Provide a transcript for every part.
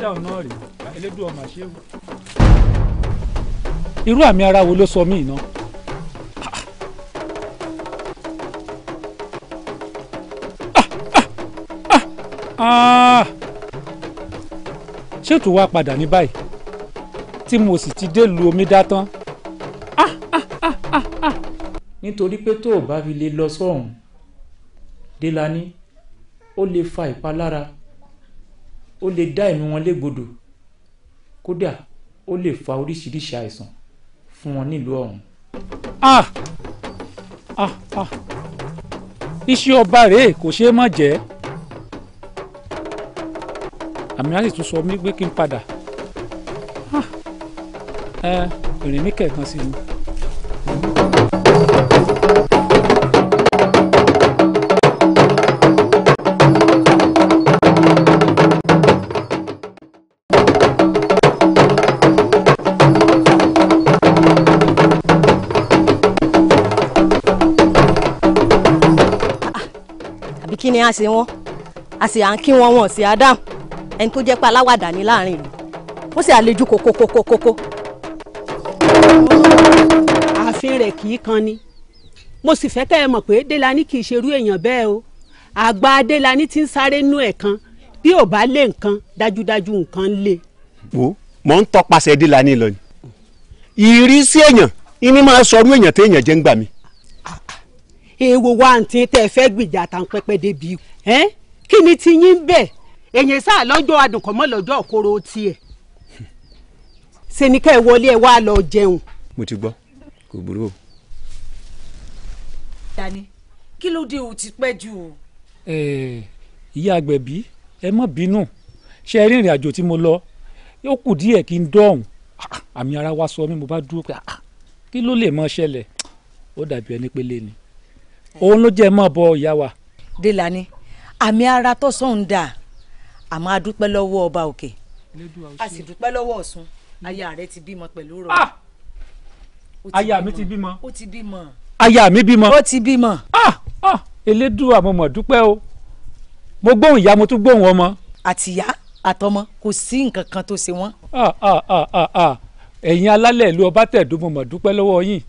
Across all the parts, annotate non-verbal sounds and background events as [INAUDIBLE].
dáhùn náà rèé elédùn ọmọ àṣẹwò. irú àmì ara wo ló sọ mí iná. ṣètò wa padà ní báyìí tí mo sì ti dé lu omi dá tán. nítorí pé tó o bá fi lè lọ sọ́hùn-ún ó lè fa ìpalára ó lè dá ẹ̀mí wọn légbodò kódà ó lè fa oríṣiríṣi àìsàn fún wọn nílùú ọ̀hún. ah ah ah iṣẹ́ ọba rèé kò ṣeé má jẹ́ àmì á sì tún sọ mí pé kí n padà ìrìn mi kẹ̀kan sí ni. máa ṣe wọn a sì à ń kí wọn wọn sí adam ẹni tó jẹ́ pé aláwàdà ní láàrin ìlú wọ́n sì àlejò kókókókókó. ààfin rẹ̀ kì í kan ni mo sì fẹ́ kẹ́ ẹ mọ̀ pé Délání kì í ṣerú èèyàn bẹ́ẹ̀ o àgbà Délání ti ń sáré nú ẹ̀ kan bí ò bá lé nǹkan dájúdájú nǹkan ń lé. wo mò ń tọpasẹ̀ Délání lọ ni ìrísí èèyàn ìní máa sọrú èèyàn téèyàn jẹ́ ń gbà mí. Ewo wa àǹtí tẹ́ ẹ fẹ́ gbìjà àtàwọn pẹpẹ débi ẹ́ kí ni ti yín bẹ̀ èyàn sáà lọ́jọ́ adùnkànmọ́ lọ́jọ́ òkoro tiẹ̀ ṣe ni ká ẹ wọlé ẹ wá lọ jẹun. mo ti gbọ́ kò burú o. dani kí ló dé o ti pẹ́ jù o. ìyá àgbẹ̀bí ẹ má bínú ṣe é rìnrìn àjò tí mo lọ ó kù díẹ̀ kí n dọ̀hún àmì ara wa sọ mi mo bá dúró pé ah, kí ló lè mọ ṣẹlẹ̀ ó dàbí ẹni pé lé ni òun ló jẹ́ mọ́ bọ ìyá wa. Délani àmì ara tó sọ̀hún dà àmọ́ a dúpẹ́ lọ́wọ́ ọba òkè a sì dúpẹ́ lọ́wọ́ ọ̀ṣun aya rẹ ti bímọ pẹ̀lú rọ. Ah! aya mi ti bímọ. ó ti bímọ. aya mi bímọ. ó ti bímọ. Ah! Ah! elédùà mo mọ̀ dúpẹ́ o mo gbóhùn ìyá mo tún gbóhùn ọmọ. àtìyá àtọmọ kò sí nǹkan kan tó ṣe wọ́n. ẹ̀yin alálẹ̀ ìlú ọbátẹ̀dó mo mọ̀ dúpẹ́ lọ́wọ́ yín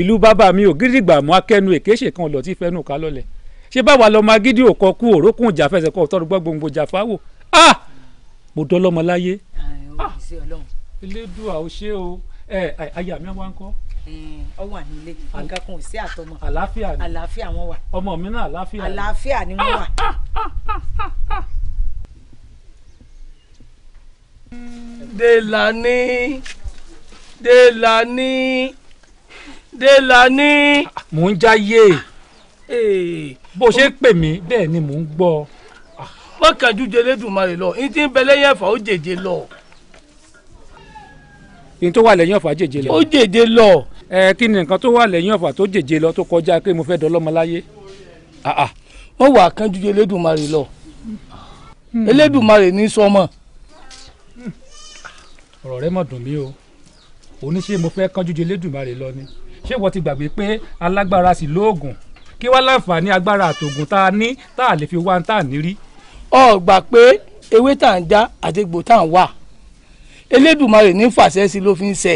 ìlú bàbá mi ò gírídìgbà mú akẹ́nu èké ṣèkan ọ̀lọ́ tí fẹ́nu ká lọ́lẹ̀ ṣé báwa lọ́mọ agídí òkọ kú òrókùn ìjà fẹsẹ̀ kọ́ ọ̀tọ́rọ̀ gbòǹgbò jà fáwò ah mo dọ́ lọ́mọ láyé ah elédùà ò ṣe o ẹ àyà mi wá ń kọ́ ọ wà nílé nǹkan kan ò sí àtọmọ àlàáfíà ni àlàáfíà wọn wà ọmọ mi náà àlàáfíà ni àlàáfíà ni wọn wà. Dèlàní Dèlàní délà ní. mò ń jáyé bó ṣe ń pè mí bẹ́ẹ̀ ni mò ń gbọ́. wọ́n kàn ju jẹlẹ́dùnmarè lọ ní tí ń bẹ lẹ́yìn ẹ̀fà ó jèjè lọ. kí n tó wà lẹ́yìn ọ̀fà jèjè lọ. ó jèjè lọ. ẹ kí ni nǹkan tó wà lẹ́yìn ọ̀fà tó jèjè lọ tó kọjá pé mo fẹ́ dọ́lọ́mọ láyé. wọ́n wà kàn ju jẹlẹ́dùnmarè lọ. Hmm. Elédùmarè ní sọmọ. ọ̀rọ̀ rẹ mọ̀ dùn mí o oníṣẹ́ mo fẹ́ kánjú jẹ Elédùmarè lọ ni ṣé wọ́n ti gbàgbé pé alágbára sì lóògùn kí wá láǹfààní agbára àtògùn tá a ní tá a lè fi wá tá a ní rí. ọ gbà pé ewé tá à ń já àdégbò tá à ń wà Elédùmarè ní fàṣẹ sí ló fi ń ṣe.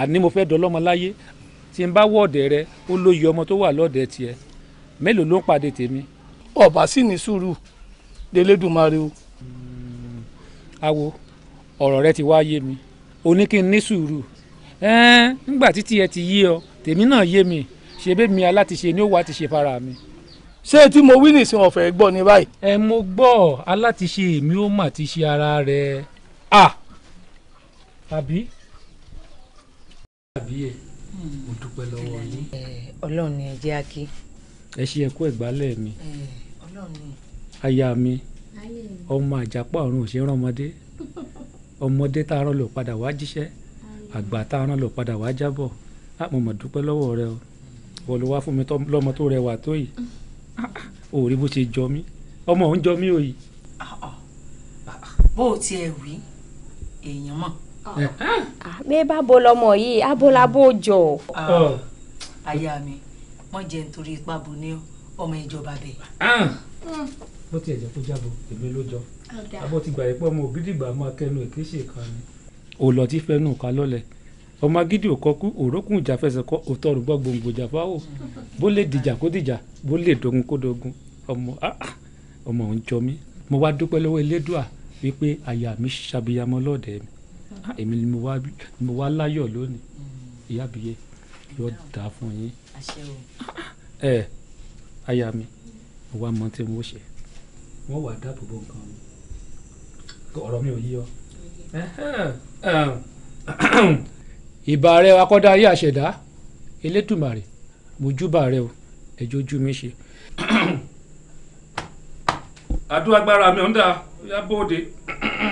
àní mo fẹ́ dọlọ́mọ láyé tí n bá wọ́ọ̀dẹ̀ rẹ ó lóye ọmọ tó wà lọ́ọ̀dẹ̀ tiẹ̀ mélòó ló ń pàdé tèmi. ọba sì ní sùúrù lélẹ́dùmarè o. Hmm. awo ọ̀rọ̀ rẹ ti wá yé mi o ní kí n ní sùúrù ẹn nígbà títí ẹ ti yé ọ tèmi náà yé mi ṣe bẹ́ẹ̀ mi alátiṣe ni ó wà á ti ṣe fara mi. ṣé tí mo wí nìsín ọ̀fẹ́ gbọ́ ni báyìí. ẹ mo gbọ́ alátiṣe mi ó mà ti ṣe ara rẹ̀ à àbí. àbí ẹ mo dúpẹ́ lọ́wọ́ yín. ọlọ́run ni ẹ jẹ́ akí. ẹ ṣe ẹkú ẹ̀gbálẹ̀ mi aya mi ọmọ àjàpọ̀ àrùn òṣèré ọmọdé ọmọdé tá lò padà wá jíṣẹ́ àgbà tá a rán lọ padà wá jábọ̀ mo mọ̀ dúpẹ́ lọ́wọ́ rẹ o wọ́n ló wá fún mi lọ́mọ tó rẹwà tó yìí ò rí bó ṣe jọ mí ọmọ òun jọ mí o yìí. bó o tiẹ̀ wí èèyàn mọ̀. bẹ́ẹ̀ bá bo lọmọ yìí abolabo jọ. aya mi wọ́n jẹ́ nítorí ipá bu ní ọmọ ìjọba bẹ́ẹ̀. Mm. bó tiẹ̀ jẹ́ kó jábọ̀ èmi ló jọ abọ́ ti gbà yẹ pé ọmọ ògidìgbà máa kẹnu èkéṣe kan ni olọtí fẹnu ká lọlẹ ọmọ agídí ò kọkú òrókùn ìjà fẹsẹ̀ kọ òótọ́ rúgbọ gbòǹgbò ìjà fáwọ bó lè dìjà kó dìjà bó lè dogun kó dogun ọmọ ah, ah, ọmọ òun jọ mí mo wá dúpẹ́ lọ́wọ́ elédùà wípé àyà mi ṣàbíyamọ lọ́ọ̀dẹ̀ mi ah, èmi ni mo wá láyọ̀ lónìí ìyá àbíyẹ yóò dà fún yín ẹ àyà mi mo wá mọ tí mo ṣe wọ́n wà dáàbò bo nǹkan mi ọ̀rọ̀ mi ò yí ọ. [COUGHS] ìbà rẹ akọ́dárí àṣẹ̀dá elétùmàrè mojúbà rẹ o ẹjọ́ ojú mi ṣe. [COUGHS] àdúrà agbára mi ò ń dà ya bóde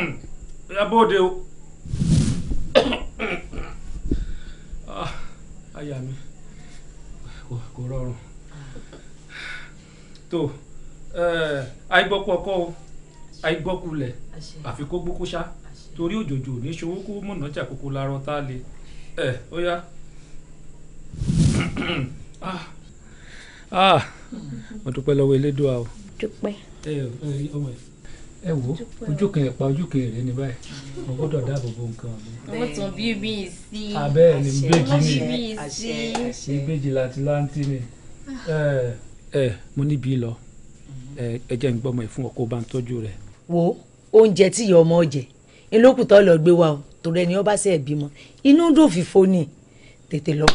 [COUGHS] ya bóde o. àyà ah, mi kò rọrùn tó àìgbọ́kú ọkọ o àìgbọ́kú lẹ̀ àfi kó torí òjòjò ò ní ṣòwò kó mọ̀nà jà kókó larọ tá a lè ẹ ó yá [COUGHS] ah. Ah. mo dúpẹ́ lọ́wọ́ elédùn o. dúpẹ́. ẹ ẹ ọmọ ẹ ẹ wo ojú kan ẹ̀pà ojú kan èrè ní báyìí mo gbọ́dọ̀ dáàbò bo nǹkan mi. wọ́n tún bí mi sí. abẹ́ẹ̀ ni ìbejì ni ìbejì láti láǹtì ni ẹ mo níbi lọ ẹ jẹ́ ń gbọ́mọ ẹ̀ fún ọ o bá ń tọ́jú rẹ̀. wo oúnjẹ tí ìyá ọmọ jẹ elókùtà lọ gbé wa o torí ẹni ọba ṣe bímọ inú dùn fìfo ni tètè lọ.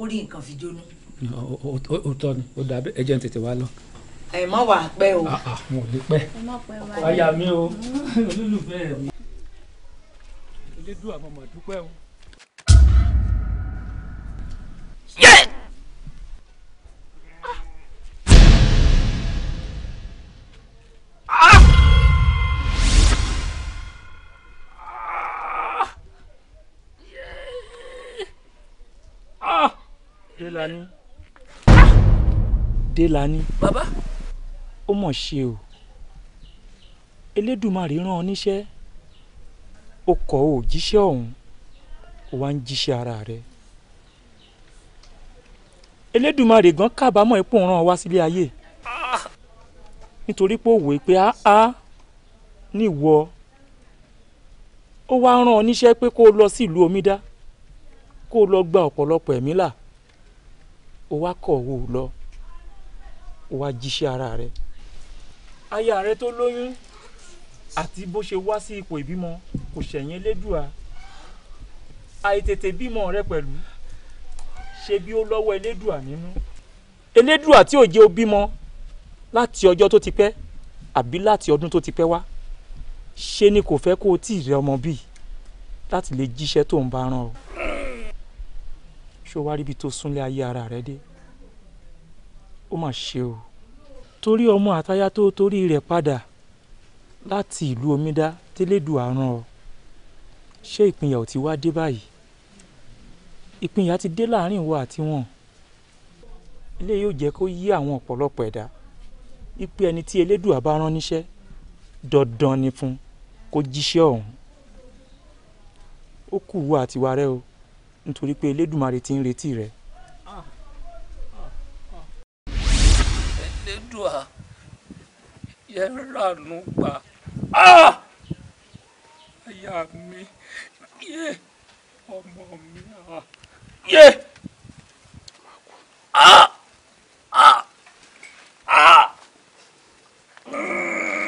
ó rí nǹkan fi jóná. ó tọ́ ni ó dàbí ẹ jẹ́ ń tètè wá lọ. ẹ má wàá pẹ́ o. Ah, ah, mo ò lè pẹ́ aya mi o [LAUGHS] olólùfẹ́ mi. elédùn àmọ́ màdúpẹ́ o. yẹ́ẹ̀. Délani. Délani. Bàbá. Ó mọ̀ ṣe o. Elédùmarè rán ọ níṣẹ́. O kọ̀ o jíṣẹ́ ọ̀hún. O wá ń jíṣẹ́ ara rẹ. Elédùmarè gan kábàámọ̀ ipò rán ọ wá sílé ayé. Ah! Nítorí pé ó wòó pé áá ní ìwọ ó wá rán ọ níṣẹ́ pé kó o lọ sí ìlú omidá kó o lọ gba ọ̀pọ̀lọpọ̀ ẹ̀mí là o wá kọ̀wé o lọ o wá jíṣẹ́ ara rẹ aya rẹ tó lóyún àti bó ṣe wá sí ipò ìbímọ kò ṣẹ̀yìn elédùà àìtètè bímọ rẹ pẹ̀lú ṣe bí ó lọ́wọ́ elédùà nínú elédùà tí ò jẹ́ o bímọ láti ọjọ́ tó ti pẹ́ àbí láti ọdún tó ti pẹ́ wá ṣe ni kò fẹ́ kó o tí rẹ ọmọ bíi láti lè jíṣẹ́ tó ń bá rán o ṣó wá ríbi tó súnlé ayé ara rẹ dé ó mà ṣe o torí ọmọ àtayá tó torí rẹ̀ padà láti ìlú omidá tẹ́lẹ̀dùn àrùn ọ ṣé ìpínyà ò ti wá dé báyìí ìpínyà ti dé láàrin ìwọ àti wọn ilé yóò jẹ́ kó yí àwọn ọ̀pọ̀lọpọ̀ ẹ̀dá ipe ẹni tí elédùà bá rán níṣẹ́ dandan ni fún kó jíṣẹ́ ọ̀hún ó kù wọ àtiwárẹ o nítorí pé elédùmarè ti ń retí rẹ. elédùà yẹn rànú gbà àyà ah! mi yé ọmọ mi ah, yé. Ah! Ah! Ah! Mm.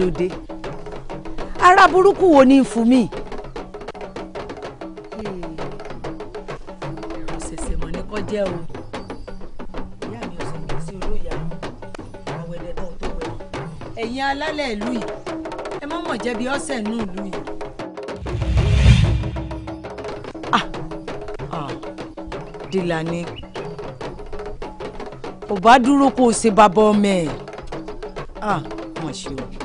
ló dé ara burúkú wo ni ń fún mi. ọ̀sẹ̀sẹ̀ hmm. mọ̀ ní kọ́ jẹ́ o. ìyá mi ò sì ní sí olóyà àwọn ẹ̀dẹ̀ tó wẹ̀. ẹ̀yin alálẹ̀ ìlú yìí ẹ má mọ̀ jẹ́bi ọ̀sẹ̀ nù ìlú yìí. Ah! Ah! dìlà ni ò dúró kó o ṣe bàbá ọmọ ẹ̀ ah mọ̀ ṣe o.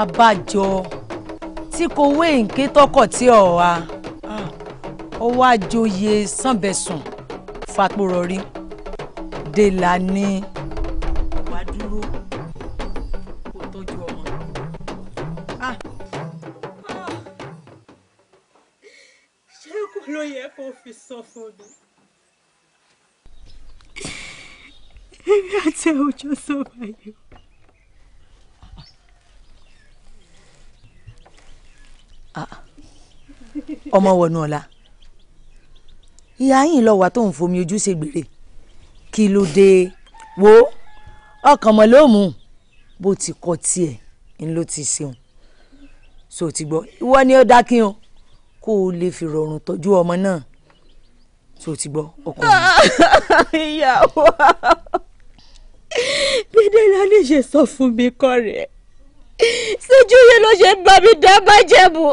abájọ tí kò wé nké tọkọ tí ọ wa ah, ó wá joyè sànbẹsùn fàpòrọrí dèlà ni. Ah. ló yẹ kó fi sọ fún mi. èmi àti àwùjọ sọ báyìí. ọmọ wọnú ọ̀la ìyá yìí lọ wà tó ń fomi ojú ṣe gbèrè kí ló dé wo ọkàn mọ̀ lóòmù bó ti kọ́ tiẹ̀ ń ló ti ṣeun so ti gbọ́ ìwọ ni ó dákí o kó o lè fi rọrùn tọ́jú ọmọ náà so ti gbọ́ ọkọ mi. [LAUGHS] ìyàwó dédé lálẹ́ ṣe sọ fún mi kọ́ rẹ̀ ṣíjú yẹn ló ṣe ń mi dá bàjẹ́ mu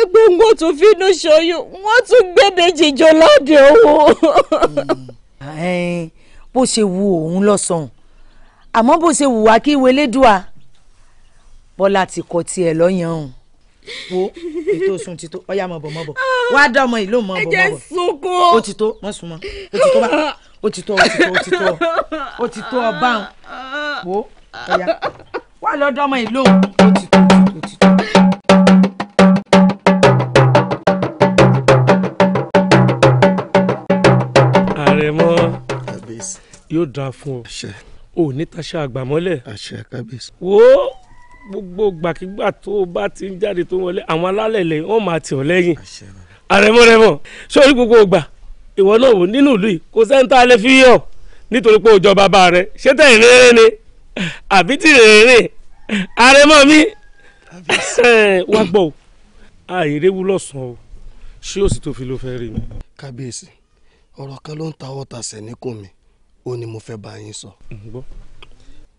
egbòǹgbò tó fínú ṣoyún wọ́n tún gbé méjì jọ lóde òun. [LAUGHS] bó ṣe wu òun lọ́sàn-án àmọ́ bó ṣe wùwá kí ìwé lédùá bọ́lá ti kọ tiẹ̀ lọ́yàn ọ̀hún wo ètò sùn ti tó ọyá mọ̀ bọ̀ mọ̀ bọ̀ wá dá ọmọ ìlú mọ̀ bọ̀ mọ̀ bọ̀ ó ti tó mọ̀ sùn mọ̀ ó ti tó bá ó ti tó ó ti tó ó ti tó ọba wo ọyá wá lọ́dọ̀ ọmọ ìlú ó ti tó ó ti tó. yóò dáa fún ọ. àṣẹ. o ní taṣà àgbàmọ́lẹ̀. àṣẹ kábíyèsí. wo gbogbo gbàkigbà tó o bá ti ń jáde tó wọlé àwọn alálẹ̀ lẹ́yìn wọ́n máa tì ọ́ lẹ́yìn. àṣẹ. àrẹ̀mọ̀rẹ̀mọ̀ sórí gbogbo ìgbà ìwọ náà wò nínú ìlú yìí kò sẹ́ńtà alẹ́ fi yọ̀ nítorí pé òjọ bàbá rẹ ṣé tẹ̀ ìrere ni àbí tí ìrere àrẹ̀mọ̀ mi wá gbọ́ àìrèwú lọ́sàn-án o ṣé òsì tó fi ló fẹ́ rí mi. kábíyèsí ọ̀rọ̀ kan ló ń ta ọ̀tà sẹ̀ níkùn mi ó ní mo fẹ́ bá yín sọ. Mm,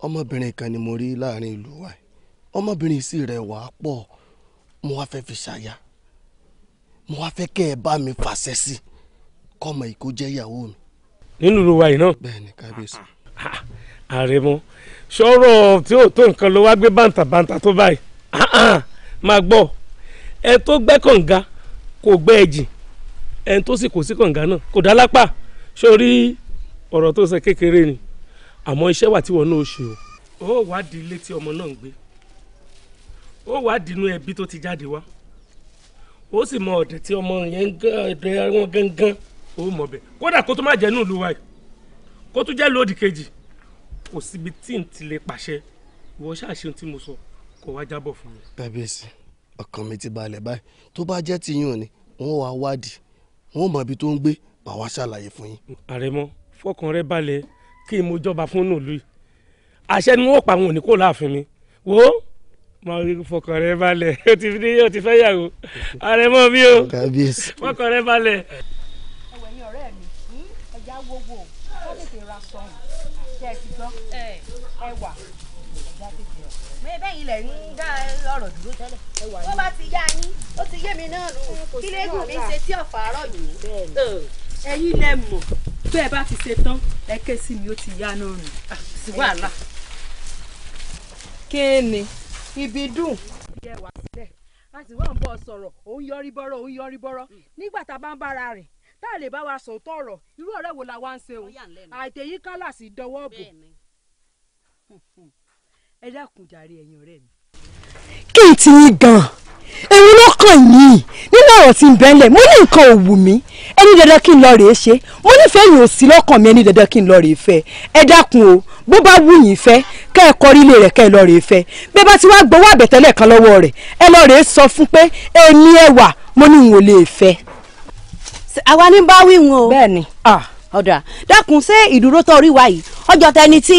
ọmọbìnrin kan ni mo rí láàrin ìlú wa ọmọbìnrin sì rẹwà pọ̀ mo wá fẹ́ fi ṣaya mo wá fẹ́ kẹ́ ẹ bá mi fàṣẹ sí kọ́mọ yìí kó jẹ́ ìyàwó mi. nínú ìlú wa yìí náà. bẹ́ẹ̀ni kábíyèsí. àrẹ̀mọ sọ̀rọ̀ tí ò tó nǹkan ló wá gbé bàǹtàbàǹtà tó báyìí máa gbọ́ ẹ tó gbẹ́ kànga kò gbẹ́ ẹ̀jìn ẹ tó sì kò sí kànga náà kò dá lápá sórí ọ̀rọ̀ tó sọ kékeré ni àmọ́ iṣẹ́ wà tí wọn náà ṣe o ó wá di ilé tí ọmọ náà ń gbé ó wá dínú ẹbí tó ti jáde wá ó sì mọ ọ̀dẹ̀ tí ọmọ yẹn ọ̀dẹ̀ wọn gángan ó mọ̀ bẹ́ẹ̀ kódà kó tó má jẹ́ nílùú wa yìí kó tó jẹ́ lódì kejì kò síbi tí n ti lè pàṣẹ ìwọ ṣáàṣe ohun tí mo sọ kó wá jábọ̀ fún mi. kábíyèsí ọkàn mi ti balẹ̀ báyìí tó bá jẹ́ tiyún ni wọ́n wá wádìí wọ́n mọ ibi tó ń gbé bá wa ṣàlàyé fún yín. àrẹ̀mọ fọkàn rẹ balẹ̀ kí mo jọba fún nùlù yìí àṣẹ ni wọn pa àwọn òní láàfin mi wò ó mo fọkàn rẹ balẹ̀ [LAUGHS] o ti ní o ti fẹ́ yàwó ààrẹ mọ́ mi o fọkàn rẹ balẹ̀. ẹ̀wẹ̀ ni ọ̀rẹ́ mi ẹ̀já gbogbo ó ra sọ̀rọ̀ ṣe é ti gbọ́ ẹ̀wà ẹ̀já tètè rà bẹ́ẹ̀ ilẹ̀ ń dá ọ̀rọ̀ dúró tẹ́lẹ̀ wọ́n bá ti yá yín ó ti yé mi náà nù kílégùn mi ṣe tí ọ̀fà àárọ̀ yìí ẹ̀yin lẹ mọ̀ bẹ́ẹ̀ bá ti ṣe tán ẹ ké sí mi ó ti yá náà nù. Ah, sí wàhálà. kéènì ibi dùn. a sì wá ń bọ̀ sọ̀rọ̀ òun yọrí bọ́rọ̀ òun yọrí bọ́rọ̀ hmm. nígbà tá a bá ń bára rìn tá a lè bá wa sòótọ́ ọ̀rọ̀ irú ọ̀rẹ́ wo la wá ń ṣe o àìtẹ̀yí kálà sí dọwọ́ bò hmm, hmm. ẹ dákun jàre ẹ̀yin ọ̀rẹ́ mi. kí n ti yín gan-an èmi ló kàn yín nínú ọ̀rọ̀ tí ń bẹ́ńlẹ̀ mo ní nǹkan ò wù mí ẹni dandan kí n lọ rèé ṣe mo nífẹ̀ẹ́ yìí ò sí lọ́kàn mi ẹni dandan kí n lọ rèé fẹ́ ẹ dákun o bó bá wù yín fẹ́ kẹ́ ẹ kọrí ilé rẹ̀ kẹ́ ẹ lọ rèé fẹ́ bẹ́ẹ̀ bá ti wá gbowó àbẹ̀tẹ́lẹ̀ kan lọ́wọ́ rẹ̀ ẹ lọ rèé sọ fún pé èmi ẹwà mo ní n ò lè fẹ́. àwa ní bá wí wọn o. bẹ́ẹ̀ni ah ọ̀dà dákun ṣé ìdúró tó rí wa yìí ọjọ́ tẹni tí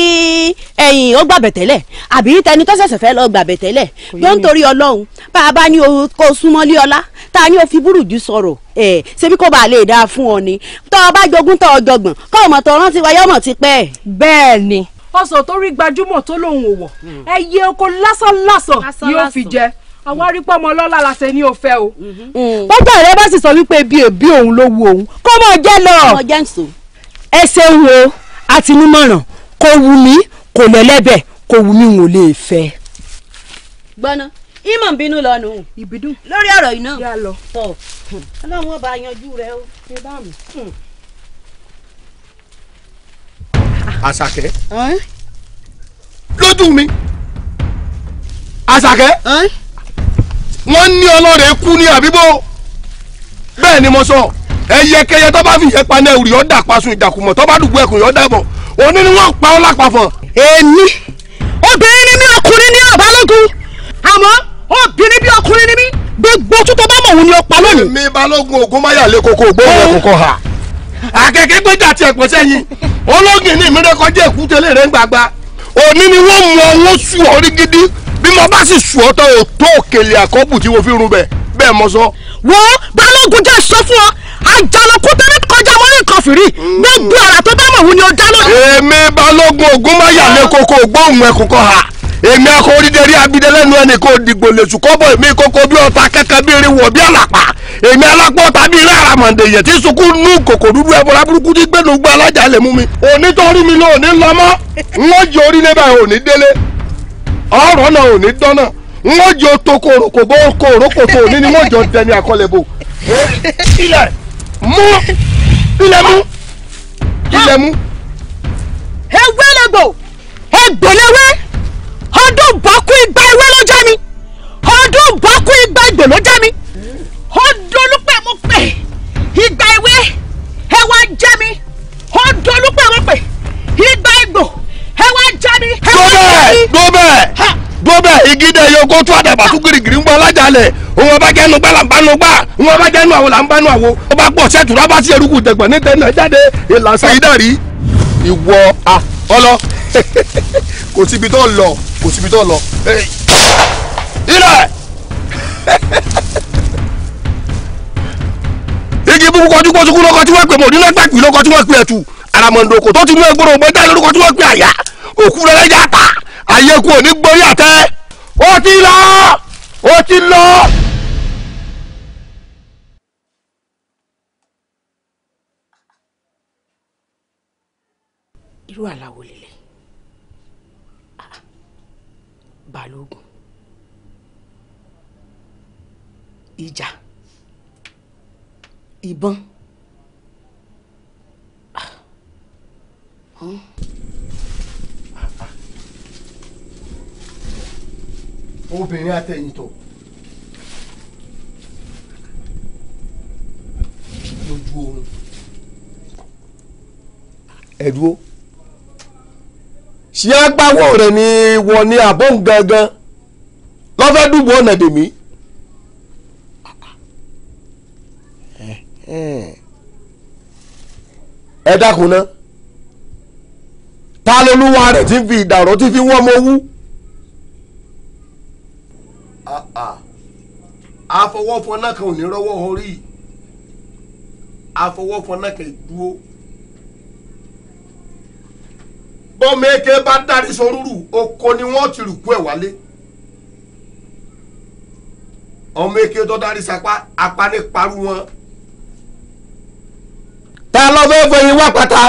ẹ̀yìn ó gbàbẹ̀ tẹ́lẹ̀ àbí tẹni tó ṣẹ̀ṣẹ̀ fẹ́ lọ gbàbẹ̀ tẹ́lẹ̀ tó ń torí ọlọ́run bá a bá ní o kó súnmọ́lé ọlá tá a ní o fi burújú sọ̀rọ̀ ẹ̀ ṣebí kó bàa lè dáa fún ọ ni tọ́ ọ bá jogún tọ́ ọ jọgbọ̀n kọ́ ọmọ tó rántí wáyé ọmọ ti pẹ́. bẹ́ẹ̀ ni ọsàn tó rí gbajúmọ̀ tó lòun ò wọ̀ hmm. ẹyẹ oko lásán lásán yóò fi jẹ àwọn arípọ̀ ọmọ ọlọ́lá làṣẹ ní òfẹ́ o. Mm-hmm. bọ́gbà rẹ bá sì sọ wípé bí òun ló wu òun kó mọ̀ jẹ́ lọ. ọmọ jẹ́ ń sùn ẹ ṣeun o àti nímọ̀ràn kò wù mí kò lẹ́lẹ́bẹ̀ kò wù mí wọn ò lè fẹ́. gbọ́nà ìmọ̀ ń bínú lọ nù. ìbídùn lórí ọ̀rọ̀ yìí náà. yà lọ. tọ ọlọ́run ọba yanjú rẹ o. ṣé bá mi. Hmm. àṣàkẹ́ lójú mi àṣàkẹ́ wọ́n ní ọlọ́rẹ̀ kú ní àbíbó bẹ́ẹ̀ ni mo sọ. So ẹyẹkẹyẹ tó bá fi yẹ pa náà rí ọ dà pa sun ìdàkùmọ̀ tó bá dùgbò ẹkùn yọ dàbọ̀ òní ni wọ́n pa ọ́ lápapọ̀. èmi obìnrin ni mí ọkùnrin ni àbálógún àmọ́ obìnrin bí ọkùnrin ni mí gbogbo tútọ́ bá mọ̀ òun ni ó pa lónìí. mi balógun ògún máyàlé koko gbóhùn ẹkùn kan hà. àkẹ́kẹ́ gbẹ́jà àti ẹ̀pọ̀ sẹ́yìn ológin ní ìmúrẹ́kọjá èkúté lè rẹ́ ń gbàgbà òní ni wọ́n mú ọwọ́ sùn ọ́ rí gidi bí mo bá sì sùn ọ́ tó òtó òkèlè àkọ́bù tí mo fi rún bẹ́ẹ̀ bẹ́ẹ̀ mọ sọ. wo balógun jẹ́ sọ fún ọ àjàlọkú tẹ́lẹ̀ kọjá mọ́rí nǹkan fìrí mm. gbẹ́gbẹ́ ọ̀rà tó bá mọ̀ wù ni ó dá lórí. èmi balógun ògún máa yà lé koko gbóhùn ẹkùn kan ha èmi akórídẹ́rí abidẹ́lẹ́nu ẹni kò dìgbò lèṣù kọ́bọ̀ èmi kókó bí ọ̀tá kẹ́kẹ́ bí eré wọ̀ bí àlàpà èmi alápọ̀ tàbí ilé àràmọ̀dé yẹ̀ tí sunkún nú kòkò dúdú ẹ̀bùrà burúkú tí gbẹ̀nù gbọ́ alájà lè mú mi. onítorí mi ló ní lọ́mọ́ n ó jẹ orí lébà ò ní délé ọ̀rọ̀ náà ò dọ́nà n ó jẹ otoko òròkò bó kó ni n jọ dẹni àkọlẹ̀ ilẹ̀ mú ilẹ̀ mú ilẹ̀ mú. ewé lẹ́gbò egbòlewé ọdún bọ́kú igba ewé ló já mi ọdún bọ́kú igba egbò ló já mi ọdún olúpẹ̀ mo pè igba ewé ẹwà já mi ọdún olúpẹ̀ mo pè igba egbò ẹwà já mi. gbọ́ bẹ́ẹ̀ gbọ́ bẹ́ẹ̀ dóbẹ̀ igi dẹ̀ yóò kó tó àdàbà tó girigiri ń bọ́ alájàlẹ̀ òun ọba jẹ́nu gbà làǹbánu gbà òun ọba jẹ́nu àwo làǹbánu àwo ọba pọ̀ sẹ́tù rábà sí eruku dẹ̀gbọ̀n ní tẹ̀nà jáde ìlànà ìdàrí ìwọ a ọlọ kò síbi tó lọ kò síbi tó lọ ilẹ̀ igi búbu kọjú kọjú kú lọkọ tí wọ́n pè mọ nínú ẹgbẹ́ pì lọkọ tí wọ́n pè ẹtù aramọ̀ndòkò tó ti mú ẹgbọ́n ògbọ́n dá lórúkọ tí wọ́n pè àyà òkú rẹ̀ lẹ́jà ta àyẹ̀kù ò ní gborí àtẹ ó ti lọ ó ti lọ. irú àlàó lélẹ̀ balógun ìjà ìbọn. Huh? Ah. Hmm? obìnrin àtẹ̀yìntọ̀ lójú oorun. ẹ dúró ṣé agbáwo rẹ ni wọ́n ní àbóhùn gangan lọ́fẹ́ dùbò ọ̀nà dèmí. ẹ dákun ná ta lolúwa rẹ̀ ti fi ìdàrọ́ ti fi wọ́n mọ́ wú àfọwọ́fọná ah, ah. kan ò ní rọ́wọ́ orí àfọwọ́fọná kan ìdúró bọ́mọ eke bá dárí sorúrù oko ni wọ́n ti rùkú ẹ̀ wálé ọmọ eke tó dárí sapá apá ní parú wọn. ta ló fẹ́ fẹ̀yìn wá pátá.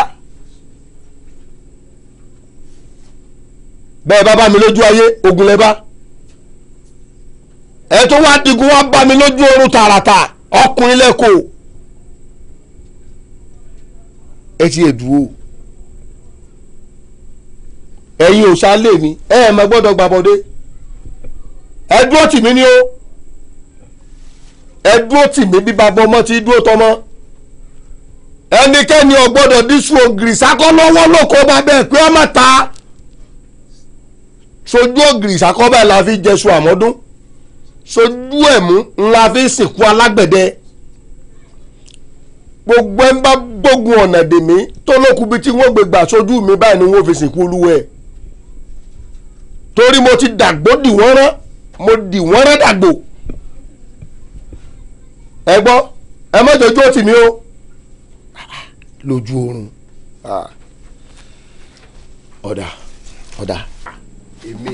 bẹ́ẹ̀ bá bá mi lójú ayé ogun lẹ́ ẹ tó wá digun wá bá mi lójú oorun tààràtà ọkùnrin lẹ́kọ̀ọ́ ẹ ti èdúró ẹ̀yin òòṣà lè mi ẹ ẹ̀ mọ gbọ́dọ̀ gbàbọ̀dé ẹ dúró tì mí ni o ẹ dúró tì mí bí bàbá ọmọ ti dúró tọmọ ẹnikẹ́ni ò gbọ́dọ̀ dísù ògìrì sákọ́ lọ́wọ́ lóko bá bẹ́ẹ̀ pé ọmọ ta sojú ògìrì sákọ́ báyìí la fi jẹ́sùn àmọ́dún sojú ẹ̀ mú ńlá fi sìnkú alágbẹ̀dẹ gbogbo ẹ̀ ń bá gbógun ọ̀nà dèmí tó lókun bíi tí wọ́n gbé gbà sojú mi báyìí ni wọ́n fi sìnkú olúwa ẹ̀ torí mo ti dàgbò dì wọ́n rán mo dì wọ́n rán dàgbò ẹ gbọ́ ẹ má jọjú ó tì mí o lójú oorun ah. ọ̀dà ọ̀dà ah, èmi.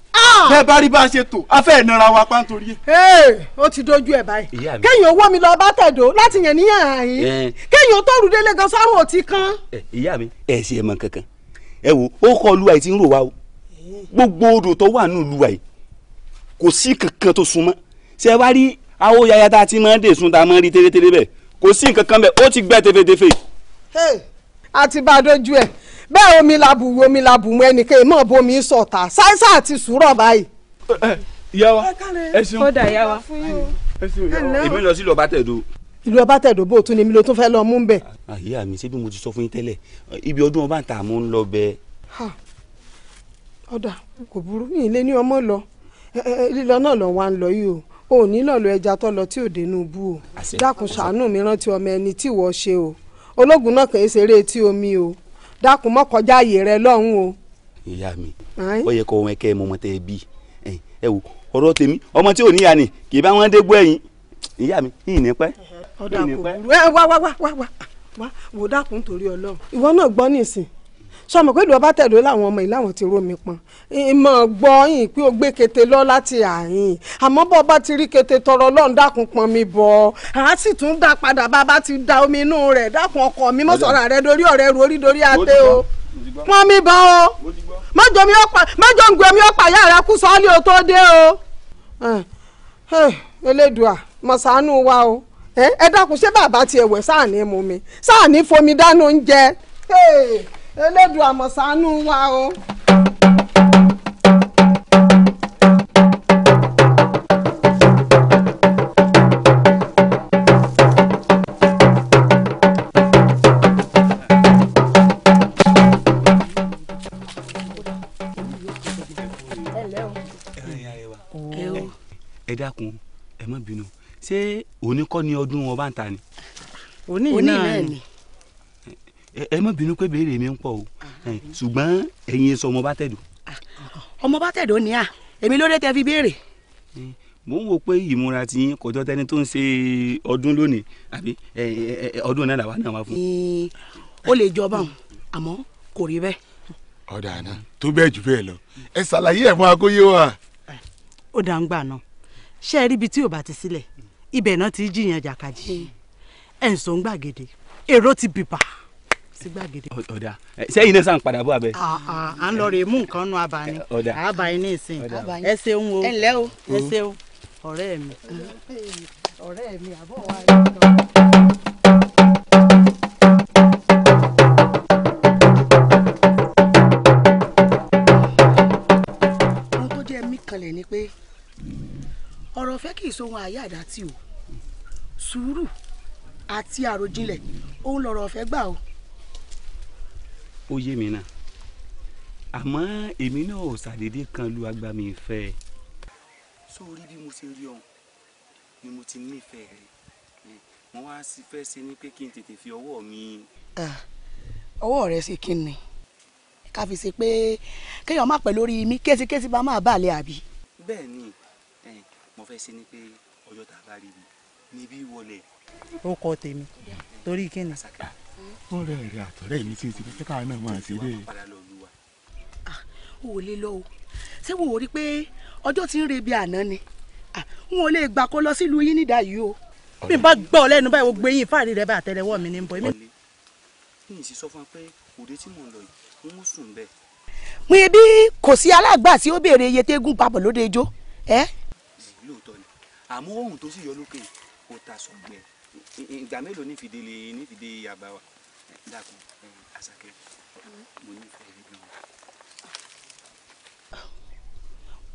Ah! bẹ́ẹ̀ bá rí bá a ṣe tò a fẹ́ nara wa pa nítorí ẹ̀. ó ti dojú ẹ̀ báyìí kéèyàn owó mi lọ bá tẹ̀dó láti yàn níyàn àyín kéèyàn tó rúdé lẹ́gàn sọ́run ò ti kán. ìyá mi ẹ ṣe é mọ kankan ẹ wo ó kọ luwa yìí ti ń rò wá o gbogbo odò tó wà nù luwa yìí kò sí kankan tó sunmọ́ ṣe wá rí awo yaya tá a ti máa ń dè sun tá a máa ń rí tẹ́lẹ̀tẹ́lẹ̀ bẹ́ẹ̀ kò sí nǹkan kan bẹ́ẹ̀ ó ti gbẹ́ tẹ́fẹ́tẹ́fẹ́. àti bá a dojú ẹ̀ bẹ́ẹ̀ omi làbùwù omi làbùwù ẹnìkan ìmọ̀ bomi sọ̀tà ṣáṣá àti sùúrọ̀ báyìí. ìyá wa ẹ ṣeun kódà ìyá wa èmi lọ sí lọ́ba tẹ̀dọ̀. ìlú ọba tẹ̀dọ̀ bó o tún ni èmi ló tún fẹ́ lọ mú bẹ̀. àyè ah, mi ṣé bí mo ti sọ fún yín tẹ́lẹ̀ ibi ọdún ọba ta mo ń lọ bẹ. ọ̀dà kò burú mi ilé ní ọmọ lọ lílọ náà lọ wá ń lọ yìí o ò ní lọ́ọ̀lù ẹja tó lọ tí ò dénú bú o dákun ṣàánú mi rántí ọmọ ẹni tí ìwọ ṣe o ológun náà kàn é ṣeré etí omi o dákun mọ́ kọjá àyè rẹ lọ́hùn o. ìyá mi ó yẹ kó wọn kẹ́ ẹ mọ ọmọ tẹ ẹ bí ẹ wò ọ̀rọ̀ tèmi ọmọ tí ò níyà ni kì í bá wọn dégbò ẹ̀yìn ìyá mi ní pẹ́. ọ̀dà kò wá wá wá wá wá wò dákun torí Ọlọ́run ìwọ náà gbọ́ nísìn sọmọ pé ìlú ọba tẹ̀lé láwọn ọmọ yìí láwọn ti rómi pọn ìmọ̀ gbọ́ yìí pé ó gbé kété lọ láti àyìn àmọ́ bọ́ bá ti rí kété tọrọ lọ́n dákun pọn mi bọ̀ á sì tún dá padà bá bá ti da omi inú rẹ̀ dákun ọkọ mi mọ́ sọ̀rọ̀ rẹ dorí ọ̀rẹ́ ru orí dorí adé o pọn mi bọ̀ o mọ́jọ ń gbé mi ọ̀pá yá rẹ kú sọ́ọ́lì o tó dé o elédùà mọ̀sánú wa o ẹ dákun ṣé bàbá tiẹ̀ wẹ̀ sáà ní mú mi sáà ní fomi dáná oúnjẹ. Hey! elédùn àmọ̀sánú wa o. ẹ dákun ẹ má bínú ṣé òní ni ọdún wọn bá ń ta ni. òní náà ni ẹ má bínú pé béèrè mi ń pọ̀ o ah. ṣùgbọ́n ẹ̀yin sọ ọmọ bá tẹ̀dọ̀. Ah, ah, ọmọ bá tẹ̀dọ̀ ni à èmi ló dé tẹ fi béèrè. mo ń wo pé ìmúra ti yín kọjọ tẹni tó ń ṣe ọdún lónìí àbí ọdún náà làwa náà wá fún. ó lè jọba òun àmọ́ kò rí bẹ́ẹ̀. ọ̀dà àná tó bẹ́ẹ̀ jù bẹ́ẹ̀ lọ ẹ ṣàlàyé ẹ̀ fún akóyé wa. Eh, ó dá ń gbà náà ṣé ẹ rí ibi tí ò bá ti sílẹ̀ ibẹ̀ náà ti jiyàn jàkàjì hmm. ẹ̀ ń sọ ń gbàgede èrò ti bìbà sí gbàgede. ọ̀dà sẹ́yìn náà sàn padà bọ́ abẹ́. à ń lọ rèé mú nǹkan nu abàní àbàní ní ìsìn ẹ ṣeun o ẹ o ẹ ṣeun ọ̀rẹ́ mi. ọ̀rẹ́ mi àbọ̀ wa ni ọ̀dọ́. kalẹ̀ ni pé ọ̀rọ̀ fẹ́ kì í sohun àyà àdá tí o sùúrù àti àròjinlẹ̀ òun lọ̀rọ̀ ọ̀fẹ́ gbà o ó yé mi náà àmọ́ èmi náà ò ṣàdédé kan lu agbami ìfẹ́ ẹ. sórí bí mo ṣe rí ọ̀hún ni mo ti nífẹ̀ẹ́ rẹ mo wá fẹ́ ṣe ni pé kí n tètè fi ọwọ́ mi. ọwọ́ rẹ ṣe kí ni ká fi ṣe pé kéèyàn má pẹ́ lórí mi kéṣikéṣi bá máa bà àbí. bẹ́ẹ̀ ni mo fẹ́ ṣe ni pé ọjọ́ tá a bá rí mi níbí wọlé. ó kọ tèmi torí kí ni wọ́n rẹ̀ rẹ̀ àtọ̀rẹ́ mi ṣe ti fẹ́ káà náà máa ṣe dé. o ah, ò lè lọ o ṣé wò ó rí i pé ọjọ́ ti ń re bí àná ni ah, n ò lè gbà kó lọ sílùú yín nídà yìí o mi bá gbọ́ ọ lẹ́nu báyìí o gbé yín fáàrí rẹ bá àtẹ́lẹwọ́ mi ní bọ́ èmi. yìnyín sì sọ fún wa pé òde tí mò ń lọ yìí mo sùn bẹ́ẹ̀. mo ye bí kò sí alágbà tí ó béèrè iye tégún papọ̀ lóde ijó. lóòótọ́ ni àmọ́ ohun tó sì yọ lókè kò ta sọ̀gbẹ́ ìgbà mélòó ní fìdílé ní fìdí yaba wa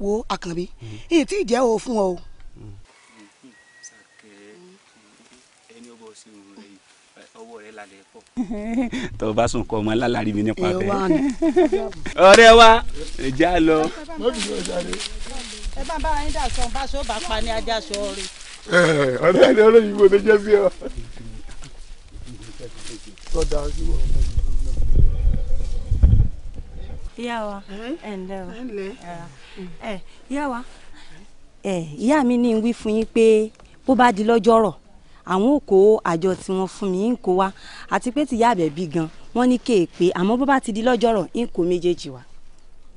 wo àkànbí hmm. èyí tí ìjẹ́ o fún ọ o. Hmm, ṣàkẹ́ ẹni ọbọ̀ sí òun rẹ̀ yìí ọwọ́ rẹ̀ lálẹ́ pọ̀. o [LAUGHS] bá sùn kọ́ ọmọ alálàrí mi nípa bẹ́ẹ̀. [LAUGHS] ọ̀rẹ́ wa ẹ̀já lọ. ẹ bá bá yín dàsọ bá aṣọ bá pa ní ajá aṣọ rẹ. ọ̀rẹ́ rẹ olóyìnbó ló jẹ́ sí ọ. [LAUGHS] tó dáa sí wọn. ìyá wa ẹ ǹlẹ́ o ẹ ìyá wa ẹ ìyá mi ní wí fún yín pé bó bá di lọ́jọ́ rọ̀ àwọn ò kó àjọ tí wọ́n fún mi ń kó wa àti pé tìyá àbẹ̀bí gan wọ́n ní kéèpé àmọ́ bó bá ti di lọ́jọ́ rọ̀ ń kó méjèèjì wa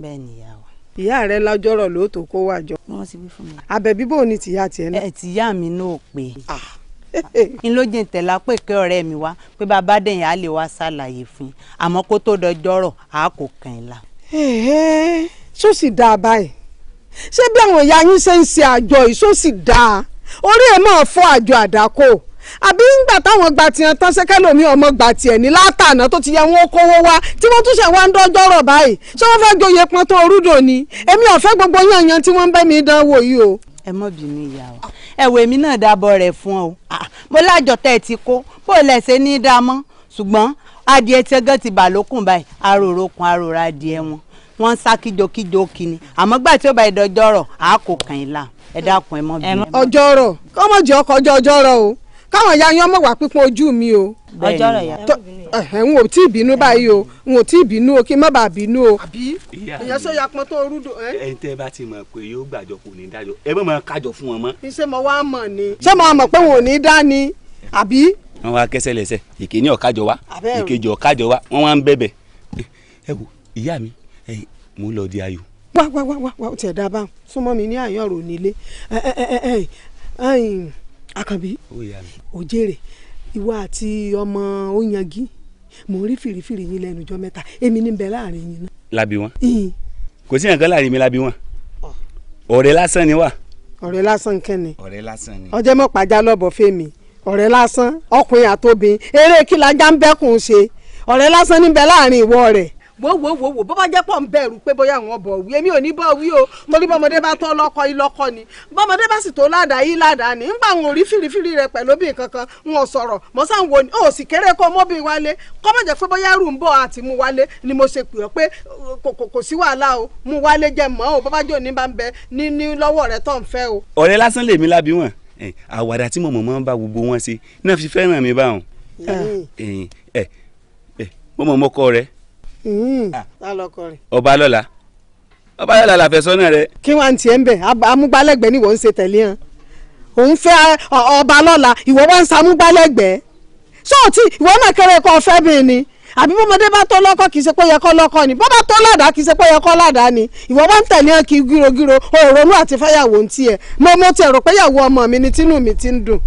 bẹ́ẹ̀ ni ìyá wa ìyá rẹ lọ́jọ́rọ̀ ló tó kó wàjọ. wọ́n ti wí fún mi. abẹ́bí bò ní tìyá tiẹ̀ náà. ẹ tìyá mi náà pé. Ah n ló jìn tẹ̀lá pé kí ọ̀rẹ́ mi wá pé bàbá dẹ̀yìn á lè wá ṣàlàyé fún un àmọ́ kó tó dọjọ́rọ̀ á kò kàn ẹ́ la. ṣó sì dáa báyìí ṣé bí àwọn ìyá yín ṣe ń ṣe àjọ yìí ṣó sì dáa orí ẹ̀ máa fọ́ àjọ àdákò àbí ńgbà táwọn gba tiẹ̀ tán sẹ́kẹ́lómi ọmọ gba tiẹ̀ ní látànà tó ti yẹ wọn kówó wá tí wọ́n tún ṣe wá ń dọ́jọ́rọ̀ báyìí ṣé wọ́n fẹ́ joyè pọ́n tó orúdò ni èmi ò fẹ́ gbogbo yànyàn tí wọ́n ń bẹ́ mi dánwò yìí o ẹ mọ̀ bínú ìyá wa ẹ̀wọ̀ èmi náà dábọ̀ rẹ̀ fún ọ ah, mo lájọ tẹ́ ẹ ti kó bó o lẹ̀ṣẹ̀ ní dá mọ́ ṣùgbọ́n adìẹ tí ẹgẹ́ ti bà lókùn báyìí aròrò kun aròrò adìẹ wọn wọn sá kíjokíjo kini àmọ́ gbà tí ó bá ìdọ́jọ́ rọ̀ àá kò kàn yín là ẹ dákun ẹ mọ̀ bínú. ọjọ́ rọ̀ kọ́mọ̀jọ́ kọjọ́ ọjọ́ rọ̀ o káwọn ìyá yín ọmọ wà pípọn ojú mi o. ọjọ́ rẹ̀ yá. n ò tí ì bínú báyìí o n ò tí bínú o kí n má bàa bínú o. àbí ìyẹn sọ ya pọn tó rúdò. ẹ̀yin tẹ́ ẹ bá ti mọ̀ pé yóò gbàjọ kò ní dájọ́ ẹ bá máa kájọ fún wọn mọ́. ṣé mo wá mọ̀ ni. ṣé mo mọ̀ pé wọn ò ní dá ni àbí. wọn wá kẹsẹ̀ lẹ́sẹ̀ ìkíní ọ̀kájọ wa ìkejì ọ̀kájọ wa wọn wá ń bẹ̀bẹ̀ ẹ wo ìyá mi mo lọ di ayò. wá wá wá wá tiẹ̀ dábàá súnmọ́ mi ní àyànrò nílé Àkànbí ò jèrè ìwọ àti ọmọ Oyangi mò ń rí fìrífìrí yín lẹ́nu ọjọ́ mẹ́ta èmi ní bẹ láàrin yín náà. labi wọn kò sí nǹkan láàrin mi labi wọn ọ̀rẹ́ lásán ni wà. ọ̀rẹ́ lásán kẹ́ni ọ̀rẹ́ lásán ni. ọjọ́ mọ́pàjá lọ́bọ̀ fèmí ọ̀rẹ́ lásán ọkùnrin àtobìn eré kí lajá ń bẹ́kùn ṣe ọ̀rẹ́ lásán níbẹ̀ láàrin ìwọ rẹ̀ wo wo wo wo bó bá jẹ́ pọ̀ ń bẹ̀rù pé bóyá àwọn bọ̀ wí èmi ò ní bọ̀ wí o torí bọ́mọdé bá tó lọ́kọ ilọ́kọ ni bọ́mọdé bá sì tó ládàá yí ládàá ni ńgbà wọn ò rí fìrìfìrì rẹ pẹ̀lú obìnrin kankan wọn ò sọ̀rọ̀ mọ́ sáà ń wo ni ó sì kéré kó mọ́bìn wálé kọ́ mọ̀jẹ̀ pé bóyá rù ń bọ̀ àti mu wálé ni mo ṣe pè ọ́ pé kò sí wàhálà o mu wálé jẹ mọ́ o bọ́bá jò ní bá ń bẹ ní ní lọ́wọ́ rẹ tó ń fẹ́ o. ọ̀rẹ́ lásán lèmi lábí wọn àwàdà tí mọ̀mọ́ máa ń bá gbogbo wọn ṣe náà fi fẹ́ràn mi báwọn mo mọ̀ mọ́kọ rẹ̀ Mm-hmm. Ah. ọba lọ́la ọba lọ́la làfẹ́sọ́nà rẹ. kí wọ́n ti ẹ̀ ń bẹ̀ amúgbálẹ́gbẹ̀ẹ́ ni wọ́n ń ṣe tẹ̀lé hàn òun fẹ́ ah, ọba lọ́la ìwọ wá ń samúgbálẹ́gbẹ̀ẹ́ sọ́ọ̀tì ìwọ náà kéré kọ́ fẹ́ mi ni àbí bọ́mọdé bá tó lọ́kọ kì í ṣe pé yẹ kọ́ lọ́kọ ni bọ́mọ tó ládàá kì í ṣe pé yẹ kọ́ ládàá ni ìwọ wá ń tẹ̀lé kí gírogíro òòrùn àti fẹ́yàwó ń tiẹ̀ mo mo tiẹ̀ rò pé yàwó ọmọ mi ni tínú mi ti ń dùn.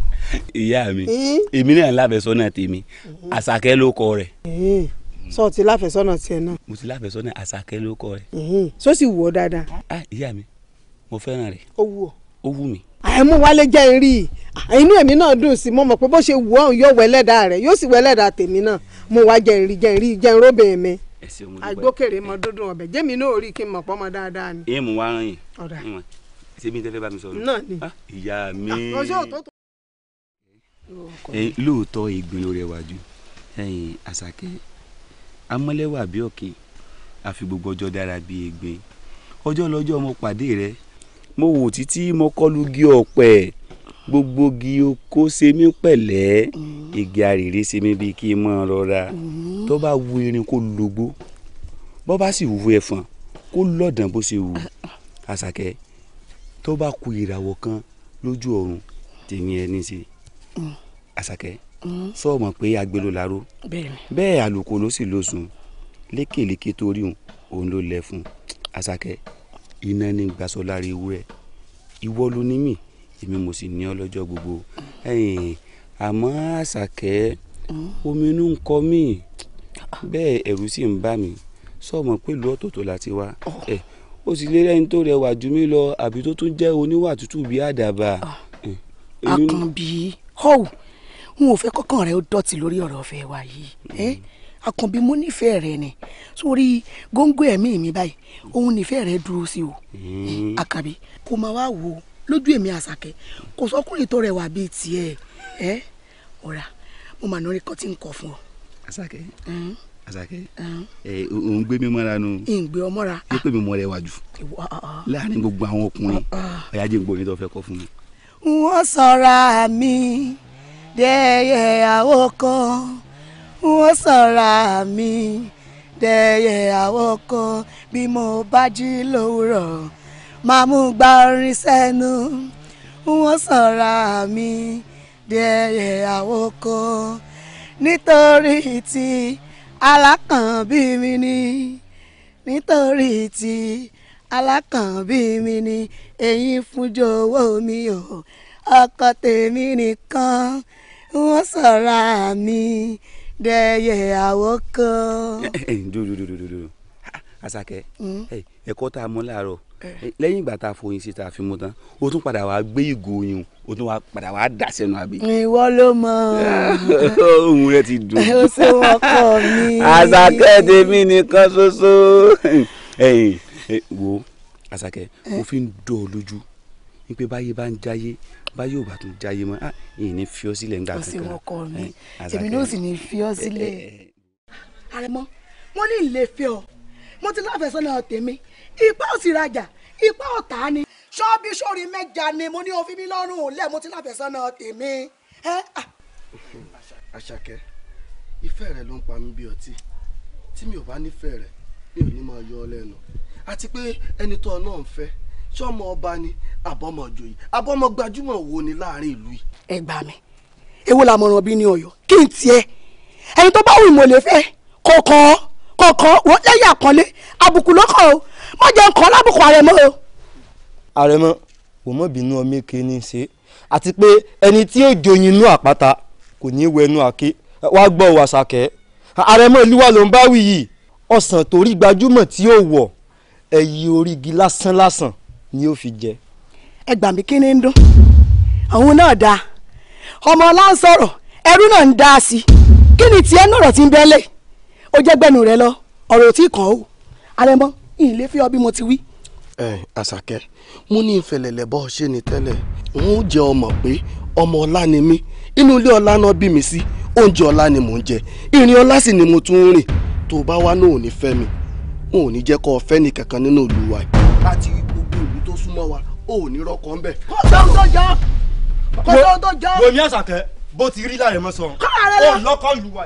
ìyá mi mm-hmm. èmi náà lábẹ́sọ́nà tèmi mm-hmm. àṣàkẹ́ ló kọ rẹ̀ sọ ti láfẹsọ́nà tiẹ̀ náà. mo ti láfẹsọ́nà àṣàkẹ́ ló kọ rẹ. Mhm. sọ sì wù ọ dáadáa. a ah, ìyá mi mo fẹ́ràn rẹ. ó wù ọ. ó wù mí. àìmú wálé jẹ́ irí inú èmi náà dùn sí mo mọ̀ pé bó ṣe wù ọ́ yóò wẹ́lẹ́dà rẹ̀ yóò sì wẹ́lẹ́dà tèmi náà mo wá jẹ́ irí jẹ́ irí jẹ́ iróbìn mi. àgbókèrè mọ dúndùn ọbẹ̀ jẹ́mi náà rí kí n mọ̀ pọ́ mọ dáadáa ni. èèmù wa rán yìí. ọ̀dà ṣé mi tẹ́lẹ̀ bá mi sọ̀rọ̀. náà ni. Ah, ìyá mi. ọjọ́ ah, òtótó lóòótọ́ ìgbín ló rẹwà jù ẹ̀yìn amọ́lẹ́wà bí òkè àfi gbogbo ọjọ́ dára bí egbe ọjọ́ lọ́jọ́ mo pàdé rẹ mo wò títí mo kọlu gí ọ̀pẹ gbogbo gi oko ṣe mí pẹ̀lẹ́ mm. igi àrèrè ṣe mí bíi kí n mọ̀ rọra mm. tó bá wu erin kó lógbó bó bá sì wu ẹ̀fọn kó lọ́dàn bó ṣe wù àṣàkẹ́ tó bá ku ìràwọ̀ kan lójú ọ̀run tèmi ẹni ṣe mm. àṣàkẹ́ sọ mọ̀ pé agbélò láró bẹ́ẹ̀ àlùkò ló sì lóṣùn lékèlékè torí òun ló lẹ fún un àṣàkẹ́ iná ní gbàsọ lára ewúrẹ́ ìwọ ló ní mí èmi mo sì ní ọ lọ́jọ́ gbogbo àmọ́ àṣàkẹ́ omi inú ń kọ mí bẹ́ẹ̀ ẹ̀rù sì ń bà mí sọ mọ̀ pé ìlú ọ̀tọ̀ọ̀tọ̀ láti wá ẹ̀ o sì lé lẹ́yìn tó rẹwà jù mí lọ àbí tó tún jẹ́ oníwà tútù bíi àdàbà. Ah. àkànbí họ́ọ̀ oh! n ò fẹ́ kọ́kàn rẹ ó dọ̀tí lórí ọ̀rọ̀ ọ̀fẹ́ wa yìí àkànbí mo nífẹ̀ẹ́ rẹ ni sórí góńgó ẹ̀mí mi báyìí òun nífẹ̀ẹ́ rẹ dúró sí o hmm. àkàbí kò máa wá wò ó lójú èmi àṣàkẹ́ kò sọkùnrin tó rẹwà bíi tiẹ̀ ẹ́ ọ̀rà mo mà nọrí kan tí ń kọ fún ọ. àṣàkẹ́ hmm. àṣàkẹ́ hmm. ẹ òun gbé mi mọ́ra nu. ìgbé ọ mọ́ra. yóò pè mọ́ rẹ wájú ah, ah, ah. láàrin gbogbo àwọn ọkùnrin ọ̀yájú ìgbóyin tó fẹ́ kọ́ fún mi. wọ́n sọra mi dẹ́yẹ àwọkọ́ wọ́n sọ̀ra mi dẹ́yẹ àwọkọ́ bí mo bá jí lówùrọ̀ máa mú gba orin sẹ́nu wọ́n sọ̀ra mi dẹ́yẹ àwọkọ́ nítorí ti alákànbí mi ni nítorí ti alákànbí mi ni èyí fúnjọ owó mi o ọkọ tèmi nìkan wọ́n sọ̀ra mi dẹ́yẹ àwọ̀kọ́. dúró dúró dúró dúró Àṣàkẹ́ hmm? ẹ̀kọ́ tá a mú láàárọ̀ eh. lẹ́yìn ìgbà tá a foyín sí tá a fi mú tán o tún padà wàá gbé ìgò oyin o tún padà wàá dà sẹ́nu àbí. ìwọ ló mọ. [LAUGHS] ohun rẹ ti dùn. o ṣe wọn kọ mi. Àṣàkẹ́ tèmi nìkan ṣoṣo. [LAUGHS] wo Àṣàkẹ́ mo eh. fi ń dọ̀ ọ́ lójú wípé báyé bá ń jáyé báyìí ò bá tún jáyé mọ́ ah, ìyìn ní fi ọ́ sílẹ̀ ńgbà kankan. ó sì wọ́n kọ́ mi eh, èmi náà sì ní fi ọ́ eh, sílẹ̀. Eh, àrẹ̀mọ wọn ní ilé fẹ́ ọ mo ti láfẹ̀sọ́nà tèmi ipá òsì rajà ipá ọ̀tá ni ṣọ́ọ́bí sórí mẹ́ja ni mo ní òfin mi lọ́rùn lẹ́ẹ̀ mo ti láfẹ̀sọ́nà tèmi. àṣàkẹ́ ìfẹ́ rẹ ló ń pa mí bí ọtí tí mi ò bá nífẹ̀ẹ́ rẹ mi ò ní máa yọ ọ lẹ́nu àti pé ẹni tó ọ náà ń fẹ́ ṣọ́mọ ọba ni abọ́mọ joyè abọ́mọ gbajúmọ̀ wo ni láàrin ìlú yìí. ẹ gbà mí èwo la mọ̀ràn bí ní ọ̀yọ́ kí n tiẹ̀ ẹni tó bá wù mí ò lè fẹ́ kọ̀ọ̀kan kọ̀ọ̀kan wọ́n lẹ́yìn àkànlé àbùkù lọ́kàn o má jẹ́ nǹkan lábùkù àrẹ̀mọ o. àrẹ̀mọ kò mọ̀ bínú ọmọ èké ní í ṣe àti pé ẹni tí yóò joyin inú àpáta kò ní í wẹnu àké wàá gbọ́ wàṣàkẹ́ àrẹ̀mọ ìlú wa ló ń bá wí yìí ọ̀sán torí gbajúmọ̀ tí yóò wọ̀ ẹ̀yìn orígi lásán lásán ni yóò fi jẹ ẹ gbà mí kí ni ń dún òun náà dáa ọmọ ọlá ń sọ̀rọ̀ ẹrú náà ń dá a sí kí ni tiẹ̀ nọ̀rọ̀ ti ń bẹ́lẹ̀ ó jẹ́ gbẹ̀nu rẹ lọ ọ̀rọ̀ ò tí kàn ó alẹ́ mọ́ ìlé fi ọ bí mo ti wí. ẹ àṣàkẹ́ mo ní ìfẹ̀lẹ̀lẹ̀ bọ́ ṣe ni tẹ́lẹ̀ n ó jẹ́ ọmọ pé ọmọ ọlá ni mí inú ilé ọlá náà bí mi sí oúnjẹ ọlá ni mò ń jẹ ìrìn ọlá sì ni mo tún ń rìn tó bá wá náà ò ní fẹ́ mi n ò ní jẹ́ kó o fẹ́ ni kankan nínú ìlú wa. láti gbogbo ìlú tó súnmọ́ wa ò ní rọkọ̀ ńbẹ̀. kọ́sọ́ńtò jọ kọ́sọ́ńtò jọ. bomi àṣàkẹ́ bó ti rí láàrin mọ́ sọ. kọ́ra rẹ lọ. ó lọ́kọ́ lu wa.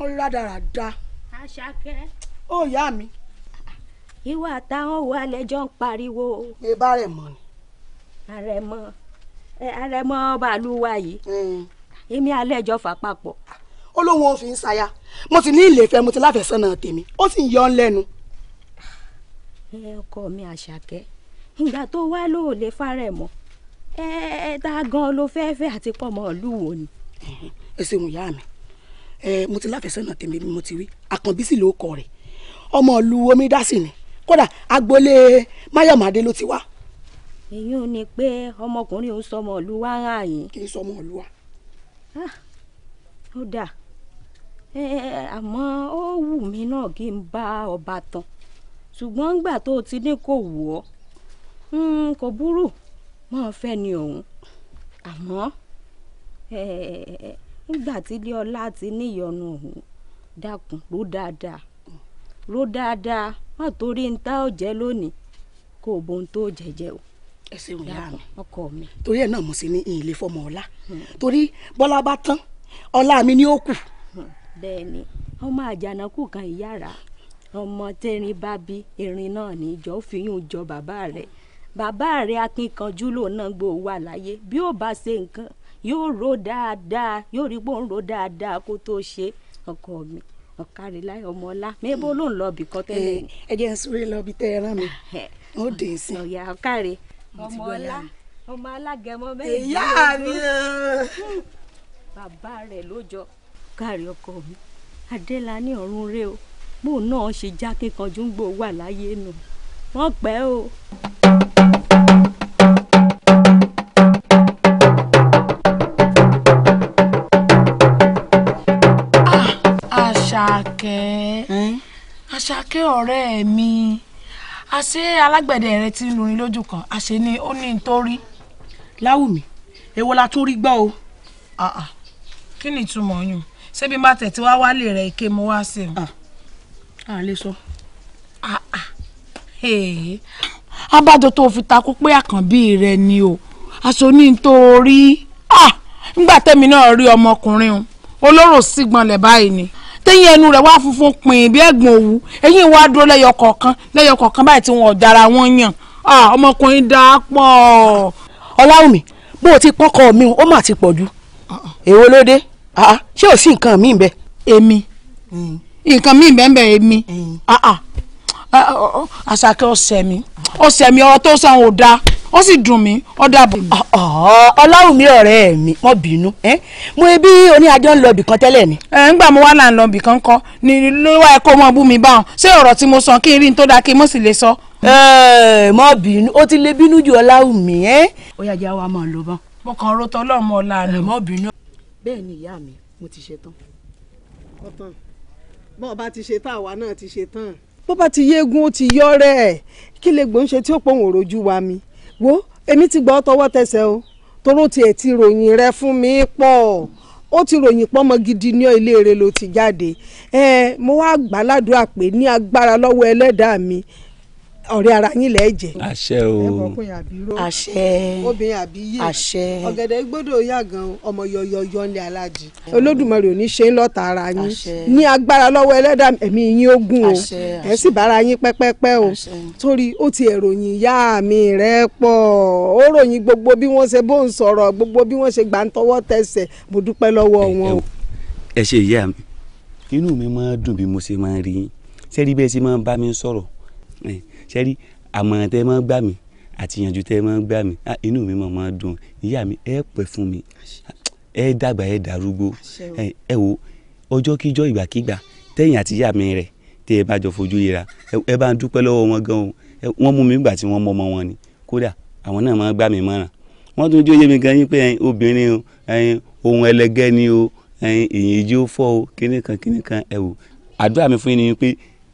ó rí rádaràda. àṣàkẹ́. ó yá mi. ìwà táwọn wo alẹ́jọ́ ń pariwo. ẹ bá rẹ̀ mọ́ ni. àrẹ̀mọ àrẹ̀mọ bàlúwa yìí èmi alẹ́jọ́ fà papọ̀. ó lóun ò fi ń ṣaya mo ti ní ilé ìfẹ́ mo ti láfẹ̀ẹ́ sọ́nà tèmi ó sì ń yọ ọ́ lẹ́nu. ẹ ọkọ mi àṣàkẹ́ ìgbà tó wá ló lè fara ẹ̀ mọ́ ẹ ẹ ta gan ló fẹ́ fẹ́ àti pọ̀ ìlú wo ni. ẹ ṣeun ìyá mi mo ti láfẹsẹ̀nà tèmi mo ti wí àkànbí sì ló kọ ọmọ ìlú omidasi ni kódà agboolé mayamade ló ti wá. èyí ò ní pé ọmọkùnrin ò sọmọ ìlú wa hàn yín. kì í sọmọ ìlú wa. Ah, ó dáa àmọ́ ó wù mí náà kí n bá ọba tán ṣùgbọ́n ńgbà tó o ti ní kò wù ọ́ Hmm, kò burú mọ́ fẹ́ ni òun àmọ́ nígbà tí ilé ọlá ti níyọnu òun dákun ró dáadáa ró dáadáa má torí ń tá ọ̀jẹ́ lónìí kó o bóun tó jẹjẹ o ẹ ṣeun ìyá mi ọkọ mi torí ẹ náà mo sì ní ìyìnlẹ fọmọ ọlá hmm. torí bọlá bá tán ọlá mi ni ó kù. Hmm. bẹ́ẹ̀ni ọmọ àjànàkú kan ìyára ọmọ tẹrin bá bí erin náà níjọ fi yún jọ bàbá rẹ̀. Mm bàbá rẹ̀ akínkanjú lòun náà gbòó wà láyé bí ó bá ṣe nǹkan yóò ro dáadáa yóò rí pé òun ro dáadáa kó tó ṣe ọkọ mi ọ̀káriláyọ̀ ọmọọlá mẹ́bó ló ń lọ ibì kan tẹ́lẹ̀. Eh, ẹ jẹ́ sùúrù lọ bí tẹ́ ẹ rán mi [LAUGHS] eh, ó dé sí. ọ̀yà ọ̀kárẹ̀ ọmọọlá ọmọ alágẹmọ mẹ́rin. ìyá mi o. bàbá rẹ̀ ló jọ kárí ọkọ mi adélani ọ̀run rẹ o bóun náà ṣe jákè kanjú ń gbò wà láyé nù wọ́n pẹ́ o. àṣàkẹ́ àṣàkẹ́ ọ̀rẹ́ mi àṣé alágbẹ̀dẹ rẹ ti ń lurin lójú kan àṣé ni ó ní nítorí. láwùmí èwo la tún rí gbọ́ o. Ah, ah. kí ni ìtumọ̀ yùn ṣé bí n bá tẹ̀tí wá wálé rẹ̀ èké mo wá sí o. Ah, a lè sọ. abájọ tó fi takú pé àkànbí rẹ ni o aṣọ ní nítorí nígbà tẹ́mi náà rí ọmọkùnrin o olóró sígbọnlẹ̀ báyìí ni. tẹ́yìn ẹnu rẹ̀ wá funfun pin bí ẹ̀gbọ́n òwú ẹ̀yìn wá dúró lẹ́yọ kọ̀ọ̀kan lẹ́yọ kọ̀ọ̀kan báyìí tí wọn ò dára wọn yàn ọmọkùnrin dá pọ̀. ọláwùmí bó o ti pọ́kọ mi o mà ti pọ̀ jù èwo ló dé ṣé o sí nǹkan mi bẹ́ẹ̀. èmi mm. nǹkan mi bẹ́ẹ̀ bẹ́ẹ̀ èmi mm. àṣàkẹ́ ọ̀sẹ̀ mi ọ̀sẹ̀ mi ọ̀rọ̀ tó sàn ò dáa. ó sì dùn mí ó dàbọ̀. ọláwùmí ọ̀rẹ́ mi mo bínú mo ebi oní ajọ́ ń lọ ibì kan tẹ́lẹ̀ ni. ẹ ńgbà mo wá là ń lọ ibì kan kọ ni ló wá ẹkọ mọ bú mi báwọn ṣé ọ̀rọ̀ tí mo sọ kí n rí n tó dáa kí n mọ̀ sì lè sọ. mo bínú ó ti lè bínú ju ọláwùmí. ó yà jẹ́ àwa máa lọ bá. mo kàn ro tọlọ́mọ ọ̀la rẹ̀ mo bínú. bẹ́ẹ̀ ni ìyá mi mo ti ṣe tán. ọ̀tàn bọ́ọ̀ bá ti ṣe tán àwa náà ti ṣe tán. bó bá ti yégun wa mi wo èmi ti gbọ́ tọwọ́ tẹsẹ̀ o toró tiẹ̀ ti ròyìn rẹ fún mi pọ̀ ó ti ròyìn pọ́mọ gidi ní ilé rẹ ló ti jáde ẹ mo wá gbà ládùúrà pé ní agbára lọ́wọ́ ẹlẹ́dàá mi ọ̀rẹ́ ara yín lẹ́ẹ̀ jẹ́. àṣẹ o ẹ̀bọ̀kùnrin àbíró àṣẹ obìnrin àbíyè àṣẹ ọ̀gẹ̀dẹ̀ gbọ́dọ̀ yà gan ọmọ yọyọyọ ńlẹ̀ alájí. olódùmarè ò ní ṣe ń lọ́ta ara yín ní agbára lọ́wọ́ ẹlẹ́dà ẹ̀mí yín ó gùn o ẹ̀ sì bára yín pẹ́pẹ́pẹ́ o torí ó ti ẹ̀ròyìn ìyá mi rẹ̀ pọ̀ ó ròyìn gbogbo bí wọ́n ṣe bó ń sọ̀rọ̀ gbogbo bí wọ́n ṣe gbà ń tọwọ́ tẹsẹ̀ mo dúpẹ́ lọ́wọ́ wọn. ẹ ṣe ìyá mi inú mi máa dùn bí mo ṣe máa rí yín ṣé rí bẹ́ẹ̀ sẹ́rí àmọ̀ràn tẹ́ mọ́ gbà mí àtìyànjú tẹ́ mọ́ gbà mí ah, inú mi mọ̀ mọ́ dùn ìyá mi ẹ pẹ́ fún mi ẹ dàgbà ẹ dàrúgbó ẹ wo ọjọ́ kíjọ́ ìgbàkígbà tẹ́yìn àti ìyá mi rẹ̀ tẹ́ ẹ bá jọ fojú yẹra ẹ bá ń dúpẹ́ lọ́wọ́ wọn gan o wọ́n mú mi nígbà tí wọ́n mọ ọmọ wọn ni kódà àwọn náà máa gbà mí mọ́ràn wọ́n tún jó yé gan yín pé obìnrin ohun ẹlẹgẹ́ ni o èyí jó fọ́ o kíníkan kíníkan ẹ wò àdúrà mi fún yín ni pé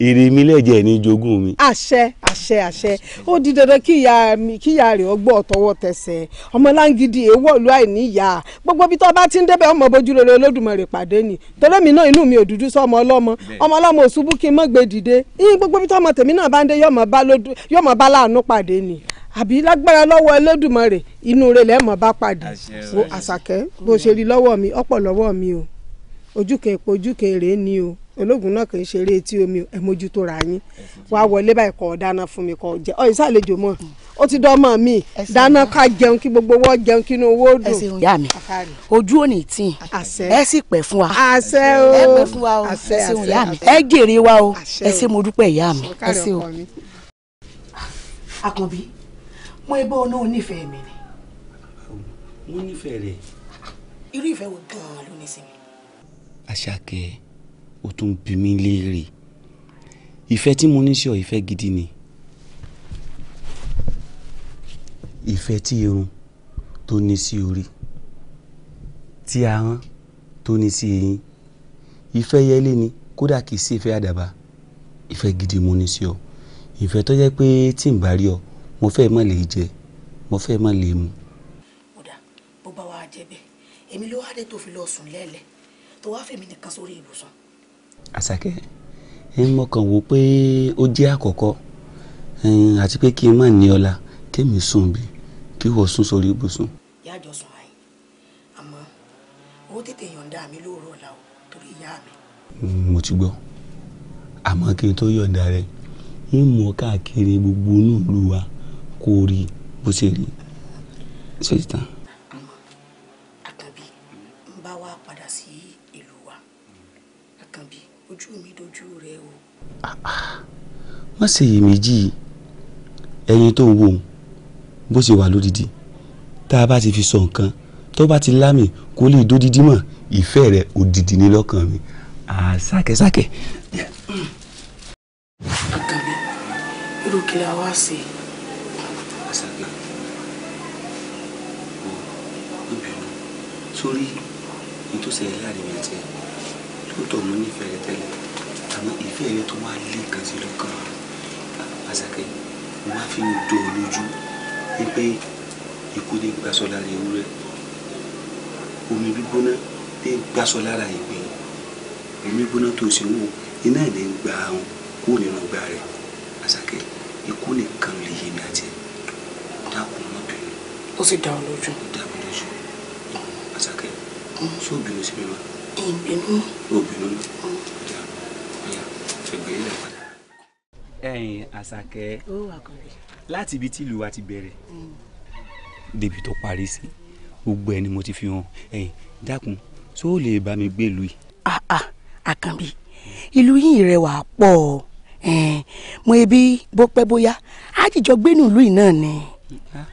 Iri mi lẹ́jẹ̀ ní jogún mi. àṣẹ àṣẹ àṣẹ ó di dandan kí ìyá mi kí ìyá ọgbọ́n tọwọ́ tẹsẹ̀ ọmọ láǹgídì èèwọ̀ ìlú àìní ìyá gbogbo bí tó bá ti ń débẹ̀ ọmọ bójú lórí olódùmarè pàdé ni tọ́lẹ́mì náà mi ò dúdú sọ ọmọ ọlọ́mọ ọmọ ọlọ́mọ òṣùbù kí n gbogbo bí ọmọ tèmi náà bá ń dé yọmọ bá láàánú pàdé ni àbí lágbára lọ́wọ́ inú rẹ̀ ojúkè epo ojúkè èrè ni o ológun náà kì í ṣeré etí omi ẹ mójútó ra yín wàá wọlé báyìí kọ dáná fún mi kọ jẹ ọyìn sàlejò mọ ó ti dán mi dáná ká jẹun kí gbogbo wọn jẹun kí inú owó dùn. ẹsẹ̀ ìyá mi ojú ò ní tì ẹ sì pẹ́ fún wa àṣẹ o ẹ pẹ́ fún wa o ẹsẹ̀ ìyá mi ẹ jèrè wa o ẹsẹ̀ mo dúpẹ́ ìyá mi ẹsẹ̀ o. àkànbí mo ẹbọ ọ̀nà onífẹ̀ẹ́ mi ni. mo nífẹ̀ẹ́ rẹ̀. irú ìfẹ́ wo gan-an ló àṣàkẹ́ ó tún bí mi léèrè ìfẹ́ tí mo ní sí ọ ìfẹ́ gidi ni ìfẹ́ tí irun tó ní sí orí tí ahọ́n tó ní sí eyín ìfẹ́ yẹlé ni kódà kì í sí ìfẹ́ àdàbà ìfẹ́ gidi mo ní sí ọ ìfẹ́ tó jẹ́ pé tí n bá rí ọ mo fẹ́ má lè jẹ mo fẹ́ má lè mu. kódà bó bá wa jẹ bẹ́ẹ̀ èmi ló wá dé tó fi lọ sùn lẹ́lẹ̀ tó wá fèmí nìkan sórí ibùsùn. àṣàkẹ́ ẹ mọ̀ kàn wò pé ó jẹ́ àkọ́kọ́ àti pé kí n má ní ọlá kémi sùn bí kí wọ́n sùn sórí ibùsùn. ìyá àjọ sùn àyè àmọ́ ó tètè yọ̀ǹda mi lóòrò ọ̀la o torí ìyá mi. mo ti gbọ́ àmọ́ kí n tó yọ̀ǹda rẹ̀ ń mú káàkiri gbogbo inú wa kó rí bó ṣe rí má ṣe iyèméjì ẹyin tó ń wò ó bó ṣe wà lódìdí tá a bá ti fi sọ nǹkan tó bá ti lámì kó lè dódìdí mọ̀ ìfẹ́ rẹ̀ òdìdí ní lọ́kàn mi àsákẹ́sákẹ́. àkànní irú kí la wá sí i. àṣàkẹ́ ò lóbìnrin sórí ní tó ṣẹlẹ̀ láàrin mi àti ẹ̀ lóòótọ́ mo nífẹ̀ẹ́ rẹ tẹ́lẹ̀ ṣùgbọ́n ìfẹ́ rẹ tó wá lé nǹkan sí lọ́kàn àṣàkẹ́ mo wá fi ń do lójú wípé ikú dé gbaṣọ lára ewúrẹ́ omi gbígbóná dé gbaṣọ lára ìgbín omi gbígbóná tó ṣe wò iná ìdè ń gba ahun kúrò nínú gba rẹ àṣàkẹ́ ikú nìkan lè yé mi àti dákun mọ́ bínú. ó sì dá ọ lójú. ó dá mi lójú àṣàkẹ́ sóbìnrin mm. sí mi wá. ìbínú. òbínú náà. Mm ṣògbé ilẹ̀ padà. ẹ̀yin àṣàkẹ́ láti ibi tí ìlú wa ti bẹ̀rẹ̀ mm. débi tó parí sí gbogbo ẹni mo ti fi hàn ẹ̀yin dákun tó lè bá mi gbé ìlú yìí. Ah, ah, àkànbí ìlú yìí rẹwà pọ̀ mo ebi bó pẹ́ bóyá á jìjọ gbénú ìlú yìí náà ni. Ah,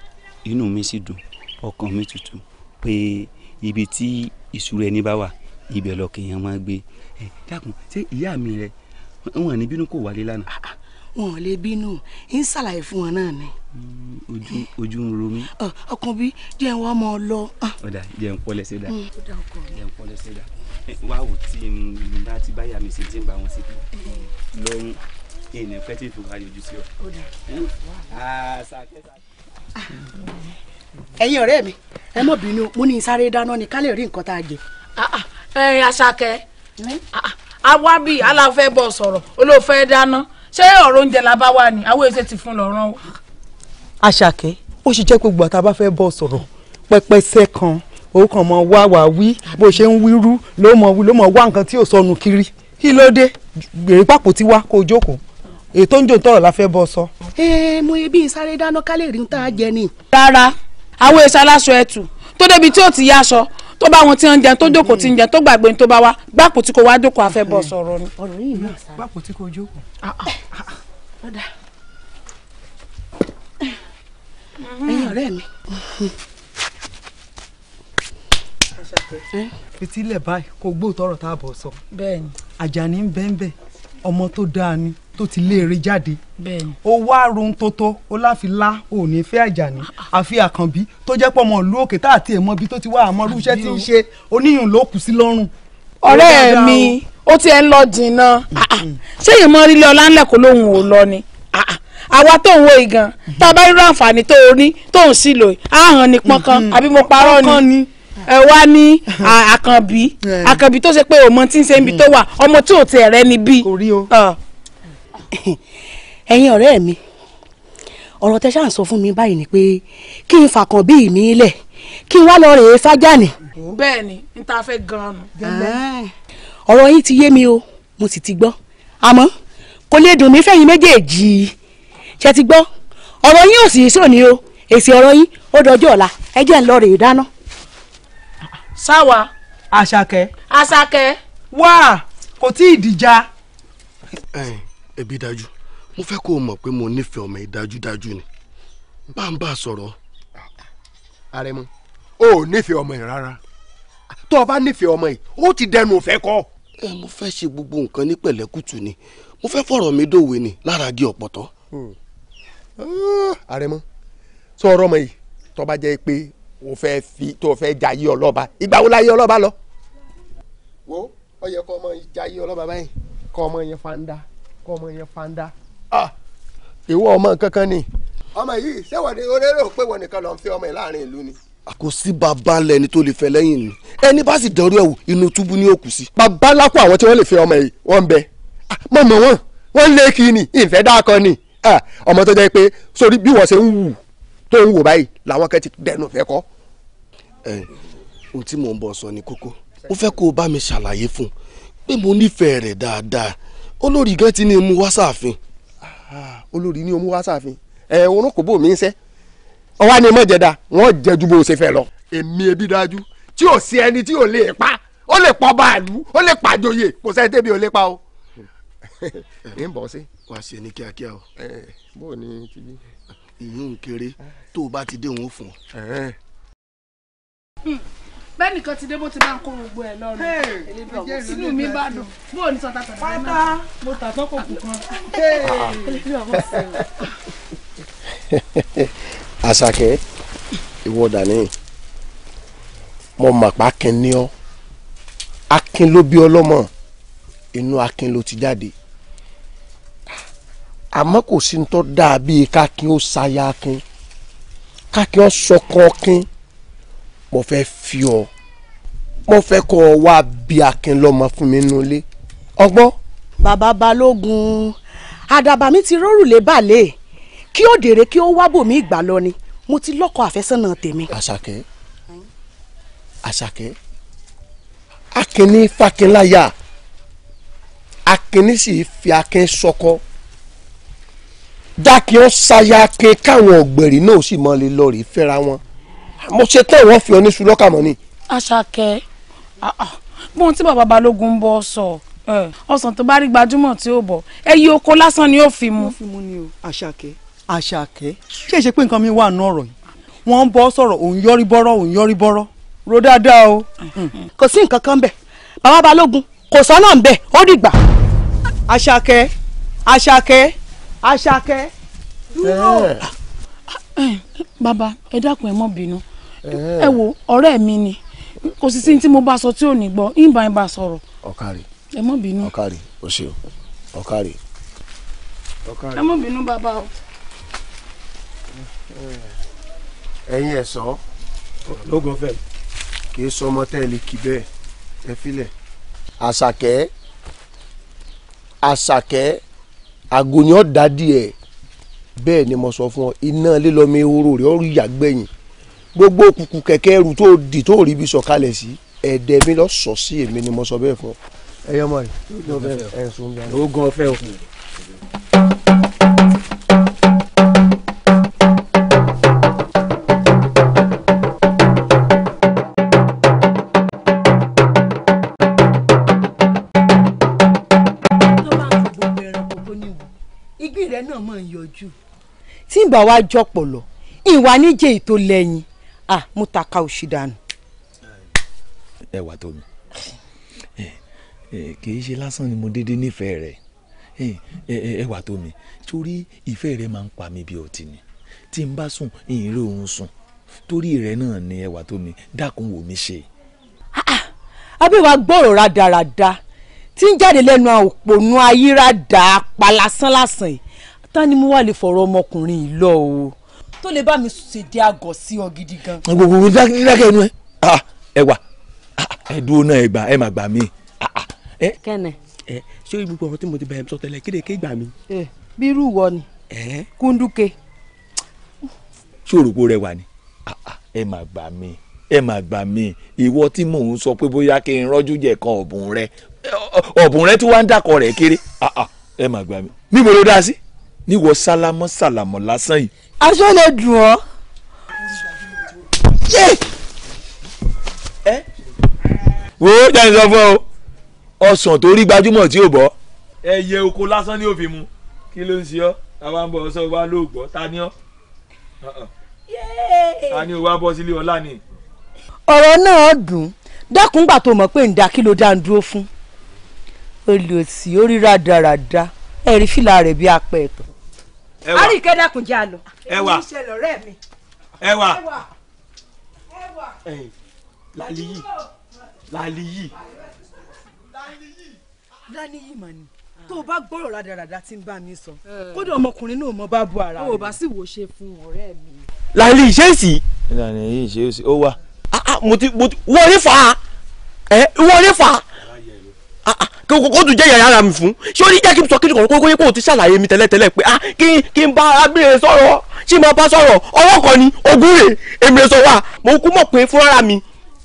inú mi sì dùn ọkàn mi tutù pé ibi tí ìṣúra ẹni bá wà ibẹ̀ lọkàn èèyàn máa gbé dákun ṣé ìyá mi rẹ wọn ní bínú kò wálé lánàá. Ah, ah, wọn ò lè bínú ń ṣàlàyé fún wọn náà ni. Hmm, ojú ojú ń ro mí. ọkàn bí jẹ́ ń wá ọmọ lọ. Ah. ọ̀dà jẹ́ ń pọ́lẹ̀ sí hmm, dà jẹ́ ń pọ́lẹ̀ sí dà wá wò tí n bá ti báyà mi sí ti ń bá wọn sí eh. kí lọ́rùn èèyàn fẹ́ tí ìfowópamọ́ yọjú sí ọ. ẹ̀yin ọ̀rẹ́ mi ẹ má bínú mo ní sáré dáná ni ká lè rí nǹkan tá a jẹ. Àṣàkẹ́ àwa bíi aláfẹ́ bọ̀ sọ̀rọ̀ olóòfẹ́ dáná ṣé ọ̀rọ̀ oúnjẹ la bá wà ní àwọn èsè ti fún lọ́rùn o. àṣàkẹ́ ó sì jẹ́ pé gbogbo àtàbá fẹ́ bọ̀ sọ̀rọ̀ pẹ́pẹ́sẹ́ kan ó kàn mọ wá wá wí bó ṣe ń wírú ló mọ ló mọ wá nǹkan tí ò sọnù kiri kí ló dé gbèrè pàpò tí wá kó jókòó ètò ń jò tọrọ la fẹ́ bọ́ sọ. ẹ mo ye bí n sáré dáná ká lè rí n tá a jẹ ni. rárá àwọn èso aláṣọ ẹtù tó débi tí ó ti yá aṣọ tó bá wọn ti ń jẹun tó jókòó ti ń jẹun tó gbàgbé tó bá wa gbàpò tí kò wá jókòó àfẹ́ bọ̀ sọ̀rọ̀ ni. ọ̀rọ̀ yìí náà sá. gbàpò tí kò jókòó. Ah, ah, ah, mm-hmm. ẹ̀yin ọ̀rẹ́ mi. fitilẹ̀ báyìí kò gbóòtọ̀ ọ̀rọ̀ tá a bọ̀ sọ. bẹ́ẹ̀ni. Àjàní ń bẹ́ńbẹ́ ọmọ tó dáa ni tó ti léèrè jáde ó wá rohun tó o ó láfi lá ò ní fẹ́ àjàní àfi àkànbí tó jẹ́ pọ̀ mọ́ ìlú òkè tá àti èèmọ́ bí tó ti wá àmọ́ irúṣẹ́ tí ń ṣe oníyùn ló kù sí lọ́rùn. ọ̀rẹ́ mi ó ti ẹ̀ ń lọ jìnnà ṣé èèyàn mọ rílẹ̀ ọlá ńlẹ̀ kó lóun ò lọ ni àwa tó ń wo ìgàn tá a bá irú àǹfààní tó o ní tó ń sí lò áhàn ní pọ́nkán mm-hmm. àbí mo parọ́ ni ẹ wá ní [LAUGHS] àkànbí eh. àkànbí tó ṣe pé òun ti ń ṣe ibi tó wà ọmọ tí ò tẹ̀ rẹ ni bí. kò rí o ah. [COUGHS] ẹ̀yin ọrẹ mi ọrọ tẹ́ ṣáà sọ fún mi báyìí ni pé kí n fàkàn bí mi lẹ̀ kí n wá lọ rèé fájàní. bẹ́ẹ̀ ni n ta fẹ́ gan-an. ọrọ yín ti yé mi o mo sì ti gbọ́ àmọ́ kò lè dùn mí fẹ́yìn méjèèjì ṣe ti gbọ́ ọrọ yín ò sì sòní o èsì ọrọ yín ó dọjọ́ ọla. ẹ jẹ́ ń lọ rèé dáná. sáwa. àṣàkẹ́. àṣàkẹ́. wá kò tí ì dìjà. ẹbí dájú mo fẹ́ kó o mọ̀ pé mo nífẹ̀ẹ́ ọmọ yìí dájúdájú ni bá ń bá a sọ̀rọ̀. àrẹ̀mọ o ò nífẹ̀ẹ́ ọmọ yìí rárá tó o bá nífẹ̀ẹ́ ọmọ yìí ó ti dẹnu òfẹ́ kọ́. ẹ mo fẹ́ ṣe gbogbo nǹkan ní pẹ̀lẹ́kùtù ni mo fẹ́ fọ̀rọ̀ mi dòwe ni lára gé ọ̀pọ̀tọ́. àrẹ̀mọ hmm. ah, sọ̀rọ̀ ọmọ yìí tó bá jẹ́ pé o fẹ́ fi tó o fẹ́ jayé ọlọ́ba ìgbà wo láyé ọlọ́ba lọ. wo ó yẹ kó ọmọ jayé ọlọ́ba báyìí kó ọmọ yẹn fa ń dá kọ́ ọmọ yẹn fanda. ìwọ ọmọ kankan ni. ọmọ yìí ṣéwọ̀dé orérò pé wọn nìkan ló ń fi ọmọ yìí láàrin ìlú ni. kò sí bàbá lẹni tó lè fẹ́ lẹ́yìn ni ẹni bá sì dẹrú ẹ wò inú túbú ni ó kù sí. bàbá lápò àwọn tí wọ́n lè fẹ́ ọmọ yìí wọ́n ń bẹ mọ̀mọ́ wọn wọ́n lé kí ni ìfẹ́ dákọ ni ọmọ tó jẹ́ pé sórí bí wọ́n ṣe ń wù tó ń wò báyìí làwọn kan ti dẹnu fẹ́ kọ́. ẹ ohun tí mò ń bọ̀ sọ ni kókó ó fẹ́ kó o bá mi ṣàlàyé fún un pé mo nífẹ̀ẹ́ rẹ̀ dáadáa olórí gan ti ní mú wá sáàfin. olórí ní mú wá sáàfin ẹ òun kò bò mí ń sẹ́ ọwọ́ ni mọ̀jẹ̀dá wọ́n jẹ́ ju bó ṣe fẹ́ lọ. èmi ẹbí dájú tí o sí ẹni tí ò lè pa ó lè pọ̀ báàlú ó lè pàjọyè kò sẹ́ni tẹ́bi ò lè pa o. ẹ ń bọ̀ sí. wàá ṣe ní kíákíá o. bó o ní tibí. ìyún kéré tó o bá ti dé òun fún ọ bẹ́ẹ̀ nìkan ti dé bó ti máa ń kó gbogbo ẹ̀ lọ́rùn sínú mi bá dùn bó o ní sọ tata tẹ̀lé náà mo tà sọ́kò kù kan. [LAUGHS] àṣàkẹ́ ìwọ dàní mo mà pa akin ní ọ akin ló bí ọlọ́mọ inú akin ló ti jáde àmọ́ kò sí ní tọ́ dáa bíi kákin ó ṣaya akin kákin ó sọkàn akin mo fẹ́ fi ọ mo fẹ́ kọ́ ọ wá bí akin lọ́mọ fún mi nulẹ̀ ọgbọ́n. bàbá balógun àdàbà mi ti rórùlé balẹ̀ kí ó dèrè kí ó wábò mí ìgbà lọ ni mo ti lọ́kọ àfẹ́sọ́nà tèmi. àṣàkẹ́ àṣàkẹ́ akínní fakinláyà akínní sì fi akin sọkọ dákì ó ṣayá akin káwọn ọ̀gbẹ̀rì náà sì mọ́ lè lọ́ọ́ rí fẹ́ra wọn mo ṣe tán ìwọ́n fi ọ ní sulọ́kà mọ́ ni. àṣàkẹ́ ah, ah. bóun tí bàbá balógun ń bọ́ sọ ọsàn tó bá rí gbajúmọ̀ tí ó bọ̀ ẹyí oko lásán ni ó fi mu. àṣàkẹ́ àṣàkẹ́ ṣé ìṣe pé nǹkan mi wà nù ọ̀rọ̀ yìí wọ́n ń bọ́ òun yọrí bọ́rọ̀ òun yọrí bọ́rọ̀ ro dáadáa o. Hmm. kò sí nǹkan kan bẹ̀ bàbá balógun kò sọ́nà ń bẹ̀ ó dìgbà. àṣàkẹ́ àṣàkẹ́ àṣàkẹ́ dúró. Eh. Ah, eh, bàbá ẹ dákun ẹ mọ̀ bínú Eh. ẹ wo ọ̀rẹ́ mi ni kò sí sí tí mo bá sọ tí ò ní gbọ́ ìbá ìbá sọ̀rọ̀. ọ̀kàrì ẹ mọ̀ bínú. ọ̀kàrì o ṣeun ọ̀kàrì. ẹ mọ̀ bínú bàbá o. Eh, ẹ̀yin ẹ sọ lóògùn ọ̀fẹ́ kì í sọ ọmọ tẹ́lẹ̀ kì bẹ́ẹ̀ ẹ filẹ̀. àṣàkẹ́ àṣàkẹ́ àgòyàn dádìí ẹ̀ bẹ́ẹ̀ ni mo sọ fún ọ iná lílọ́mi ehoro rẹ̀ ọ̀rọ̀ ìyàgbẹ́yìn gbogbo òkùnkùn kẹ̀kẹ́ ẹrù tó dì tó rí ibi sọ̀kalẹ̀ sí ẹ̀dẹ̀ mi lọ sọ sí èmi ni mo sọ bẹ́ẹ̀ fọ. ẹ yọ ọmọ rẹ yóò bẹ ẹsùn gbà. ó gan ọfẹ o. tí ń wa jọ pọ̀ lọ ìwà níjẹ́ ètò lẹ́yìn ah mo ta ka òṣì dànù. ẹ wà tó mi eh, eh, kì í ṣe lásán ni mo dédé nífẹ̀ẹ́ rẹ̀ eh, ẹ wà tó mi torí ìfẹ́ rẹ̀ máa ń pa mí bí ọtí ni tí n bá sùn ìyìn rí òun sùn torí rẹ̀ náà ni ẹ wà tó mi dákun wò mí ṣe. abẹ́wà ah, ah, gbọ́rọ̀ rádaràda tí ń jáde lẹ́nu òpònú ayírádà pa lásán lásán yìí ta ni mo wà lè fọ̀rọ̀ ọmọkùnrin yìí lọ o tó lè bá mi ṣèdí àgọ̀ sí ọ gidi gan. gbogbo dídákẹ́ inú ẹ ah, ah, ẹ wà ah, ẹ dúró náà ẹ gbà ẹ má gbà mí. kẹ́nẹ̀. ẹ ṣé o gbogbo ọ̀rọ̀ tí mo ti bẹ̀rẹ̀ sọ tẹ́lẹ̀ kéde ké gbà mí. bí irú wọ ni kúndùkẹ́. ṣé òrùkú rẹ wà ni ẹ má gbà mí ẹ má gbà mí ìwọ tí mò ń sọ pé bóyá kí n rọ́jú jẹ kan ọ̀bùn rẹ ọ̀bùn rẹ tí wàá ń dàkọ rẹ̀ kéré ẹ má gbà mí. níbo ló dá sí níwọ sálámọ́ sálámọ́ lásán yìí aṣọ lè dùn ọ́. wo jẹ́ni sọ fún ọ ọsàn tó rí gbajúmọ̀ tí ò bọ́. ẹyẹ oko lásán ni òfin mu kí ló ń ṣe ọ táwa ń bọ ọsọ wa ló gbọ́ ta ni ọ uh-uh. ta ni o wa bọ sílé ọlá ni. ọ̀rọ̀ náà dùn dákun gbà tó mọ̀ pé ń da kí ló dá ń dúró fún olùsí ó rí rádaràda ẹ̀rí fìlà rẹ̀ bí apẹ̀ ẹ̀tọ́. àríkẹ́ dákun já lọ ẹwà ẹwà lali yìí lali yìí. lali yìí mà ni tó o bá gbọ́rọ̀ rádaràda tí ń bá mi sọ kódà ọmọkùnrin náà mọ bá bu ara rẹ. o bá sì wò ṣe fún ọ̀rẹ́ mi. lali yìí ṣé èsì. ìlànà yìí ṣe èsì ó wà ah, ah, mo ti mo ti wọ́n rí fa ẹ wọ́n rí fa kó tún jẹ́ yàrá mi fún ṣé ó ní jẹ́ kí n sọ kí n kọ̀ọ̀kan kó yẹ kó o ti ṣàlàyé mi tẹ́lẹ̀tẹ́lẹ̀ pé ah kí kí n bá arábìnrin sọ̀rọ̀ ṣé máa bá sọ̀rọ̀ ọwọ́ kan ni ogún rè èmi rè sọ wà mo kú mọ̀ pé fúnra mi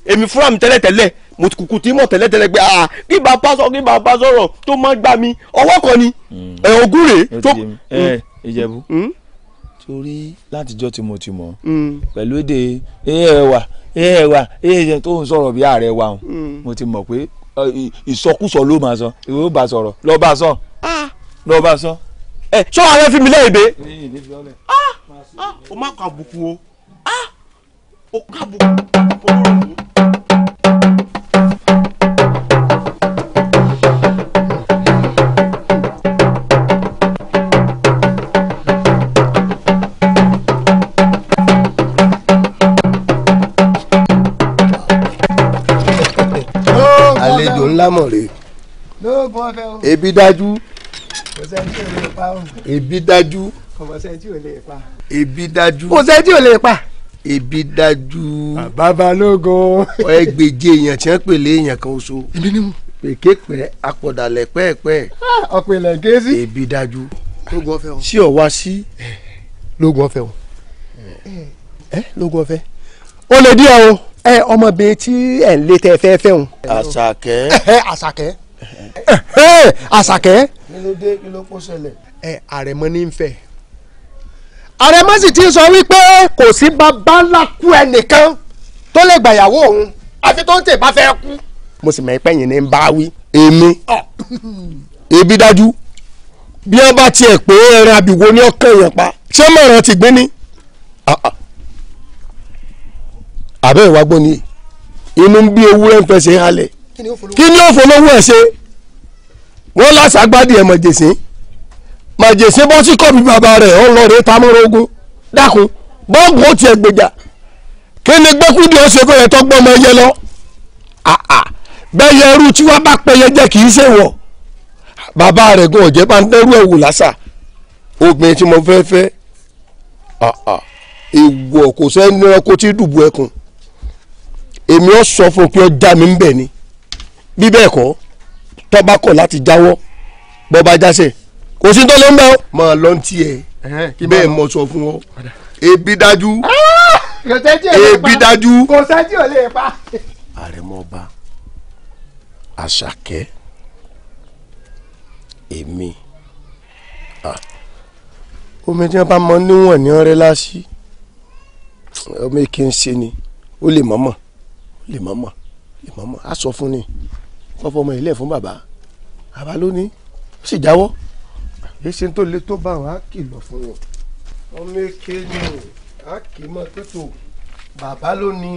èmi fúnra mi tẹ́lẹ̀tẹ́lẹ̀ mo ti kùkù tí mọ̀ tẹ́lẹ̀tẹ́lẹ̀ pé ah kí n bá bá sọ kí n bá bá sọ̀rọ̀ tó máa gbà mí ọwọ́ kan ni mm. ogún rè tó. ẹ mm. Mm. torí látijọ́ tí mo ti mọ̀ pẹ̀lú èdè ẹ ẹ wà ẹ ẹ wà ẹ wa mo ti mọ̀ ìsọkúsọ ló máa sọ ìwé ó bá sọ̀rọ̀ lọ bá sọ ah. lọ bá sọ. ẹ sọ àwọn ẹfin mi lẹ́yìnbẹ́. Ah. Ah. o má kà bùkún o o kà bùkún o kò o. lámọ̀ rè. lóògùn ọ̀fẹ́ o. ebi dájú. kò sẹ́ni tí ò lè pa o. ebi dájú. kò sẹ́ni tí ò lè pa. ebi dájú. kò sẹ́ni tí ò lè pa. ebi dájú. babalógo. ẹgbèje èèyàn tí wọ́n pè lé èèyàn kan oṣù. èmi ni mo. pèképẹ apọ̀dàlẹ̀ pẹ́ẹ́pẹ́. ọ̀pẹ̀lẹ̀ gẹ̀ẹ́sì. ebi dájú. lóògùn ọ̀fẹ́ o. sí ọ̀ wá sí lóògùn ọ̀fẹ́ o. ẹ eh. eh. eh, lóògùn ọ̀fẹ́. ó lè díẹ̀ o ẹ ọmọbìnrin tí ẹ ń lé tẹ fẹ́ fẹ́ hun. àṣàkẹ́. àṣàkẹ́ àṣàkẹ́. kí ló dé kí ló kó ṣẹlẹ̀. ẹ àrẹ̀mọ ní ń fẹ́ àrẹ̀mọ sì ti sọ wípé kò sí bàbá ńlá kú ẹnìkan tó lè gbàyàwó òun àfi tó ń tè bá fẹ́ kú. mo sì mọ̀ pé yìí ni ń bá wí. èmi ebi dájú bí wọn bá tiẹ̀ pé ẹran àbíwò ni ọkàn yẹn pa ṣé mọ̀ràn ti gbé ni. Ah, ah àbẹ́ ìwà gbọ́ ni inú ń bí ewúrẹ́ ń fẹsẹ̀ halẹ̀ kí ni ó fọlọ́wọ́ ẹ̀ ṣe wọ́n lásàgbádìí ẹ̀ mọ̀jẹ̀sìn mọ̀jẹ̀sìn bọ́ sí kọ́bí bàbá rẹ̀ ó lọ rẹ̀ tamúrógún dákun bọ́ọ̀bù ó tiẹ̀ gbèjà kí ni gbẹ́kúndì ó ṣe kó yẹ tọ́gbọ́n ọmọ ẹyẹ lọ bẹ́yẹ irú tí wọ́n bá pẹ́yẹ jẹ́ kì í ṣe wọ̀ bàbá rẹ̀ gan ọ̀jẹ́ bá ń dẹ́rù ẹ̀wù lásà obìnrin tí mo fẹ́ fẹ́ èèwọ̀ kò sẹ́ni ẹranko tí dùbò ẹkùn èmi ó sọ fún un pé ó já mi ń bẹ̀ ni bí bẹ́ẹ̀ kọ́ tó bá kọ̀ láti jáwọ́ bọ́ bá jáṣẹ̀ kò sí tó ló ń bẹ́ ọ́. mọ lọ́ntì ẹ bẹ́ẹ̀ mọ sọ fún ọ ebi dájú ebi dájú. kò sẹ́jì ò lè pa. àrẹ̀mọba àṣàkẹ́ èmi omi tí wọn bá mọ níwọ̀n ní ọrẹ́ láṣí omi kì í ṣe ni ó lè mọ̀ọ́mọ̀ lè mọ̀mọ̀ lè mọ̀mọ̀ á sọ fún ni wọ́n fọmọ ilé fún Baba. bàbá ló ní ó sì jáwọ́. èsì tó le tó bá wọn á kìlọ̀ fún wọn ọmọ èké ni á kì í mọ tótó bàbá ló ní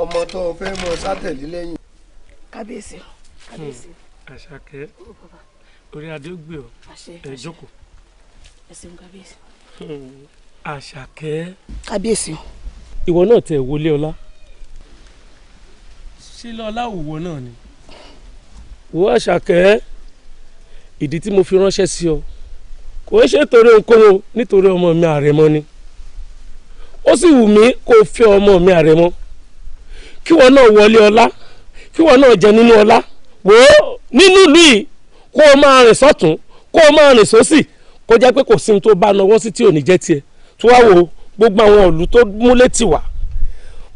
ọmọ tó o fẹ́ mọ sátẹ̀lí lẹ́yìn. kábíyèsí kábíyèsí. Hmm. àṣàkẹ́ orí adé ó gbé ọ ẹ jókòó. ẹ ṣeun kábíyèsí. Hmm. àṣàkẹ́. kábíyèsí. ìwọ náà tẹ wọlé ọlá ṣé lọ́lá òwò náà ni. wo àṣàkẹ́ ìdí tí mo fi ránṣẹ́ sí ọ kò ṣe torí ohunkóhun nítorí ọmọ mi àrẹ̀mọ ni ó sì wù mí kó o fẹ́ ọmọ mi àrẹ̀mọ kí wọn náà wọlé ọlá kí wọn náà jẹ nínú ọlá wò ó nínú ìlú yìí kó o máa rìn sọ́tún kó o máa rìn sósì kó jẹ́ pé kò sí ní tó bá nawọ́ sí tí ò ní jẹ́ tiẹ̀ tó wá wo gbogbo àwọn ìlú tó múlé tì wá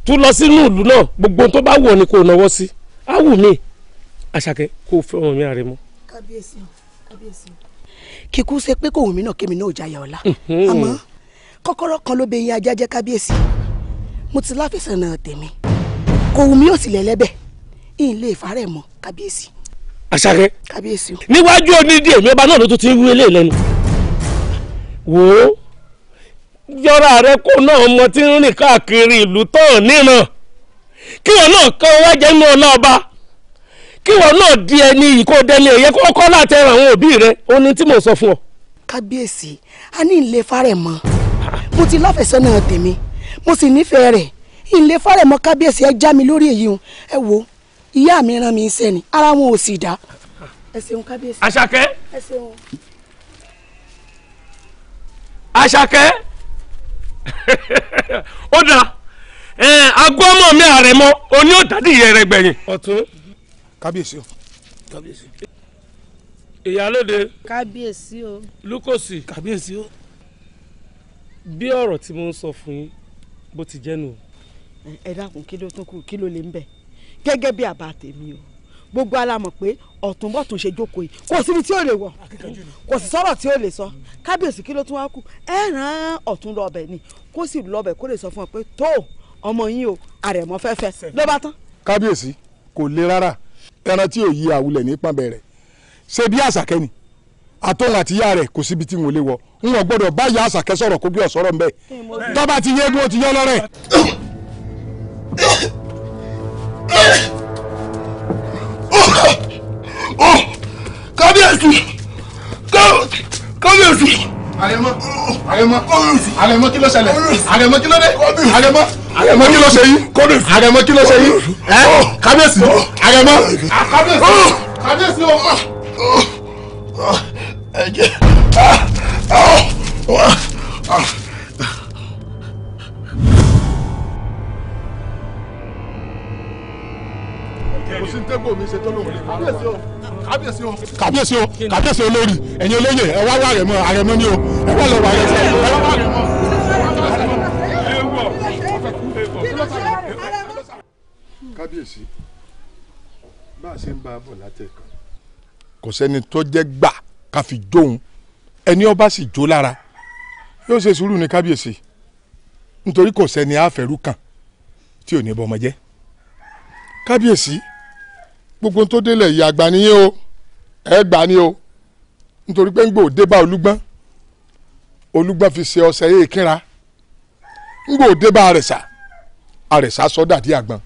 tún lọ sínú ìlú náà gbogbo tó bá wù ọ́ ni kò náwó sí á wù mí àṣàkẹ́ kó o fẹ́ ọmọ mi àrẹ mọ́. kábíyèsí kábíyèsí. kíkú ṣe pé kò wù mí náà kémi náà ò jayà ọ̀la àmọ́ kọ́kọ́rọ́ kan ló bẹ yín ajá jẹ́ kábíyèsí mo ti láfẹsẹ̀nà tèmi kò wù mí ò sì lẹ́lẹ́bẹ̀ ìyìn lè fàárẹ̀ mọ́ kábíyèsí. àṣàkẹ́ níwájú onídìí èmi ọba náà ló tún ti ń wí eléyìí lẹ́nu wò yọra rẹ kó náà mọ tí ń rìn káàkiri ìlú tán níran kí wọn náà kọ wájẹ inú ọlá ọba kí wọn náà di ẹni yìí kó dẹni ẹyẹ kó kọ láti ẹran àwọn òbí rẹ ó ní tí mò ń sọ fún ọ. kábíyèsí a ní ilé fárẹ̀mọ mo ti láfẹ̀sọ́nà tèmi mo sì nífẹ̀ẹ́ rẹ̀ ilé fárẹ̀mọ kábíyèsí ẹ já mi lórí èyí o ẹ wo ìyá mi rán mi iṣẹ́ ni ara wọn ò sì dá. ẹ ṣeun kábíyèsí. àṣàkẹ́. ẹ ṣeun. àṣàkẹ́. [LAUGHS] ó dáa agó mi ààrẹ mọ oní òdàdí ìyẹrẹ gbẹ̀yìn. ọ̀tún kábíyèsí o. kábíyèsí. ìyálóde. kábíyèsí o. lukosi. kábíyèsí o. bí ọ̀rọ̀ tí mo ń sọ fún yín bó ti jẹ́ nù. ẹ dákun kí ló tó kù kí ló lè ń bẹ̀ gẹ́gẹ́ bí àbá tèmi o gbogbo alamọ̀ pé ọ̀túnbọ̀tún ṣe jókòó yìí kò síbi tí ò lè wọ̀ kò sí sọ̀rọ̀ tí ò lè sọ kábíyèsí kí ló tún wá kù ẹ ràn ọ̀tún lọ́bẹ̀ ni kó sì lọ́bẹ̀ kó lè sọ fún ọ pé tó ọmọ yín o àrẹ̀mọ fẹ́fẹ́ ló bá tán. kábíyèsí kò le rárá ẹran tí ò yí àwulẹ̀ ní pàbẹ̀rẹ̀ ṣé bí àṣàkẹ́ ni àtọ́hún àti ìyá rẹ̀ kò síbi tí wọn ò lè wọ n ò gbọ́dọ̀ bá àṣàkẹ́ sọ̀rọ̀ kó bí wọ́n Oh, oh kábíyèsí kábíyèsí. àrẹ̀mọ àrẹ̀mọ àrẹ̀mọ kí ló ṣẹlẹ̀ àrẹ̀mọ kí ló dé àrẹ̀mọ àrẹ̀mọ kí ló ṣe yìí àrẹ̀mọ kí ló ṣe yìí ẹ oh, kábíyèsí oh, àrẹ̀mọ. Ah, kábíyèsí kábíyèsí o. ẹ̀jẹ̀ ah ah ah. ah. kò sí tẹ́gbọ̀ mi ṣe tọ́lọ̀ wọlé kábíyèsí o kábíyèsí o kábíyèsí o kábíyèsí olórí ẹ̀yin olóyè ẹ wá wá àrẹ̀mọ àrẹ̀mọ ni o ẹ wá lọ wà àrẹ̀mọ ẹ wá wá àrẹ̀mọ. kábíyèsí bá a ṣe ń bá a bọ̀ látẹ̀kọ́. kò sẹ́ni tó jẹ́ gbà ká fi jóun ẹni ọba sì jó lára yóò ṣe sùúrù ní kábíyèsí nítorí kò sẹ́ni àfẹ́rú kan tí ò ní bọ́ ọmọ jẹ́ kábíyèsí. Si gbogbo tó délẹ̀ yìí àgbà nìyẹn o ẹ gbà ni o nítorí pé ń gbò débà olúgbọ́n olúgbọ́n fi ṣe ọṣẹ yìí kínra ń gbò àrẹ̀sà àrẹ̀sà àgbọn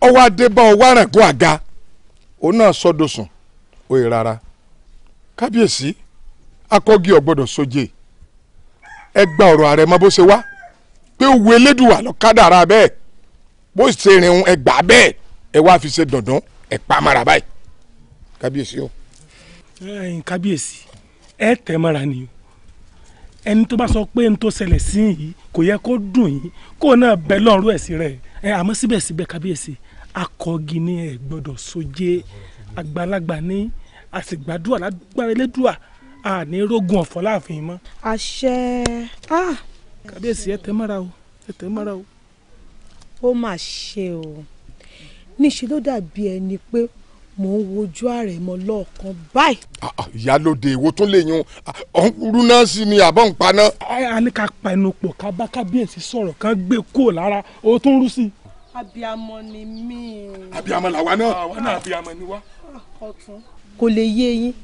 ọwọ́ ọwọ́ àga òun náà sùn òye rárá kábíyèsí akọ́gi ọ̀gbọ́dọ̀ sóje ẹ gba ọ̀rọ̀ ààrẹ bó ṣe wá pé òwe bẹ́ẹ̀ bó ṣe rìn bẹ́ẹ̀ ẹ wá fi ṣe dandan ẹ pa mara báyìí kábíyèsí o. kábíyèsí ẹ tẹ mara ni o ẹni tó bá sọ pé n tó ṣẹlẹ̀ sí yìí kò yẹ kó dùn yìí kó náà bẹ lọ́rùn ẹ̀ sí rẹ̀ ẹ àmọ́ síbẹ̀síbẹ̀ kábíyèsí akọgi ni ẹ gbọ́dọ̀ sójé àgbàlagbà ní àsìgbàdúà lágbára elédùà àní rógun ọ̀fọ̀ láàfin mọ́. àṣẹ. Ah. kábíyèsí ẹ tẹ mọ́ra o ẹ tẹ mọ́ra o. ó mà ṣe o níṣẹ́ ló dàbí ẹni pé mò ń wojú àrẹ̀mọ lọ́ọ̀kan báyìí. Ah, ah, ìyálòde ìwo tún lè yun ah, ọ̀húnrú náà sì ni àbọ̀ ń paná. a ní ká pa ẹnu pọ̀ ká bá kábíyèsí sọ̀rọ̀ kan gbé kúrò lára o tún rú sí i. abiyamọ ni mí. abiyamọ làwa náà àwa náà abiyamọ ni wá. kò lè yé yín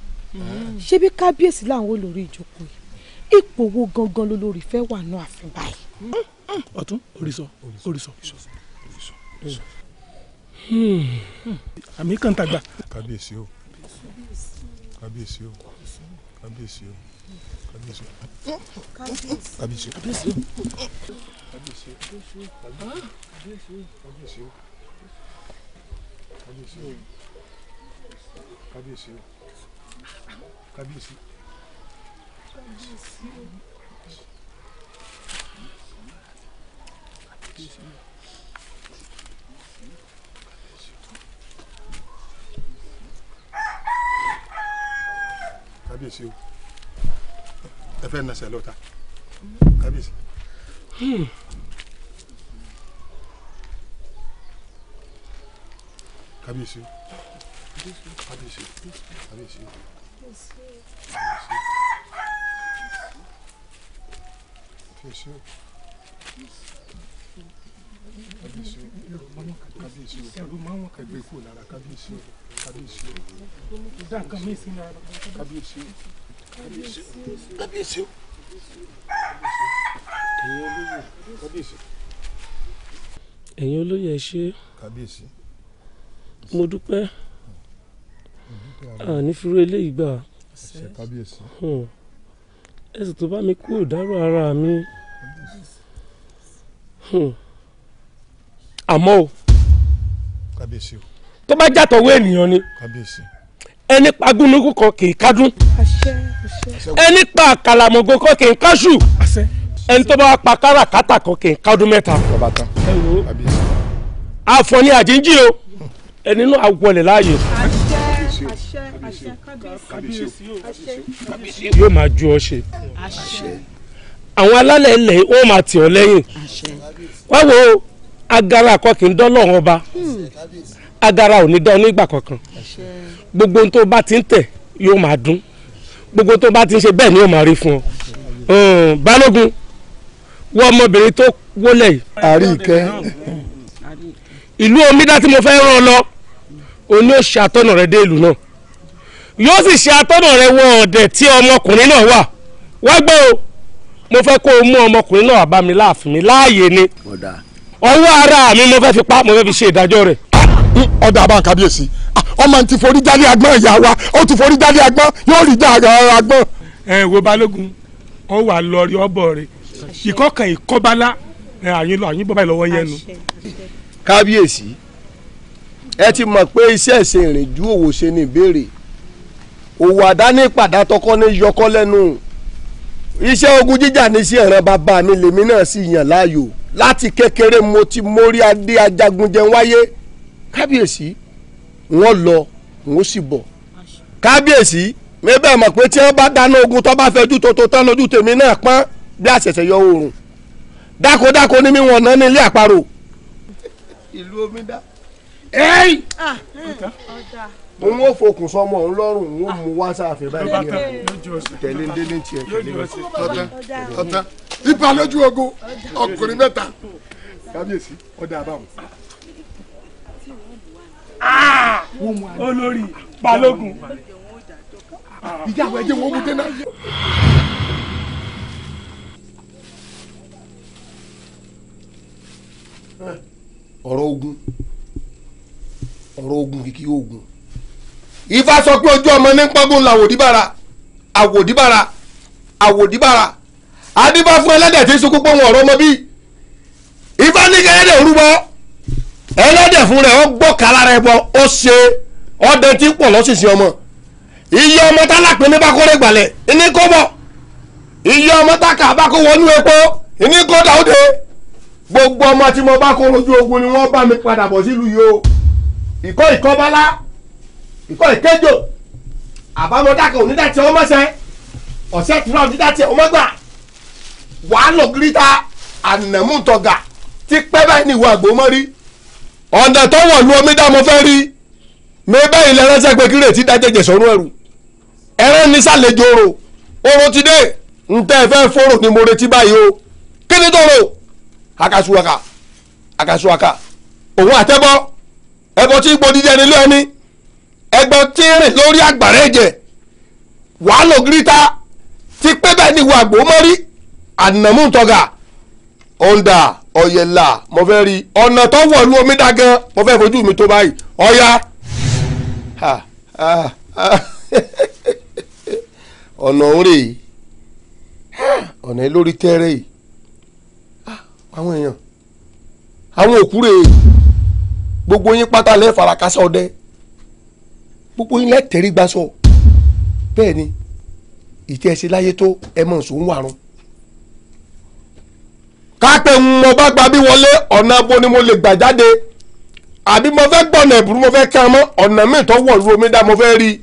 ṣé bí kábíyèsí làwọn olórí ìjókòó yìí ipò wo gangan lolórí fẹ́ wà náà àfin báyìí. ọ̀tún orí sọ orí sọ orí sọ. Hum. A mim cantar. Cabeceou. Cabeceou. Cabeceou. Cabeceou. Cabeceou. Cabeceou. Cabeceou. Cabeceou. Cabeceou. Cabeceou. Cabeceou. kábíyèsí o ẹ fẹ́ nàṣẹ lọ́ta kábíyèsí. kábíyèsí o kábíyèsí o kábíyèsí o kábíyèsí o kábíyèsí kábíyèsí ẹrú máa ń wọn kẹgbẹ kúrò lára kábíyèsí kábíyèsí kábíyèsí kábíyèsí kábíyèsí kábíyèsí ẹ̀yin olóyè kábíyèsí. ẹ̀yin olóyè ṣe. kábíyèsí. mo dúpẹ́ ànífúrú eléyìí gbà. ṣe kábíyèsí. Hmm. ẹsẹ̀ tó bá mi kúrò dárò ara mi. kábíyèsí. Hmm àmọ́ o tó bá jàtọ̀ wé ènìyàn ni ẹni pa gúnugún kan kì í kádùn ẹni pa àkàlàmọ̀gò kan kì í káṣù ẹni tó bá pa káràkátà kan kì í kádùn mẹ́ta àfọ̀ní àjíǹjì o ẹni náà wọlé láàyè yóò máa ju ọ ṣe àwọn alálẹ̀ ilẹ̀ ó máa tì ọ lẹ́yìn wá wo agara àkọ́kì ń dán lọ́rùn ọba agara ò ní dán onígbà kankan gbogbo ohun tó bá ti ń tẹ̀ yóò máa dún gbogbo tó bá ti ń ṣe bẹ́ẹ̀ ni yóò máa rí fún ọ balógun wọ ọmọbìnrin tó wọlé yìí. àrí ìkẹ́. ìlú omidá tí mo fẹ́ rán ọ lọ òun ni ó ṣe àtọ́nà rẹ dé ìlú náà yóò sì ṣe àtọ́nà rẹ wọ ọ̀dẹ̀ tí ọmọkùnrin náà wà wá gbọ́ o mo fẹ́ kó o mú ọmọkùnrin náà bá mi láàfin mi láàyè ni ọwọ́ ara mi mo fẹ́ fi pa mo fẹ́ fi ṣe ìdájọ́ rẹ̀. ọ̀dà àbá kábíyèsí ah, ọmọ ti forí jálé agbọ́n ìyá wa ó ti forí jálé agbọ́n yóò rí já agbọ́n. ẹ wo balógun ọ wà lọrí ọbọ rẹ ìkọkàn ìkọbalá àyín lọ àyín bọba ìlọwọ yẹnu. kábíyèsí ẹ ti mọ̀ pé iṣẹ́ ìṣe ìrìnjú òwò ṣe ní ìbéèrè òwò àdáni ìpàdá tọkọ ní yọkọ lẹ́nu iṣẹ́ ogun jíjà ní sí ẹ̀ràn bàbá mi lèmi náà sì yàn láàyò láti kékeré mo ti mórí adé ajagunjẹ wáyé kábíyèsí wọ́n lọ wọ́n sì bọ̀ kábíyèsí mẹ́bẹ̀ mọ̀ pé tí wọ́n bá dáná ogun tó bá fẹjú tó tó tán lójú tèmi náà pọ́n bí àṣẹ̀ṣẹ̀ yọ oòrùn dákodáko ní mi wọ̀n ná ní ilé àparò. ìlú omi dá. ẹ̀ẹ́yì. Ah, hmm. ọ̀dà òun ó fokùn sọmọ òun lọ́rùn òun ó mú wá sáàfin báyìí tẹ̀lé délé tiẹ̀ tẹ̀lé ọ̀tá ọ̀tá ipa lójú ogun ọkùnrin mẹ́ta kábíyèsí ọ̀dà àbáwọn ah! olórí balógun ìyá ẹjẹ wọn mú dé ọ̀rọ̀ ogun ọ̀rọ̀ ogun kìkì ogun. Ifá sọ pé ojú ọmọ ní pọ́ngùn la àwòdìbára àwòdìbára àwòdìbára adíbá fún ẹlẹ́dẹ̀ tí sunkún pé wọn ọ̀rọ̀ ọmọ bí Ifá ní kẹ́lẹ́dẹ̀ orúbọ ẹlẹ́dẹ̀ fún rẹ̀ ọ gbọ́ kàlà rẹ̀ bọ ó ṣe ọdẹ tí pọ̀ lọ́sìsìn ọmọ iye ọmọ tálápé ní bá kórè gbalẹ̀ ní kó bọ̀ iye ọmọ táka bá kó wọnú epo ní kó dàóde gbogbo ọmọ tí mo bá kó rojú ogun ni wọ́n bá mi padà bọ̀ sílùú yìí o ìkọ́ ìkọ́ bá lá ìkọ́ ìkéjò àbámọ́dá kan onídàtí ọmọ sẹ́ ọ̀sẹ̀ ìtura onídàtí ọmọ gbà wàá lọ gíríta ànàmúntọ̀gà tí pẹ́ báyìí ìwà àgbò mọ́ tó wọ̀ lu omi dá mo fẹ́ rí mi báyìí lẹ́rẹ́ sẹ́gbẹ́ kírè tí dájẹ́jẹ́ sọ́run ẹ̀rù ẹ̀rẹ́ ní sàlejò orò orò ti dé ntẹ́ fẹ́ fòrò ni mo retí báyìí o kí ni tó rò akasuwaka akasuwaka òun àtẹ́bọ́ ẹ̀bọ tí ipò dídẹ́ nílé ẹni ẹgbọn tí ń rìn lórí àgbàrá ẹ̀jẹ̀ wàá lò gíríta ti pé bẹ́ẹ̀ ni wàá gbó mọ́rí ànàmúntọ́gà ọ̀ndà ọ̀yẹ̀là mo fẹ́ rí ọ̀nà tó wọ̀lú omi dá gan mo fẹ́ fojú mi tó báyìí ọ̀ya [LAUGHS] ọ̀nà òǹrè yìí ọ̀nà lórí tẹ́rẹ̀ àwọn èèyàn àwọn òkúrè gbogbo yín pátá lẹ́ẹ̀ ọdẹ gbogbo yín lẹ́tẹ̀rí gba sọ bẹ́ẹ̀ ni ìtẹ́ ẹsẹ̀ láyé tó ẹ mọ̀ sóun wàrun. kápẹ́ ń mọ bá gba bí wọlé ọ̀nà abo ni mo lè gbà jáde àbí mo fẹ́ gbọ̀nà ẹ̀bùrú mo fẹ́ kí a mọ́ ọ̀nà míì tó wọ̀ lu omi dá mo fẹ́ rí i.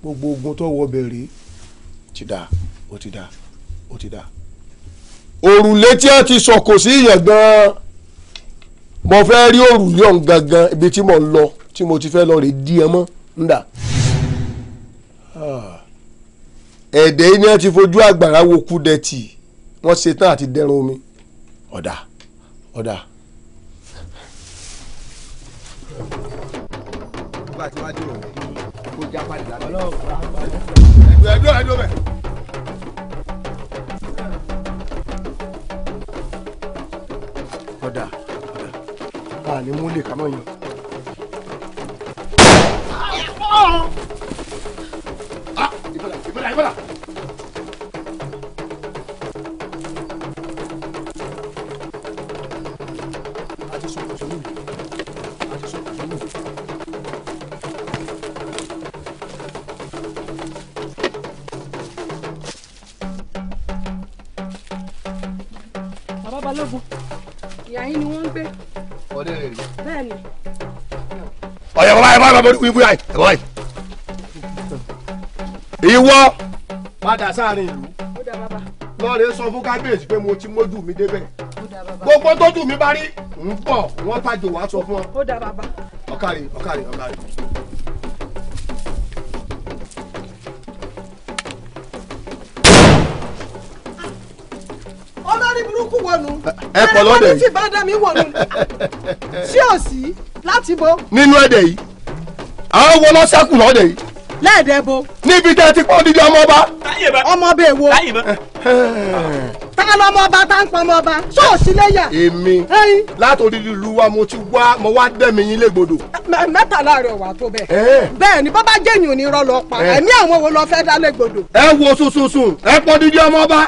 gbogbo ogun tó wọ bẹ̀rẹ̀ ti dà ó ti dà ó ti dà òrùlé tí a ti sọ̀kò sí ìyẹn gan-an mo fẹ́ rí òrù yọ̀n gangan ibi tí mo ń lọ tí mo ti fẹ́ lọ rè di ẹ mọ́ ńdà. Ah. ẹ̀dẹ̀ yìí ni wọ́n ti fojú àgbàrá wo kú dẹ̀tì wọ́n ṣe tán àti dẹrun omi ọ̀dà ọ̀dà. ọ̀dà a ní múlẹ̀ ká mọ̀ yàn. Ah, ìbọ̀là ìbọ̀là ìbọ̀là. báyìí bàbá olúkúyìn fúyà yìí ẹ bọ báyìí. ìwọ. padà sáàrin ìlú lọ́ọ̀rẹ́ sọ fún kábíyèsí pé mo ti mójú mi débẹ̀ gbogbo tójú mi bá rí ń bọ̀ wọ́n tajú wàá sọ fún ọ. ọkàrí ọkàrí ọkàrí. olórí burúkú wọnú. ẹ pọ̀ lọ́dẹ̀ yìí ẹ̀rọ mi ti bá dá mi wọnú. sí òsì láti bọ́. nínú ẹ̀dẹ̀ yìí àwọn wo lọ sẹ́kù lọ́dẹ yìí. lẹ́ẹ̀dẹ́ bo. níbi tẹ́ ti pọ́n dídí ọmọ ọba. ọmọ bẹ́ẹ̀ wo. tá a lọ ọmọ ọba tá a ń pọn ọmọ ọba ṣọ́ọ̀ṣì léyà. èmi látòdì ìlú wa mo ti wá mo wá dẹ́mi yín légbodò. mẹ́tàlá rẹ̀ wà tó bẹ́ẹ̀. bẹ́ẹ̀ ni bọ́bá jẹ́yìn ò ní rọ́ lọ pa ẹ̀mí àwọn wo lọ fẹ́ dá légbodò. ẹ wo sunsunsun ẹ pọ́n dídí ọmọ ọba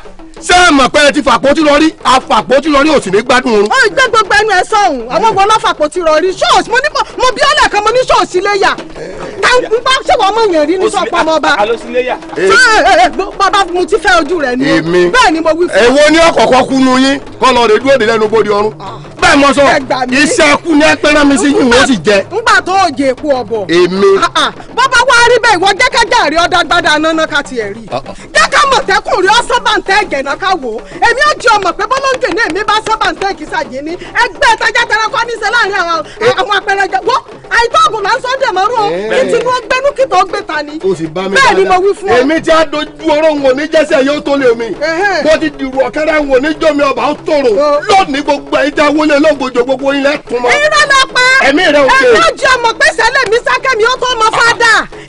ṣé ẹ mọ̀ pé ẹ ti fàpótí lọ rí àfàpótí lọ rí òsì ní gbádùn oorun. ó gbé gbogbo ẹnu ẹ sọ̀hún àwọn wo ló fàpótí lọ rí ṣọ́ọ̀ṣì mo ní mo bí ọ́lẹ̀ kan mo ní ṣọ́ọ̀ṣì léyà táwọn eh. bá ṣe wọ́n mọ̀ yẹn rí ní sọ́pọ̀ ọmọ ọba. Eh. bàbá mo ti fẹ́ ojú rẹ̀ ni o bẹ́ẹ̀ ni mo wí fún. èwo ni ọkọ̀ọ̀kọ̀ kú nu yín kọ́ lọ rè dúró de lẹ́nu bóde ọrùn ah. bẹ́ẹ̀ mo sọ iṣẹ́ kú ni ẹ pẹ́ràn mi sí yín wọ́n sì jẹ. ńgbà tó òjè èpo ọ̀bọ̀. èmi. Ah, ah. bọ́bá rí bẹ́ẹ̀ ìwọ jẹ́kẹ́jà rí ọ̀dàgbàdà náná ká tiẹ̀ rí jẹ́kẹ́ mọ̀tẹ́kùnrin ọ̀sọ́bàǹtẹ́ ẹ̀gẹ̀nà ká wò ó èmi ò jí ọmọ pé bọ́lọ́ǹdè ní èmi bá sọ́bàǹtẹ́ ìkísàjì ní ẹgbẹ́ ìtajà tẹ̀rẹ̀ kọ́ ní láàrin àwọn apẹ̀rẹ̀ jẹ́wọ́ àìtọ́gùn là ń sọ́ dẹ̀ mọ́rú o kí tinú gbẹ́nú kí tó gbé ta ni bẹ́ẹ̀ ni mo wí fún èmi tí a dojú ọ̀rọ̀ wọn ní jẹ́sẹ̀ yóò tó lè mi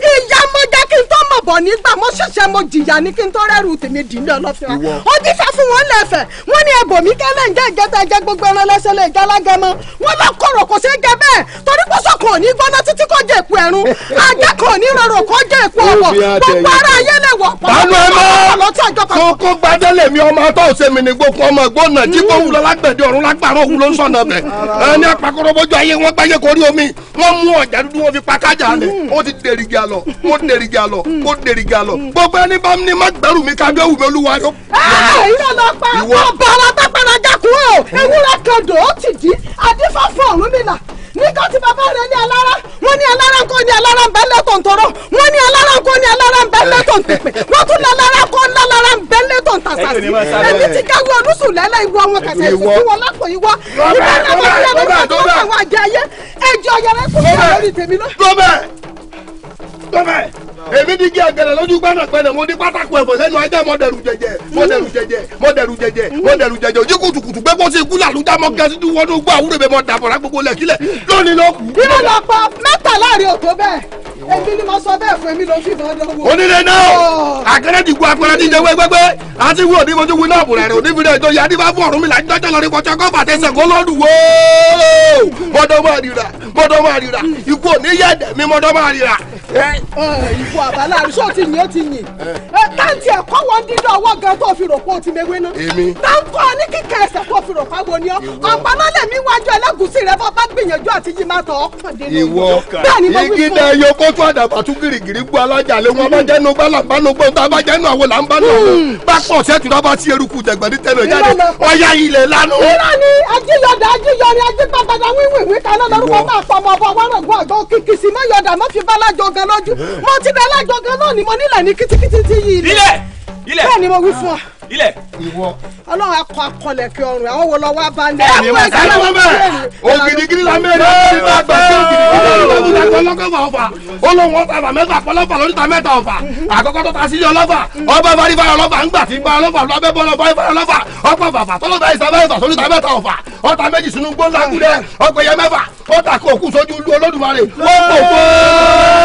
ìyá mo jẹ́ kí n tó mọ̀ bọ̀ nígbà mo ṣẹ̀ṣẹ̀ mo jìyà ní kí n tó rẹ́rù tèmi dì ní ọlọ́fin wa fún wọn lẹ́fẹ̀ wọ́n ní ẹbọ kẹ́lẹ́ ń jẹ́ ìjẹta ẹ̀jẹ̀ gbogbo ẹran lẹ́sẹ̀ lè jẹ́ alágẹmọ wọn lọ kọ̀rọ̀ kò ṣeé jẹ bẹ́ẹ̀ torí pọ́sọ̀ kò ní gbọ́ná títí kò jẹ́ èkó ẹ̀rún ajá kò ní rọrọ̀ kò jẹ́ èkó ọ̀wọ̀ gbogbo ara ayé lè wọ̀ pọ̀ pọ̀ pọ̀ pọ̀ lọ kó dèrìgà lọ kó dèrìgà lọ gbogbo ẹni bá ní má gbẹrù mi kájọ wù mí olúwa yó. Ah, ìrọ̀ lọ pa ọba alátápẹ́lá jákun o ewúrẹ́ kan ó ti dí adífáfọ́ Ọ̀rúnmìlà nígbà tí bàbá rẹ̀ ní alára wọ́n ní alára kò ní alára ń bẹ lẹ́tọ̀ ní alára kò ní alára ń bẹ lẹ́tọ̀ tún lálára kò lálára ń bẹ lẹ́tọ̀ ntasasi ẹni tí olùsùn lẹ́lẹ́ ìwọ wọn kàtà ìsìnkú wọn lápò ìwọ ìbára wọn ní tó ń bá wọn àjẹ ẹjọ yẹrẹ kò sí àwọn olùtẹ̀mí náà tọ́fẹ̀ èmi ti gé àgẹ̀rẹ̀ lójú gbẹ́nàgbẹ́nà mo ní pátákó ẹ̀fọ́ sẹ́nu ajá mo dẹ̀rù jẹjẹ mo dẹ̀rù jẹjẹ mo dẹ̀rù jẹjẹ mo dẹ̀rù jẹjẹ ojú kùtùkùtù gbé kó sí ikú làlújá mọ gẹ̀ẹ́sì tí wọ́n tó gbọ́ àwúrò bẹ́ẹ̀ mọ dàbọ̀rà gbogbo lẹ̀kílẹ̀ lónìí ló kù. bí wọ́n lọ pọ mẹ́ta láàrin òtó bẹ́ẹ̀ èmi ni mo sọ bẹ́ẹ̀ fún èmi ló fi ìbọn dánwò. onílé náà àgẹ̀rẹ̀ ti gun apẹ̀rẹ̀ ti jẹwé gbẹgbẹ́ àti wí òní mojú wí náà bùrẹ̀ rẹ̀ òní fi rẹ̀ jọ yá ní bá fún ọ̀rùn mi láti dájọ́ lọ rí kọjá kọ́ bàtẹ́ sẹ̀kọ́ lọ́dún wóó mọ́dọ́ máa rira mọ́dọ́ máa rira ikú òní yẹ̀dẹ̀ mi mọ́dọ́ máa rira ìfọ àbálá àrísọ ti yìn ó ti yìn táǹtì ẹ̀kọ́ wọn dídọ̀ ọwọ́ gan tó fi rò pé o ti mewé náà táǹkọ́ ní kíkà ẹsẹ̀ tó fi rò pé àwọn oníyàn ọ̀pá lọ́lẹ̀ mi wájú ẹlẹ́gùsí rẹ bọ́ bá gbìyànjú àti yìí máa tọ̀ ọkàn dé lóyún. ìwọ igi dẹ yoko tó àdàbà tún girigiri gbọ́ alájà lé wọn bá jẹ́ nu bá làbá nu gbọ́ tá a bá jẹ́ nu àwọn là ń bá nu àwọn hmm. bá pọ̀ sẹ́tù náà bá sí eruku jẹ̀gbẹ́dì tẹ̀lé jáde ọ̀ya ilẹ̀ lanu. irọ́ ni ajíyọ̀dà ajíyọ̀rin ajígbàgbàdà wíwìwì kan lọ́lọ́rùkọ́ máa pọ̀ mọ́ ọ̀bọ̀ wọn rògbò àgọ́ kìkì sí mọ́ yọ̀dà mọ́ fi bá lájọ g gan lójú mo ti bẹ̀ lájọ náà ni mo nílẹ̀ ní kitikiti yìí ilẹ̀ ilẹ̀ bẹ́ẹ̀ ni mo wí fún ọ ilẹ̀. ìwọ. ọlọ́run akọ akọlẹ̀ kí ọrùn àwọn wo lọ wá bá ní. ẹ ẹ wọ́n sáré wọn bẹ́ẹ̀ ògidìgidi la mẹ́rin ní bá gbà sí ògidìgidi la gbà lọ́kọ̀ọ̀fà ọ̀fà olóhùn ọ̀fà mẹ́fà pọ̀lọ́fà lóríta mẹ́ta ọ̀fà àkọ́kọ́ tó ta sí ọlọ́fà ọba bá rí ńgbà tí bá ọlọ́fà lọ́bẹ̀ bọ́ lọ́fà ìfà ọlọ́fà ọ̀pọ̀ fàfà tọ́lọ́ta ìsàbẹ̀ ìfà sóríta mẹ́ta ọ̀fà ọ̀tà méjì sínú gbọ́ńdà gúdẹ ọ̀pẹ̀yẹ mẹ́fà ó kó òkú sójú lu olódùmarè ó pò pò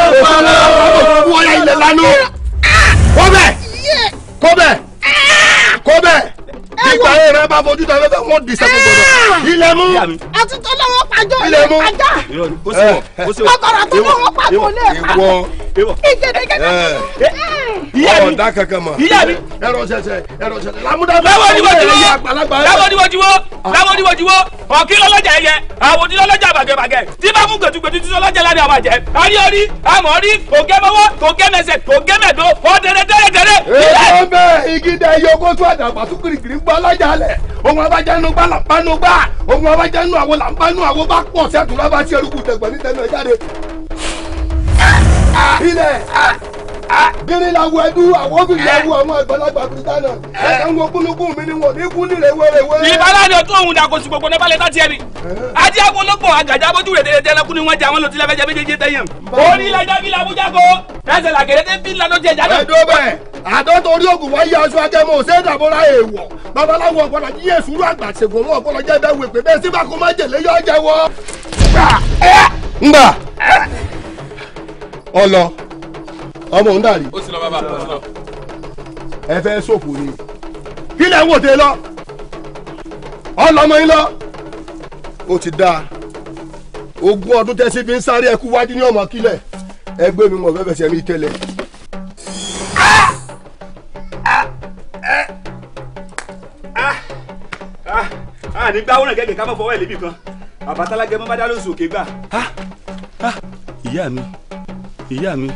òfin ọlọ́wọ́ ọ̀yà ilẹ̀ lánàá kó bẹ́ẹ̀ kó bẹ́ẹ̀ ìgbà yẹn rẹ bá fojú tán fẹ́fẹ́ wọ́n di sẹ́kọ̀ gbọdọ̀. Ah! ilẹ̀ mú. àti tó lọ́wọ́ pàjọ́ ilẹ̀ mú. ọkọ̀rọ̀ eh, tó lọ́wọ́ pàjọ́ ilé ẹ̀ka. ìgèdègèdè. ìyá mi ọ̀dà kankan mọ̀. ìyá mi ẹ̀rọ ṣẹṣẹ ẹ̀rọ ṣẹṣẹ lámúdá. láwọn oníwọ̀júwọ́ láwọn oníwọ̀júwọ́ ah. ọ̀kí lọ́lọ́jà ẹ̀yẹ àwọn onílọ́lọ́jà bàgẹ́bàgẹ́ tí bá fún gbẹ̀tugbẹ̀tu tí lọ́lọ́jà lánàá àwọn àjẹ́ àrí orí àmọ́ rí ògẹ́mọ́wọ́ ògẹ́mẹsẹ̀ ògẹ́mẹ̀dọ́ ọ̀dẹ̀dẹ̀ dẹ́rẹ̀dẹ̀rẹ̀. èyí ló ń bẹ igi dẹ yọkó tó àdàgbà tó kìrìkìrì gbà alájàlẹ̀ ohun abájá inú gbá là ń bá abájá inú àwo là ń bá bá pọ̀ sẹ́tùrú abá sí eruku tẹ̀gbọ́n ní tẹ̀gbọ́n jáde. gírí la wọ ẹdú àwọn obìnrin la wọ àwọn àgbàlagbà britana ẹ̀ka ń wo kúnlùkùn mi ni wọn ní kú nílé wẹ́rẹ́wẹ́rẹ́. ìbára ni ọtún òun dàgò sí gbogbo nípa ni. ajé rẹ̀ wọn jẹ àwọn lòtí lẹ́fẹ̀ẹ́ méjèèjì tẹ̀yẹ̀. orí bí bí jẹ jáde. ọmọ òun dàrí. ó ti lọ bàbá ó ti lọ. ẹ fẹ́ sòfò ni kí lẹ́ ń wò dé lọ ọlọmọ yín lọ ó ti dáa ogún ọdún tẹ́sí fi ń sáré ẹkú wájú ní ọmọ kílẹ̀ ẹgbẹ́ mi mọ̀ fẹ́fẹ́ sẹ́mi tẹ́lẹ̀. Ah, nígbà wọn gẹ́gẹ́ ká má fọwọ́ ẹ̀ lébi kan àbátálágẹ́ mọ́ bá dá lóṣù òkè gbà. Ah, ah, ìyá mi ìyá mi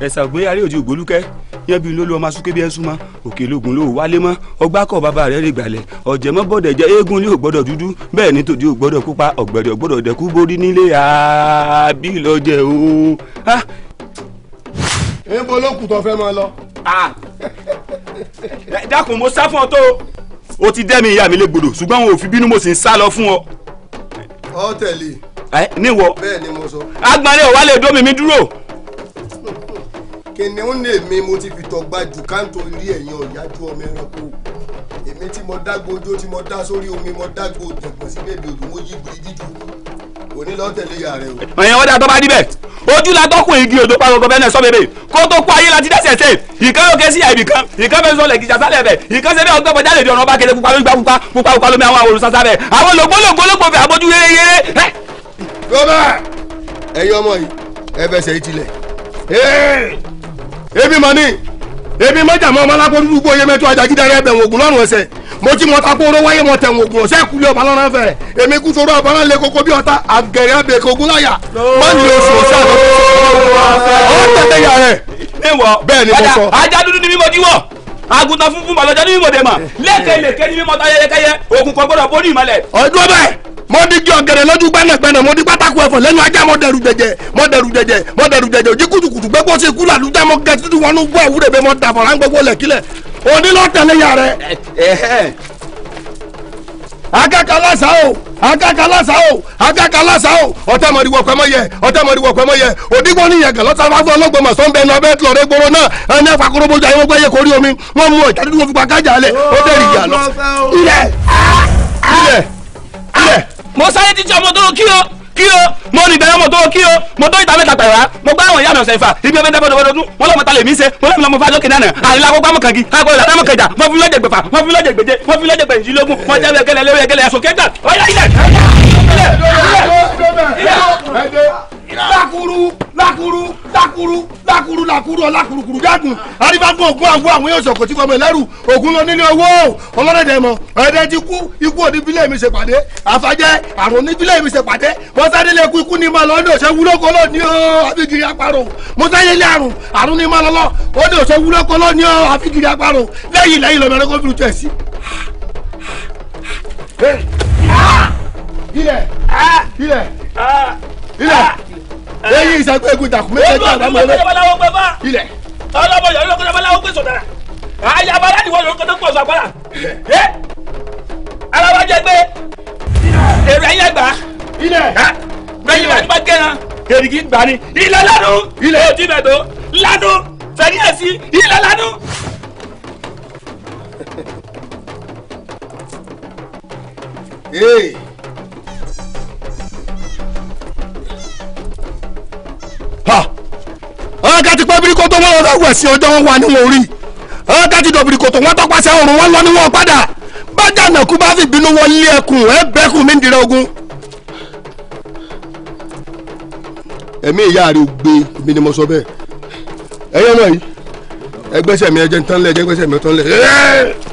ẹ̀sà ògbé arí òdi ògbólúkẹ́ yẹn bí lólu ọmọ asúké bí ẹ súnmọ́ òkè lógun ló wálé mọ́ ọgbà kọ́ bàbá rẹ̀ rìn gbalẹ̀ ọ̀jẹ̀ mọ́ bọ̀dẹ̀ jẹ́ eégún ní ògbọ́dọ̀ dúdú bẹ́ẹ̀ ni tòdí ògbọ́dọ̀ pupa ọ̀gbẹ̀rẹ̀ ògbọ́dọ̀ dẹ̀kú borí nílé àbí lọ́jẹ̀ o. èèpo olókùn tó fẹ́ máa lọ. dákun mo sá fún ọ tó o ti dẹ́mi ìyá mi légbodò ṣùgbọ́n wọn ò fi bínú mo sì ń sá lọ fún ọ. ọ tẹ̀lé. níwọ. bẹ́ẹ̀ ni mo sọ. agbára ò wá lè mi dúró kìnìún lè mi mo ti fìtọ̀ gba jù káńtó rí ẹ̀yìn ọ̀yájú ọmọ ẹranko èmi tí mo dágbo ojó tí mo dá sórí omi mo dágbo jẹ̀gbọ̀n sí bèbè òdò mo yí gbìyànjú jù òní lọ tẹ̀lé ìyá rẹ o. ẹ̀yin ọ̀dà tó bá díbẹ̀ ojú la tọkùn igi odò pa gbogbo bẹ́ẹ̀ sọ bèbè kó tó kó ayé la ti dẹ́sẹ̀ sè ìkan yóò ké sí àyè ibìkan ìkan fẹ́ sọ̀lẹ̀ kìjà sálẹ̀ bẹ̀ ìkan sẹ́bẹ̀ ọgbẹ́ bọ̀já lè di ọ̀nà ọba kele pupa lóyún pupa pupa pupa lómi àwọn àwòrán sasa bẹ̀ àwọn lògbólògbó ló gbòbẹ̀ àbójú yéré yéré. gómà ọmọ yìí ẹ fẹsẹ̀ ìtìlẹ̀ èmi mọ̀ ní èmi mọ́jà mọ́ ọmọ alákòó dúdú gbóyè mẹ́tọ́ ajagídára ẹ̀bẹ̀ wògùn lọ́rùn ẹsẹ̀ mo ti mọ ta kó oró wáyé mọ tẹ̀wọ̀n ògùn ọ̀sẹ̀ ìkúlẹ̀ ọba lọ́nà fẹ̀rẹ̀ èmi kú sọ̀rọ̀ ọba náà lé koko bí ọ̀tá àgẹ̀rẹ̀ ẹ̀bẹ̀ kogun láyà má ní oṣù ọ̀sẹ̀ àtọ́kọ́ ọ̀ tẹ̀tẹ̀ yà rẹ̀ bẹ́ẹ̀ ni mo sọ. ajá dúdú ni mímọ jíwọ àgùntàn funfun màlọjá ni mímọ dẹ̀ mà lẹ́kẹ̀lẹ́kẹ́ ni mímọ tayẹyẹkẹyẹ ògùn kan gbọ́dọ̀ borí ìmọ̀lẹ̀. ọdún ọbẹ̀ mo digi ọ̀gẹ̀dẹ̀ lójú gbẹ́nàgbẹ́nà mo di pátákó ẹ̀fọ́ lẹ́nu ajá mo dẹ̀rù jẹjẹ mo dẹ̀rù jẹjẹ mo dẹ̀rù jẹjẹ òjì kùtùkùtù gbé kó ṣe kú mo gẹ̀ tuntun wọn bọ́ àwúrẹ̀ bẹ́ẹ̀ mo dàbọ̀ rán gbogbo lẹ̀kílẹ̀ òní lọ tẹ̀lé ya rẹ. akakalasa o akakalasa o akakalasa o ọtá mọ̀ yẹ ọtá mọ̀rí wọ̀pẹ́ mọ̀ yẹ òdìgbò ní yẹ̀gẹ̀ lọ́sàn máa fún ọlọ́gbọ̀n màsán bẹ́ẹ̀ náà bẹ́ẹ̀ tìlọ̀rẹ́ gbòòrò náà ẹni ẹ̀fà kúròbójú ayé wọ́n gbẹ́yẹ kórí omi wọ́n mú ọ̀jà dúdú wọn kájà lẹ̀ ó bẹ̀rẹ̀ lọ mo sáré títí ọmọ tó kí o kí o mo ní ìgbẹ́yàmọ̀ tó kí o mo tó ìta mẹ́ta pẹ̀lú wa mo gbá àwọn ìyá mi ọ̀sẹ̀ ìfà ibi ọbẹ̀ dábọ̀ dọ̀bọ̀ dọ̀dún wọn lọ́mọ ta lè mí ṣe mo lọ́mọ mo fa lókè náà àrílá kó gbámọ̀ kàngi àgbo ìlànà mọ̀ kẹjà wọ́n fi lọ́jẹ̀ gbẹ̀fà wọ́n fi lọ́jẹ̀ gbèjẹ wọ́n fi lọ́jẹ̀ gbèjìlógún wọ́n jẹ́ ẹgbẹ́lẹ́ lẹ́wọ́ ẹgbẹ́lẹ́ ẹ̀sùn kẹta ọ̀yà ilẹ̀ ilẹ̀ ilẹ̀ lakuru lakuru lakuru lakuru lakuru ọlakurukuru dagun aribagun ogun awo àwọn yóò sọkò tí fọmọ ẹlẹrù ogun lọ nílé owó ọlọ́dẹ̀dẹ̀ mọ ẹ̀ẹ́dẹ́ ti kú ikú òní bílẹ̀ mi ṣe pàdé àfàjẹ́ àrùn ní bílẹ̀ mi ṣe pàdé mọ́sádélé kú ikú ni ma lọ ọdún ọ̀sẹ̀ wúlò kọ́ lọ ní ọ́ àfigiri apárò mọ́sádélé àrùn àrùn ni ma lọ lọ ọdún ọ̀sẹ̀ wúlò kọ́ lọ ní ọ́ àfigiri apárò lẹ́yìn lẹ́yìn lẹ́yìn ìsàgbé egun ìdàkùn mẹ́ta jẹ́ àdámọ́ ẹ̀ ilẹ̀. ọlọ́mọ yọ̀ọ́ ló kọjá báláwo gbèsò dára àyà bàrà ni wọ́n yọ̀ọ́ kọjá pọ̀ sàgbára ẹ́ ara wa jẹ gbé èrò ẹ̀yẹ gbà ilẹ̀ bẹ́yìn wà ní bá gẹ́ran èrìgì gbà ni ilẹ̀ lánú ilẹ̀ òdì mẹ́tò lánú fẹ̀rí ẹ̀sì ilẹ̀ lánú. ee. Hey. àwọn ká ti pẹ́ birikoto wọn lọ wẹ̀ sí ọjọ́ wọn wà níwọ̀n orí àwọn ká ti dọ̀ birikoto wọn tọpasẹ̀ ọrùn wọn lọ níwọ̀n padà bájà nàkú bá fi bínú wọn lé ẹkùn ẹ bẹ́kùn mi ń dirẹ ogun. ẹ̀mí ìyá rẹ̀ gbé mi ni mo sọ bẹ́ẹ̀ ẹ̀yẹ́ náà yìí ẹgbẹ́sẹ̀ mi ẹ̀jẹ̀ ń tán lẹ̀ ẹ̀jẹ̀ ń gbẹ́sẹ̀ mi ẹ̀ tán lẹ̀ ẹ̀ẹ́.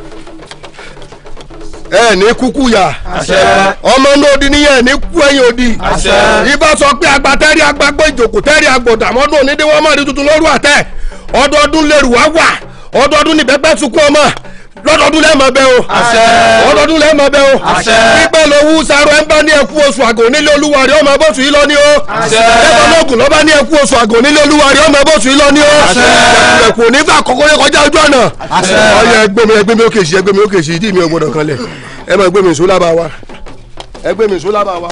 ẹ ní kúkú yà ọmọ náà odi ní kú ẹ̀yìn odi ibà sọ pé agbátẹ́rì agbágbó ìjòkó tẹ́rì agbọ̀dà mọ́dún onídéwọ́mọ́ rí tuntun lóru àtẹ ọdọọdún lẹ́rù wá wà ọdọọdún níbẹ̀ pẹ́ sunkún ọmọ lọ́dọọdún lẹ́ẹ̀mọ bẹ́ o lọ́dọọdún lẹ́ẹ̀mọ bẹ́ o pípẹ́ lówú sáró ẹ̀ ń bá ní ẹ̀kú oṣù àgò nílé olúwa rẹ̀ ọmọ bóṣù yìí lọ ní o ẹ̀kọ́ lóògùn lọ́ bá ní ẹ̀kú oṣù àgò nílé olúwa rẹ̀ ọmọ bóṣù yìí lọ ní o ẹ̀kú onífà kọ́kọ́ yẹ kọjá ojú ọ̀nà ọyọ ẹgbẹ́mi ẹgbẹ́mi ó kèsì ẹgbẹ́mi ó kèsì ìdí mi ò gbọdọ̀ kanlẹ̀ ẹ máa gbẹ́mi sùn lábàá wa ẹgbẹ́mi sùn lábàá wa.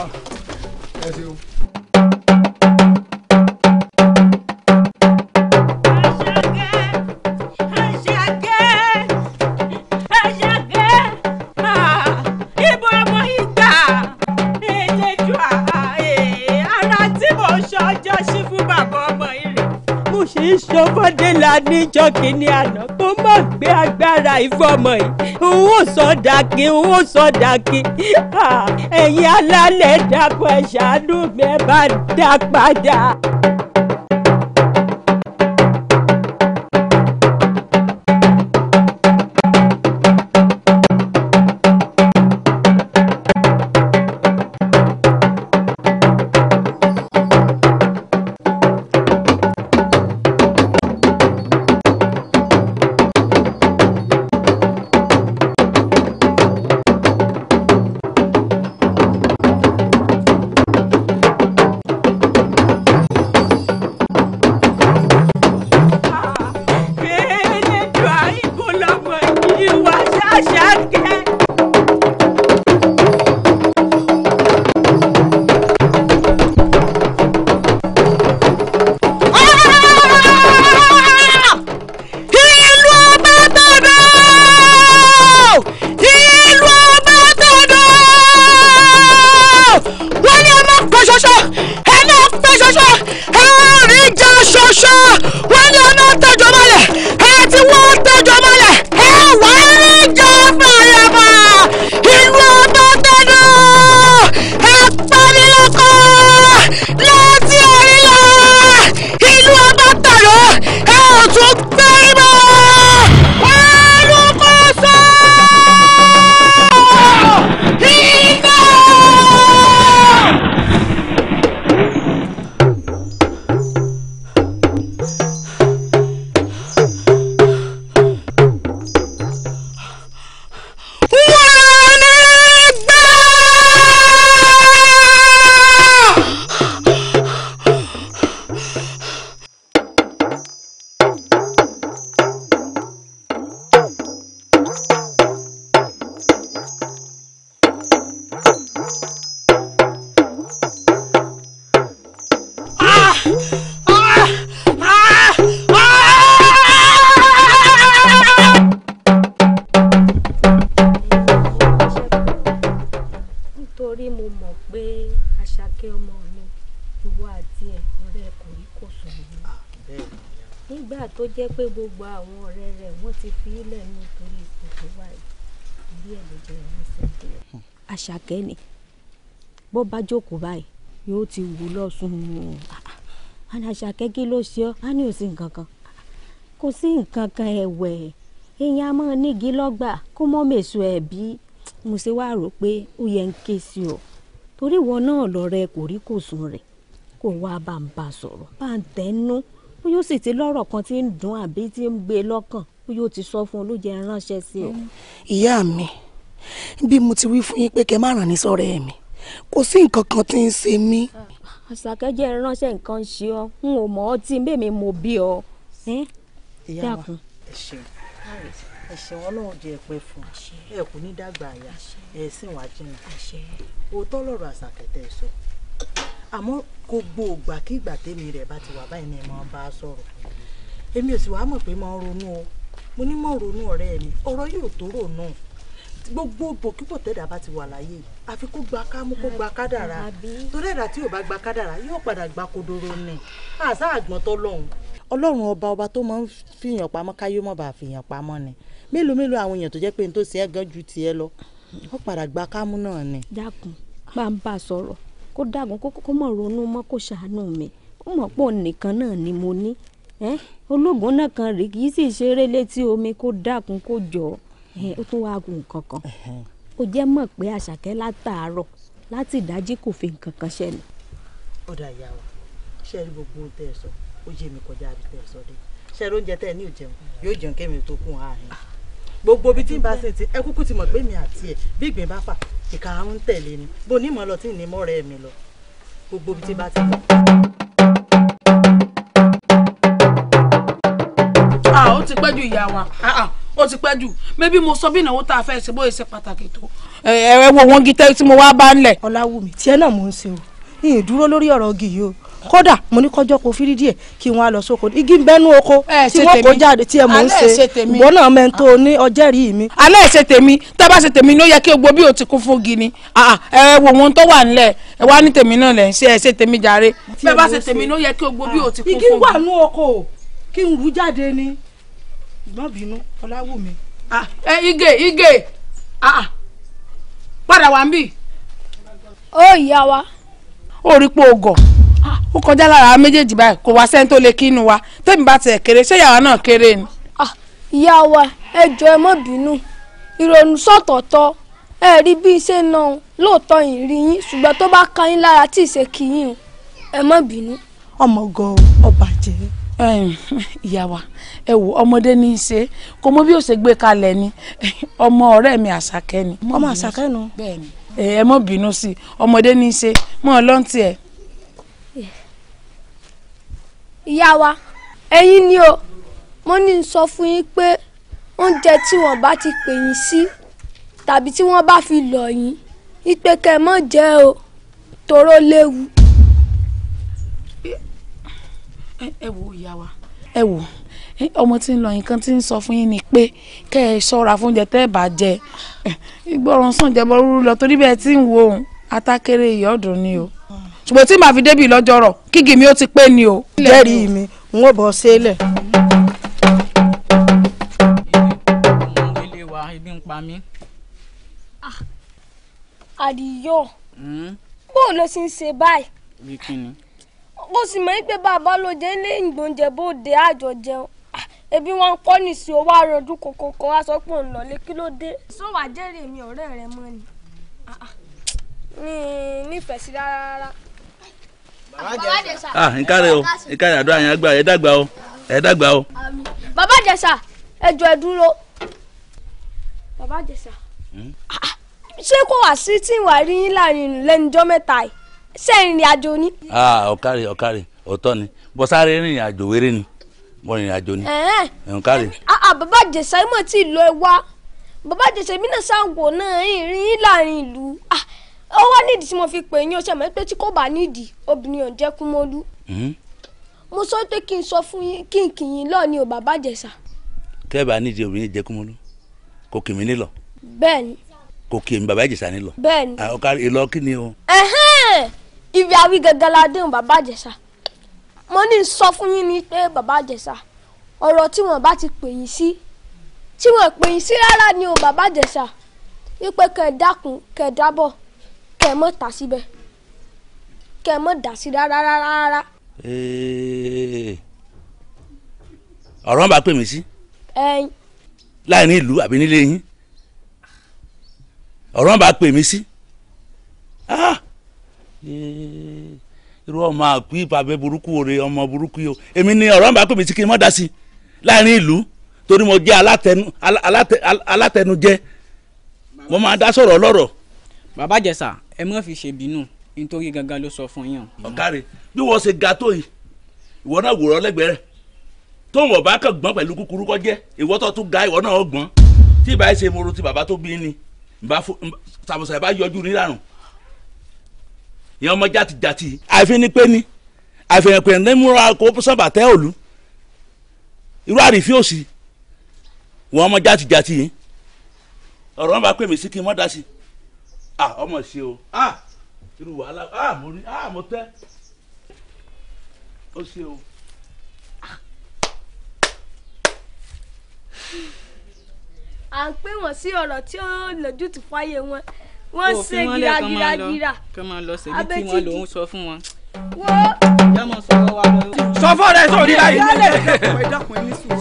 Adéla níjọ́ kìíní àná kó má gbé agbára ìfọmọ yìí òun ò sọ dàkí òun ò sọ dàkí ah, ẹ̀yin alálẹ̀ dàpọ̀ ẹ ṣàánú mi ẹ bá dá padà. àṣàkẹ́ ni bó bá jókòó báyìí yóò ti wù ú lọ́sùn àní àṣàkẹ́ kí ló ṣe ọ́ á ní òsì nǹkan kan kò sí nǹkan kan ẹ̀wẹ̀ èèyàn a máa nígi lọ́gbà kó mọ́ mèso ẹ̀ bí mo ṣe wá rò pé ó yẹ ń ké sí ọ torí ìwọ náà lọ́rẹ́ kò rí kò sùn rẹ̀ kó wá bá ń bá a sọ̀rọ̀ bá ń tẹ́nu ó yóò sì ti lọ́rọ̀ kan tí ń dùn àbí tí ń gbé lọ́kàn ó yóò ti sọ fún un ló jẹ́ ránṣẹ́ sí ọ. ìyá mi. Mm bí mo ti wí fún yín pé kẹ́ má ràn ní sọ́rọ̀ ẹ̀ mi kò sí nǹkan kan tí ń ṣe mí. àṣàkẹ́jẹ́ ránṣẹ́ nǹkan ṣe ọ́ n ò mọ̀ ọ́ tí n bèmí mo bí ọ. ìyá wa ẹ ṣeun ẹ ṣeun ọlọ́run jẹ́ ẹ fún ẹ kò ní dàgbà àyà ẹ sìn wá jìnnà òótọ́ lọ̀rọ̀ àṣàkẹ́tẹ̀ sọ àmọ́ gbogbo ìgbàkigbà tèmi rẹ̀ bá ti wà báyìí ni mo bá a sọ̀rọ̀ èmi ò sì wá mọ̀ pé mo ronú o mo ní mọ̀ ronú ọ̀rẹ́ mi ọ̀rọ̀ yóò tó rò náà gbogbo bòkíbò tẹ́dà bá ti wà láyé àfi kó gba kámú kó gba kádàrá torí ẹ̀dá tí ò bá gba kádàrá yóò padà gba kodoro ni àṣà àgbọ̀n tó lọ́hùn. ọlọ́run ọba ọba tó máa ń fìyàn pamọ́ káyé mọ̀ bá fìyàn pamọ́ ni mélòó mélòó àwọn èèyàn tó jẹ́ pé n tó ṣe é gan ju tiẹ̀ lọ wọ́n padà gba kámú náà ni. dákun bá ń bá a sọ̀rọ̀ kó dákun kó mọ̀ ronú mọ́ kó ṣàánú mi ó mọ̀ pọ̀ nìkan náà ni mo ní ológun náà kan rèé kì í sì ṣeré létí omi kó dákun kó jọ̀ọ́ ó tún wáá kun nǹkan kan ó jẹ́ mọ̀ pé àṣàkẹ́ látàárọ̀ láti ìdájí kò fi nǹkan kan ṣẹlẹ̀. ọ̀dà ìyá wa ṣe rí gbogbo ohun tẹ́ ẹ sọ ó yé mi kọjá àbí tẹ́ ẹ sọ dé ṣe rí oúnjẹ tẹ́ ẹ ní ìjẹun yóò jẹun kémi tó kún àárín gbogbo bí tí n bá ṣe ti ẹ kúkú ti mọ̀ pé mi àti ẹ bí ìgbín bá fà ìka ń tẹ̀lé ni bó ní mọ̀ lọ tí ì ní mọ́ ọ̀rẹ́ mi lọ gbogbo bí tí n bá ti fà. Ah, ó ti pẹ́ ju ìyá wa. Ah, ah ó ti pẹ́ jù mẹ́bí mo sọ bí ìnáwó tá a fẹ́ ṣe bóyá ṣe pàtàkì tó. ẹ wo wọn gítẹ́ tí mo wá bá ń lẹ̀. ọ̀làwùmí tiẹ̀ náà mò ń ṣe o ìyìn dúró lórí ọ̀rọ̀ igi yìí o kódà mo ní kọjọ́ kó fírí díẹ̀ kí wọ́n á lọ sóko igi ń bẹ́nu oko tí wọ́n kó jáde tí ẹ mò ń ṣe ìbọn náà mẹ́ńtò ní ọjẹ́ rí mi. alẹ́ ṣe tèmi tábà ṣe tèmi ló yẹ kí gbogbo bí o ti kún fún gini ẹ wò wọn tó wà nílẹ̀ ẹ wá ní tèmi náà lẹ̀ ṣe ẹ ṣe tèmi jàre. bẹ́ẹ̀ bá ṣe tèmi ló yẹ kí gbogbo bí ti kún fún gini. igi wà nú oko kí n rú jáde ni gbọ́n bínú ọláwùmí. Ah, ẹ ige ige ah, ah. padà wá ń bì. ó ìyá wa. ó rí pé o gọ̀ ó kọjá lára méjèèjì báyìí kò wá sẹ́ni tó lè kínú wa tẹ́mi bá tiẹ̀ kéré ṣé yàrá náà kéré ni. ìyá wa ẹ jọ̀ọ́ ẹ má bínú ìrònú sọ̀tọ̀ọ̀tọ̀ ẹ rí bí iṣẹ́ náà lóòótọ́ yìí rí yín ṣùgbọ́n tó bá ka yín lára tí ì ṣe kì yín ẹ má bínú. ọmọ gan ọbàjẹ́ ìyá wa ẹ wo ọmọdé ní í ṣe kò mọ bí ó ṣe gbé kalẹ̀ ni ọmọ ọ̀rẹ́ mi àṣàkẹ́ ni. ọmọ àṣàkẹ́ nu. bẹ́ẹ̀ni ẹ mọ bínú sí ọmọdé ní í ṣe mọ ọlọ́ntì ẹ. ìyá wa ẹ̀yin ni o mo ní n sọ fún yín pé oúnjẹ tí wọ́n bá ti pè yín sí tàbí tí wọ́n bá fi lọ̀ yín ipe kẹ́ mọ jẹ o tòró léwu ẹ wo ìyá wa ẹ wò ọmọ tí ń lọ nǹkan tí ń sọ fún yín ni pé kẹ́ ẹ ṣọ́ra fún oúnjẹ tẹ́ ẹ bá jẹ ìgbọràn sàn jẹ bọ́ lọ torí bẹ́ẹ̀ tí ń wo òun atákéré ìyọ́dún ni o ṣùgbọ́n tí màá fi débì lọ́jọ́ rọ̀ kígi mi ó ti pé ni o. jẹ́rìí mi n ó bọ́ sílẹ̀. ilé wa ebi ń pa mí. Ah, hmm? ń ṣe báyìí mo sì mọ̀ pé bàbá ló jẹ́ ilé ìgbóúnjẹ bóde àjọ jẹun ah, ebi wọn kọ́ ní sí owó àròdú kòkó kan wá sọ pé òun lọ lé kí ló dé. sọ́wọ́ àjẹrè mi ọ̀rẹ́ rẹ mọ́ ni ah, ah. mi sí rárá rárá. ah nkárẹ̀ o nkárẹ̀ àdúrà yẹn àgbà ẹ̀ dàgbà o ẹ̀ dàgbà o. bàbá àjẹsà ẹ ẹ dúró bàbá àjẹsà hmm? ṣé kò wá sí tí ìwà rí yín láàrin lẹ́nu jọ́ mẹ́ta yìí ṣe ìrìn àjò ni. ọ̀kàrè ọ̀kàrè ọ̀tọ̀ ni bọ́ sáré àjò wéré ni bọ́ rìnrìn àjò ni. ọ̀kàrè. bàbá jẹ̀sà mọ̀ tí ìlú ẹ wá bàbá jẹ̀sà mi náà ṣàǹgò náà ìrìn láàrin ìlú ó wá nídìí tí mo fi pè yín o ṣe mọ̀ pé tí kò bá nídìí obìnrin ò jẹ́ kúmọ́lú. mo sọ pé kí n sọ fún yín kí n kì í lọ ni ò bàbá jẹ̀sà. tẹ́ ẹ bá nídìí obìnrin jẹ́ kúmọ́lú kò kì mí nílọ. bẹ́ẹ̀ni. kò kì mí bàbá jẹ̀sà nílọ. bẹ́ẹ̀ni. ọ̀kadì ìlọ kí ni o. ẹ̀hẹ́n ibi àwí gangan la dé bàbá àjẹsà mo ní sọ fún yín ni pé bàbá àjẹsà ọ̀rọ̀ tí wọ́n bá ti pè yín sí tí wọ́n pè yín sí rárá ni o bàbá àjẹsà wípé kẹ́ ẹ dákun kẹ́ ẹ dábọ̀ kẹ́ ẹ mọ̀ tà síbẹ̀ kẹ́ ẹ mọ̀ dà sí rárá rárá rárá. ọ̀rọ̀ wọn bá pè mí sí. láì ní ìlú àbí nílé yín ọ̀rọ̀ wọn bá pè mí sí. Ah! irú ọmọ àkú ìbàbẹ burúkú òre ọmọ burúkú yìí o èmi ni ọ̀rọ̀ nbà pè mí tí kí n mọ̀ dá sí láàrin ìlú torí mo jẹ́ alátẹnujẹ mo máa dá sọ̀rọ̀ lọ́rọ̀. bàbá jẹ̀sà ẹ má fi ṣe bínú nítorí gangan ló sọ fún yín. ọ̀kàrẹ̀ bí wọ́n ṣe ga tó yìí ìwọ náà wòrán lẹ́gbẹ̀ẹ́ rẹ̀ tó ń wọ̀ bá kàn gbọ́n pẹ̀lú kúkúrú kọ́ jẹ́ ìwọ tó tún ga ìwọ náà gbọ́n tí ìbá ṣe moro ti bàbá tó bí ìyẹn ọmọ játijàti. àìfin ni pé ni àìfihàn pé ní múra kó sábà tẹ òlu irú àrífín òsì wọn ọmọ játijàti yìí ọ̀rọ̀ wọn bá pè mí sí kí n mọ́ da sí i ah ọmọ ṣe o ah irú wàhálà ah mo rí ah mo tẹ́ ó ṣe o. à ń pè wọ́n sí ọ̀rọ̀ tí ó lójútùú fáyé wọn wọ́n ṣe gíragíragíra abẹ́tí tí wọ́n sọ fún wọn. sọ fọ́ rẹ sọ nílá yìí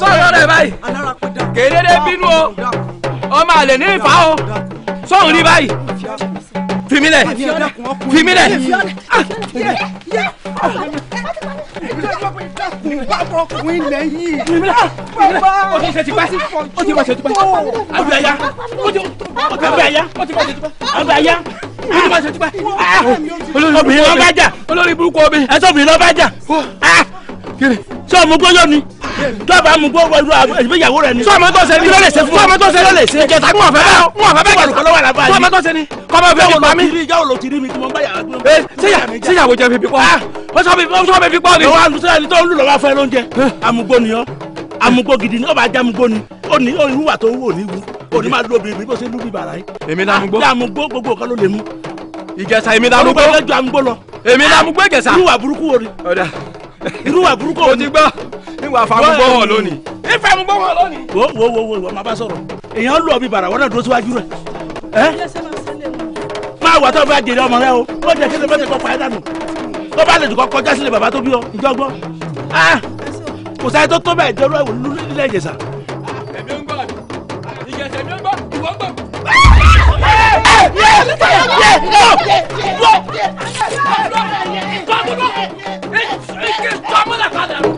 sọ̀rọ̀ rẹ báyìí kèdèdè bínú o ọmọ àlè ní ìfà o sọ̀rọ̀ ní báyìí fimilẹ fimilẹ ọkùnrin lẹ yìí bàbá o ti ṣe ti pẹ o ti ma ṣe ti pẹ àbí àyà o ti àbí àyà o ti ma ah. ṣe ti mú gbọ́ wọlú ìgbéyàwó rẹ ni. sọ́ọ̀mù tó ṣe ni sọ́ọ̀mù tó ṣe ni ìjẹta ń wọ̀ bẹ́ẹ̀ ń wọ̀ bẹ́ẹ̀ kọ́ lọ́wọ́ sọ́ọ̀mù tó ṣe ni kọ́mọ fẹ́ wọ̀ mi. ìrì ìjà òlò ti rí mi tí mo bá yàrá gbé. ẹ ṣéyà ṣéyà wo jẹ fífi ah, wọ́n sọ fífi wọ́n sọ fífi ni. ìwọ àlùsọ ẹni tó ń lù lọ́wọ́ fẹ́ lóúnjẹ. Eh. amúgbó ni ọ́ eh. amúgbó gidi ni ó bá jẹ́ ni ó ní ìwà tó wù ó ní wù ó ní máa lo bìbí bó ṣe lù bí bàrà yìí. èmi náà ah, amúgbó. amúgbó gbogbo nǹkan ló lè mú. ìjẹsà èmi náà amúgbó. olùkọ́ ìjọ amúgbó lọ. èmi náà ah, amúgbó ìjẹsà. irúwà burúkú wo ni. ọ̀dà irúwà burúkú wo ni. o ti gbọ́ ìwà famugbó wọn lónìí. ìfẹ́ amúgbó wọn lónìí. wo wo wo wo ìwọ máa sọ̀rọ̀ èèyàn lù ọ bí bàrà wọn náà dúró síwájú rẹ̀. ẹ eh? máa wà tó bá jèrè ọmọ rẹ o ó jẹ kí ló bá ti kọ pààyàn dànù tó bá lè dùkọ́ kọjá sílé bàbá tó bí ọ ǹjọ́ gbọ́ kò sáyé tó tó bẹ́ẹ̀ jẹ́rú ẹ̀wò nílẹ̀ ìjẹ̀ṣà. ẹ̀mí ń gbọ́ ìjẹ̀ṣà ẹ̀mí ń gbọ́ ìwọ ń gbọ́. Vamos lá, cara!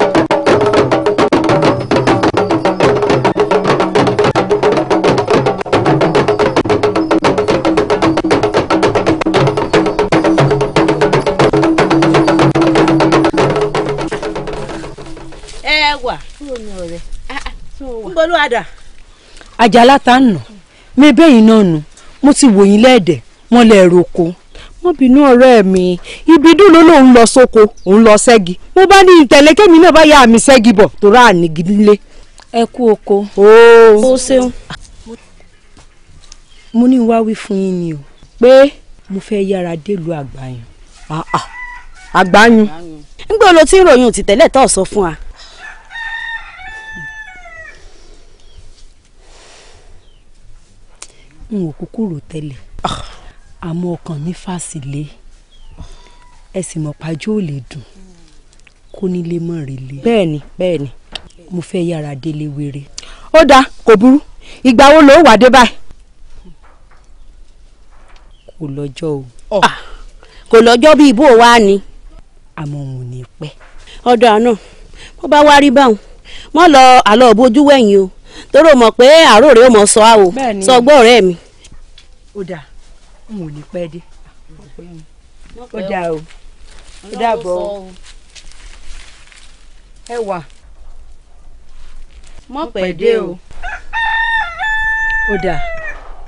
ni ọ̀rẹ́ ah, ah, ń bọ́ ló àdà. àjàlá ta ń nà mi bẹ́yìn náà nù mo ti wò yín lẹ́ẹ̀dẹ̀ wọ́n lè roko mo bínú ọ̀rẹ́ mi ibi dùn ló lòun lọ sóko òun lọ ṣẹ́gi mo bá ní ìtẹ̀lé kémi náà bá yá mi ṣẹ́gi bọ̀ tó rà ní gidile. ẹ kú oko. ooo o ṣeun. mo ní wá wí fún yín ni o pé mo fẹ́ yára délùú àgbáyùn. Ah, àgbáyùn. nígbà wo lo ti ń ròyìn òtítẹ́lẹ̀ tó sọ fún wa. n ò kúkú rò tẹ́lẹ̀ ah. àmọ́ ọkàn mi fásilé ẹ sì mọ̀ pàjọ́ ò lè dùn kó nílé mọ̀ rèlé. bẹ́ẹ̀ni bẹ́ẹ̀ni. mo fẹ́ yára délé wéré. ó dáa kò burú ìgbà wo ló wà dé báyìí. kò lọ́jọ́ o. Ah. Ah. kò lọ́jọ́ bí ibò wa ni. àmọ́ òun ò pẹ́. ọ̀dọ̀ àná bó bá wá rí báwọn mọ́ lọ àlọ́ bójú wẹ̀yìn o torí o mọ̀ pé àárò rẹ̀ ó mọ̀ sọ àwò sọ gbọ́ ọ̀rẹ́ mi. ó dà n ò ní pẹ́ dé ó dà o ó dàbọ̀ ẹ wà mọ̀ pẹ́ dé o ó dà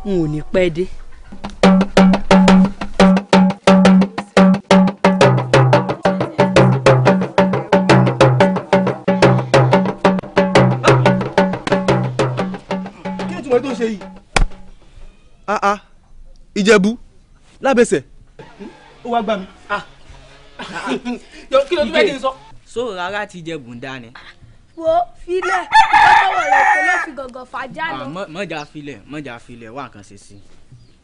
n ò ní pẹ́ dé. ṣe yìí. ah ah ìjẹ̀bú lábẹ́sẹ̀. ó wá gbà mí. Ah. yọ kí ló tún bẹ́ẹ̀ kí n sọ. so rárá ti jẹ bùndà ni. wo filẹ̀ ìfọwọ́ rẹ̀ kò ló fi gọ̀gọ̀ fà já lọ. Ah, mọ̀jà filẹ̀ mọ̀jà filẹ̀ wà á kàn ṣe sí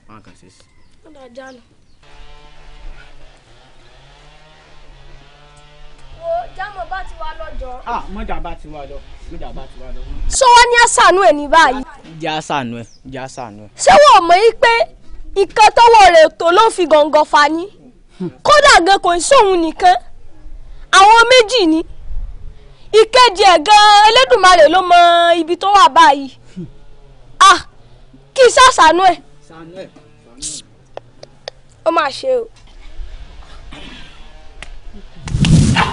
wà á kàn ṣe sí. ó dà já lọ. wo bá ti wá ah mọ́jà bá ti wá lọ ah, mọ́jà bá ti wá lọ. sọ wá ní àṣàánú ẹ ní báyìí. ìjà àṣàánú ẹ ìjà àṣàánú ẹ. ṣé wọn mọ̀ yí pé nǹkan tọwọ́ rẹ̀ tó ló fi gàngàn fa yín kódà gan kò ń sóhun nìkan àwọn méjì ni ìkejì ẹ̀ gan Elédùmarè ló mọ ibi tó wà báyìí ah kí sàṣàánú ẹ ó mà ṣe o.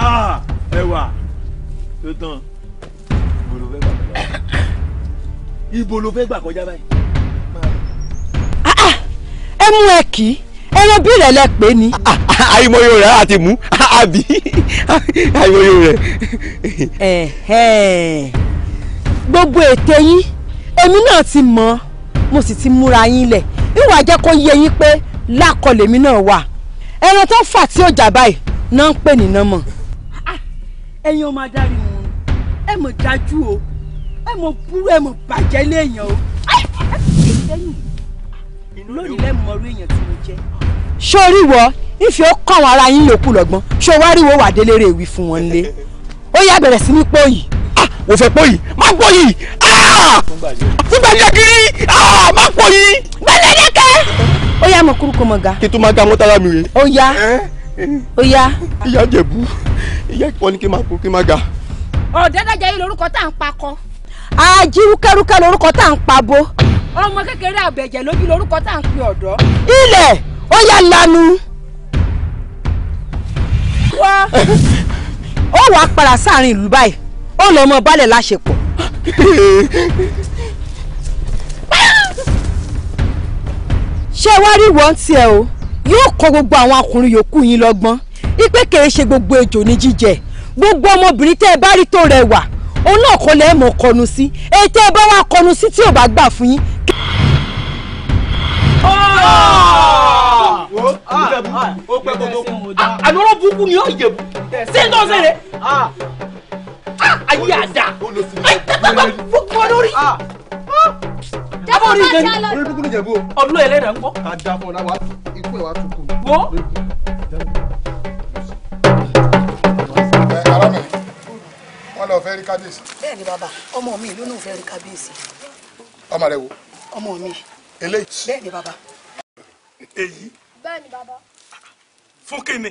Ah, ẹwà tó tán ibo ló fẹ́ gbà kọjá báyìí ibo ló fẹ́ gbà kọjá báyìí. Ah, ah, ẹ mú ẹ kì í ẹran bí rẹ lẹ pé ni. àìmọye rẹ àti mú àbí àìmọye rẹ. gbogbo ète yín èmi náà ti mọ̀ mo sì ti múra yín lẹ̀ ìwà jẹ́ kó yé yín pé lákọ lèmi náà wà ẹran tó fà tí ó jà báyìí náà ń pè ní náà ẹ̀yin ọmọ adarí wọn ẹ mọ̀ dájú o ẹ mọ̀ burú ẹ mọ̀ bàjẹ́ léèyàn o lónìí lẹ́mọ̀ ọ̀rọ̀ èèyàn tí mo jẹ́. sórí wọ ìfẹ́ ó kọ́ àwọn ará yín yòókù lọ́gbọ́n ṣó wá rí wo wà délé rè wí fún wọn lé ó yá bẹ̀rẹ̀ sí ní pọ́yì. Ah, mo fẹ́ pọ́yì má pọ́yì fúngbà ah! jẹ́ kiri ah, má pọ́yì. gbẹ̀lẹ́dẹ́kẹ́. ó yá mọ̀ kúrúkọ mọ̀ ga. kí tó máa ga mọ́tara mi rè. ó yá ó yá. ìyá jẹ̀bú ìyá ìpọ́n ni kí n máa kú kí n máa ga. ọ̀dẹ́dàjà yìí lorúkọ tá à ń pakọ ajírúkẹ́rúkẹ́ lorúkọ tá à ń pabo. ọmọ kékeré àbẹ̀jẹ̀ lójú lorúkọ tá à ń pè ọ̀dọ́. ilẹ̀ ó yá lanu. wá ó wàá para sáàrin ìlú báyìí ó lọ mọ balẹ̀ láṣepọ̀. [LAUGHS] ṣé wàá rí wọ́n tiẹ̀ o yóò kọ́ gbogbo àwọn akùnrin yòókù yín lọ́gbọ́n ipe kìí ṣe gbogbo ejò ní jíjẹ gbogbo ọmọbìnrin tẹ́ ẹ bá rí tó rẹwà òun náà kọ́ lẹ́ mọ̀ kọnu sí èyí tẹ́ ẹ bá wà kọnu sí tí ò bá gbà fún yín. àlọ́rọ̀ burúkú ni yóò yẹ̀bù sí ń tọ́sẹ̀ rẹ̀ ayé àdá ayé tẹ́tẹ́ bá fún kọ́ lórí abọ́ orí ìgbẹ́ ni. orí dúkú ló jẹ̀bú o. ọdún ẹlẹ́dàá ń kọ́. a da fún ọ náà wàá ikú ẹ̀ wàá tún kù. wo. arábìnrin wọn lọ fẹ́ rí kábíyèsí. bẹ́ẹ̀ bàbá ọmọ mi ló náà fẹ́ rí kábíyèsí. ọmọ rẹ wo. ọmọ mi. eléyìí. bẹ́ẹ̀ bàbá. èyí. bẹ́ẹ̀ bàbá. fún kíni.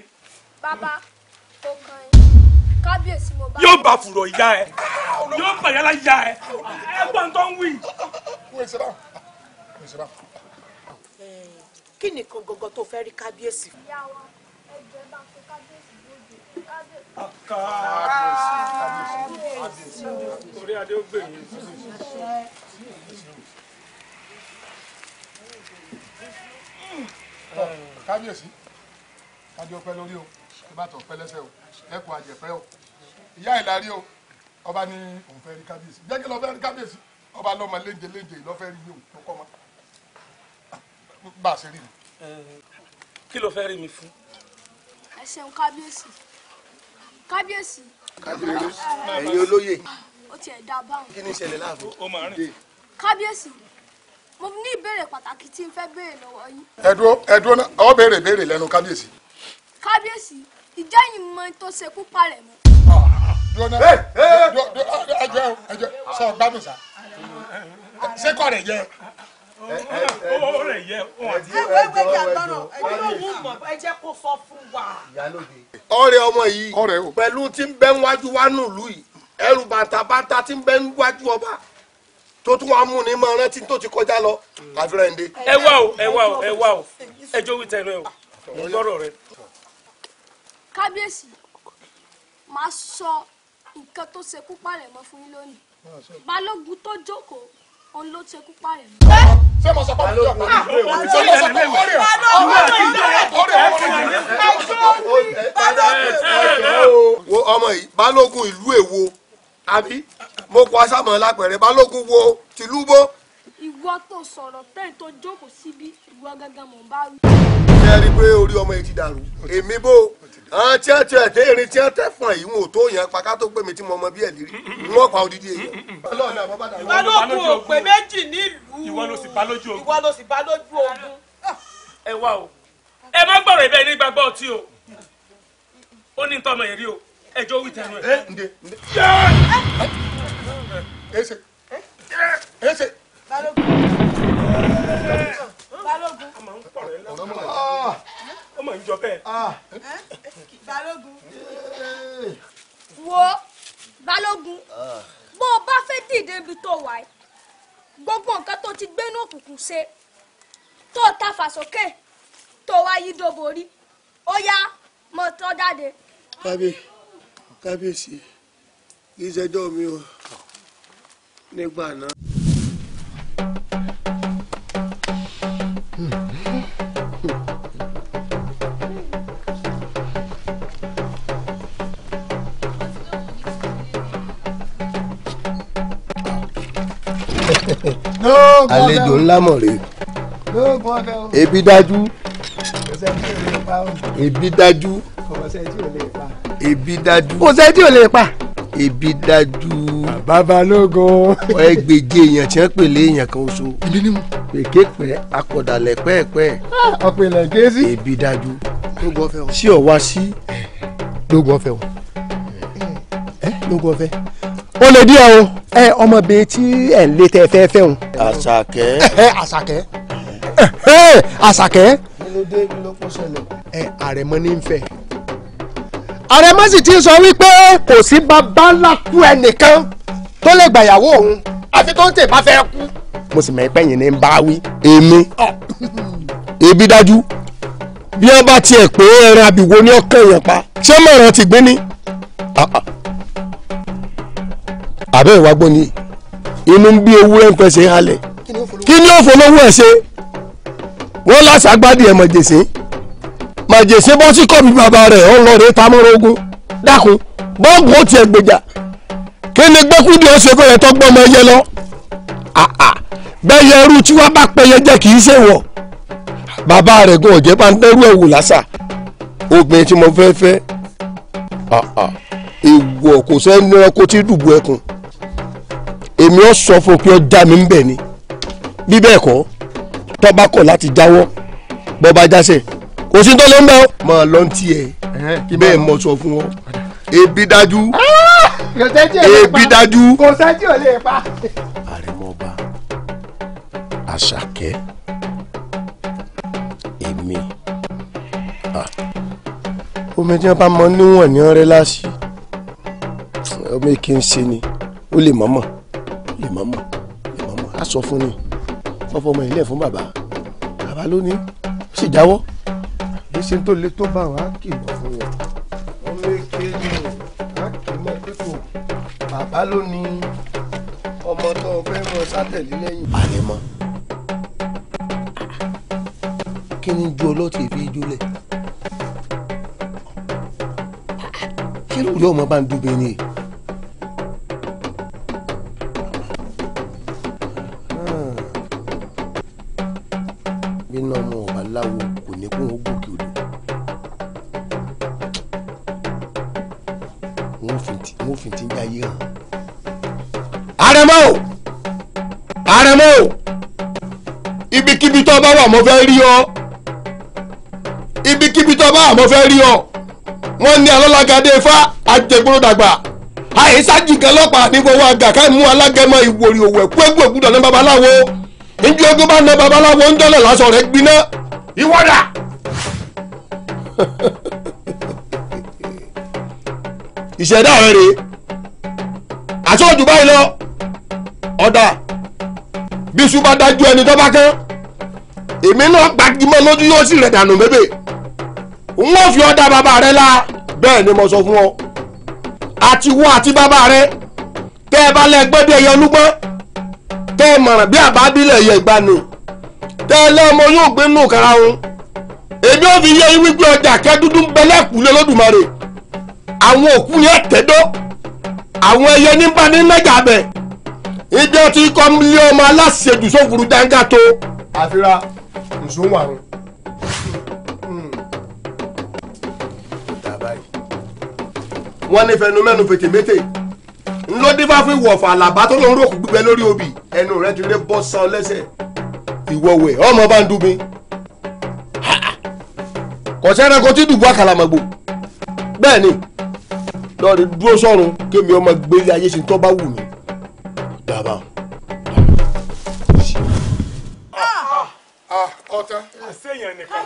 bàbá kò kàn kábíyèsí mo bá. yóò bá fùrọ̀ ìyá ẹ yóò bá yàrá ìyá ẹ ẹ gbọ́n tó ń wí. Eh, kí ni kan gangan tó fẹ́ rí kábíyèsí. ìyá wa ẹjọ́ bá fún kábíyèsí lóde lórí o ìbátan pẹlẹsẹ o ẹkùn àjẹpẹ o ìyá ìlarí o ọba ní òun fẹ́ rí kábíyèsí jẹ́kí lọ́ọ́ fẹ́ rí kábíyèsí ọba lọ́mọ léńjẹ léńjẹ yìí lọ́ọ́ fẹ́ rí yóò tó kọ́ mọ́ bá a ṣe rí mi. kí ló fẹ́ rí mi fún. ẹ ṣeun kábíyèsí kábíyèsí. kábíyèsí ẹ̀yin olóyè. ó tiẹ̀ dá báwọn. kí ni ìṣẹ̀lẹ̀ láàfin. ó máa rìn. kábíyèsí mo ní ìbéèrè pàtàkì tí n fẹ́ béèrè lọ́wọ́ yín. ẹ dúró náà ọ béèrè béèrè lẹ́nu kábíyèsí. kábíyèsí ìjẹ́ yìí mọ tó ṣekú parẹ̀ mọ́. dùnà ẹjọ ẹjọ sọ gbádùn sá ṣé kọ́ rẹ̀ jẹ́ owó rẹ̀ yẹ wọn àti ẹjọ́ ẹjọ́ ẹjọ́ ẹjọ́ ẹjẹ́ kó sọ fún wa. ọ̀rẹ́ ọmọ yìí pẹ̀lú tí ń bẹ wájú wa nùlù yìí ẹrù bàtà bàtà tí ń bẹ wájú ọba tó tún wàá mú ni mọ rántí tó ti kọjá lọ àfihàn ẹ̀ ń dé. ẹ wá o ẹ wá o ẹ wá o ẹjọ́ wí tẹnu ẹ o lọ́rọ̀ rẹ kábíyèsí máa sọ nǹkan tó ṣekú pààrẹ̀ mọ́ fún yín lónìí balógun tó jókòó òun ló ṣekú pààrẹ̀ mọ́. ṣé mo sọ pé mo sọ pé mo sọ pé mo sọ pé mo sọ pé ọmọ yìí balógun ìlú èwo àbí mo kọ aṣámọ lápẹẹrẹ balógun wo tìlú ìwọ tó sọ̀rọ̀ tẹ́yìn tó jókòó síbí ìwọ gángan mọ̀ bá wí. ṣé ẹ rí i pé orí ọmọ yìí ti dàrú èmi bò àwọn tí wọn ti ẹtẹ erin tí wọn tẹ fún yìí wọn ò tó yẹn pa ká tó pé mi tí mo mọ bí ẹ lérí wọn pa odidi èèyàn. ìwọ ló kú òpè méjì nílùú ìwọ ló sì bá lójú ogun ìwọ ló sì bá lójú ogun. ẹ wá o ẹ má gbọ́rọ̀ ìbẹ́ ní gbàgbọ́ ọtí o ó ní ntọ́ yẹn rí o ẹjọ́ wí tẹnu ẹ. ẹ ǹde ǹde. ẹ ẹ ṣe eh, ẹ ṣe balógun ó mọ̀ ń jọ bẹ́ẹ̀. Ah. Ah. balógun wo balógun bó o bá fẹ́ dìde ibi tó wà yìí gbogbo nǹkan tó ti gbénú òkùnkùn ṣe tó o ta fàsókè tó o wá yí dòbórí ó yá mo tọ́ jáde. kábíyèsí kì í ṣẹjọ́ mi o nígbà náà. àlejò ńlá mọ̀ rè ebi dájú ebi dájú ebi dájú kò sẹ́ tí ò lè pa ebi dájú. babalógo. ẹgbẹ̀je èèyàn tí wọ́n pèlè èèyàn kan oṣù. ibi ni mo. pèké pẹ́ akọ̀dàlẹ̀ pẹ́ẹ́pẹ́. ọ̀pẹ̀lẹ̀ kéésì. ebi dájú. lógo ọ̀fẹ́ o. sí ọ̀wá sí. lógo ọ̀fẹ́ o ó lè díẹ̀ o. ẹ ọmọbìnrin tí ẹ ń lé tẹ fẹ́ fẹ́ o. àṣàkẹ́. àṣàkẹ́ àṣàkẹ́. kílódé lọ́pọ̀ ṣẹlẹ̀. ẹ àrẹ̀mọ ní ń fẹ́. àrẹ̀mọ sì ti sọ wípé kò sí bàbá ńlá kú ẹnìkan tó lè gbàyàwó òun àfi tó ń tè bá fẹ́ kú. mo sì mọ̀ ẹ́ pẹ́yìn ní ń bá wí. èmi ebi dájú bí wọ́n bá tiẹ̀ pé ẹran àbíwọ́ ni ọkàn yẹn pa ṣé mọ̀ràn ti gbé ni. Ah, ah àbẹ́ ìwà gbọ́n ni inú ń bí ewúrẹ́ ń pẹ́sẹ̀ halẹ̀ kí ni ó fọlọ́wọ́ ẹ̀ ṣe wọ́n lásàgbádì ẹ̀ mọ̀jèṣe mọ̀jèṣe bọ́ sí kọ́bí bàbá rẹ̀ ó lọ rèé tamọ́rọ́ ogun dákun bọ́ǹbù ó tiẹ̀ gbèjà kí ni gbẹ́kúndì ó ṣe kó yẹ tó gbọ́mọ ẹyẹ lọ bẹ́ẹ̀ yẹ irú tí wọ́n bá pẹyẹ jẹ́ kì í ṣe wọ̀ bàbá rẹ̀ gan ọ̀jẹ́ bá ń dẹ́rù ẹ̀ wò lásà obìnrin tí mo fẹ́ fẹ́ èèwọ̀ kò sẹ́ni ẹranko tí dùbò ẹkùn èmi ò sọ fún pé ó já mi ń bẹ̀ ni bí bẹ́ẹ̀ kọ́ tó bá kọ̀ láti jáwọ́ bọ́ bá jáṣẹ̀ kò sí tó ló ń bẹ́ ọ́. mọ lọ́ntì ẹ bẹ́ẹ̀ mọ sọ fún ọ ebi dájú ah! ebi dájú. kò sẹ́jì ò lè pa. àrẹ̀mọba àṣàkẹ́ èmi ah. omi tí wọn bá mọ níwọ̀n ní ọrẹ́ láṣì omi kì í ṣe ni ó lè mọ̀ọ́mọ̀ lè mọ̀ mọ̀ lè mọ̀ mọ̀ á sọ fún ni fọ́fọ́ ọmọ ilé fún bàbá bàbá ló ní ó sì jáwọ́. èsì tó le tó bá wa kìlọ̀ fún wọn ọmọ èké ni a kì í mọ pípò bàbá ló ní ọmọ tó fẹ́ mọ sátẹ̀lì lẹ́yìn. balẹ̀ mọ́ kí ni ju ọlọ́tì fi jólẹ̀ kí ló yọ ọmọ bá ń dúbẹ̀ ni. àrẹ̀mọ́ o àrẹ̀mọ́ o ibikíbi tó bá wà mo fẹ́ rí ọ ibikíbi tó bá wà mo fẹ́ rí ọ wọ́n ní alọ́lágadé ifá àjẹgbọ́rọ̀ dàgbà àìsájì kan lọ́pàá ní fowó àgà ká mú alágẹmọ ìwòrì òwò ẹ̀kú ẹ̀gbọ́n ògùdọ̀ ní babaláwo njẹ ogun bá na babaláwo ń jọlẹ̀ lásọ rẹ̀ gbiná ìwọ́dà. [LAUGHS] ìṣẹ̀dá rẹ̀ rèé àti òjò báyìí lọ ọ̀dà bíṣu bá dájú ẹni tó bá kán èmi náà gbajúmọ̀ lójú yóò sì rẹ̀ dànù bébè n ó fi ọ̀dà bàbá rẹ la bẹ́ẹ̀ ni mo sọ fún ọ àti wọ àti bàbá rẹ tẹ́ ẹ bá lẹ́gbẹ́ bí ẹyẹ olúgbọ́n tẹ́ ẹ mọ̀ràn bí àbábílẹ̀ ẹyẹ ìgbàanì tẹ́ ẹ lẹ́mọ yóò gbé nù kára wọn èmi ò fi yẹ wípé ọjà kẹ́dúdú ń bẹ lódùmarè àwọn òkú yẹn tẹ́dọ́ àwọn ẹyẹ nípa ní nájà bẹ́ẹ̀ ìjọ tí ikọ̀ mílíọ̀ ọmọ aláṣẹ́jù sófuru dáńgá tó. àfira nsúnwàrún. wọ́n ní fẹnumẹ́nu fètèmétè ńlọ́dífà fún ìwọ̀fà àlàbá tó ló ń ròkú gbígbẹ lórí obì ẹnu rẹ ti lé bọ́ sán lẹ́sẹ̀ ìwọ̀wẹ̀ ọmọ bá ń dùn mí kọ̀ọ̀sẹ́ ẹranko tí dùbú àkàlàmọ̀gbò bẹ́ẹ̀ ni lọ́ọ̀rì dúró sọ́run kémi ọmọ gbélé ayé ṣe ń tọ́ bá wù mí dàbà o. ọ̀tá. àṣeyàn nìkan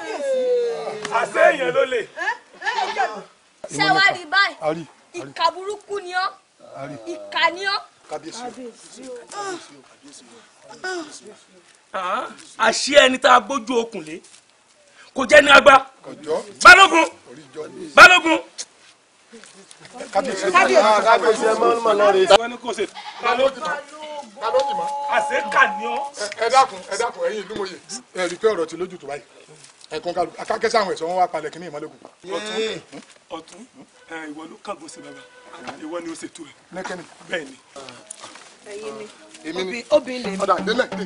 àṣeyàn ló lè. ṣé wàá rí báyìí ìkà burúkú ni ọ́ ìkà ni ọ́. kábíyèsí o kábíyèsí o. àṣé ah, ẹni tá a gbójú okùn lé kò jẹ́ ní agbá balógun balógun kábíyèsí kábíyèsí ẹ máa ń mọ lọrẹ. ta ló ti mọ. àṣekà ni ọ. ẹ dákun ẹ dákun ẹ̀yin ìlú mòye ẹ rí i pé ọ̀rọ̀ ti lójú tó báyìí ẹkún kálù akákẹsẹ àwọn ẹsẹ wọn wá palẹ̀ kínní ìmọlẹkùn. ọ̀tún ọ̀tún ìwọ ló kàgbọ sí bàbá ìwọ ni ó ṣe tú ẹ. lẹkẹni. bẹ́ẹ̀ni. ẹyin ni obìnrin lèmi. ọ̀dà délẹ̀ dé.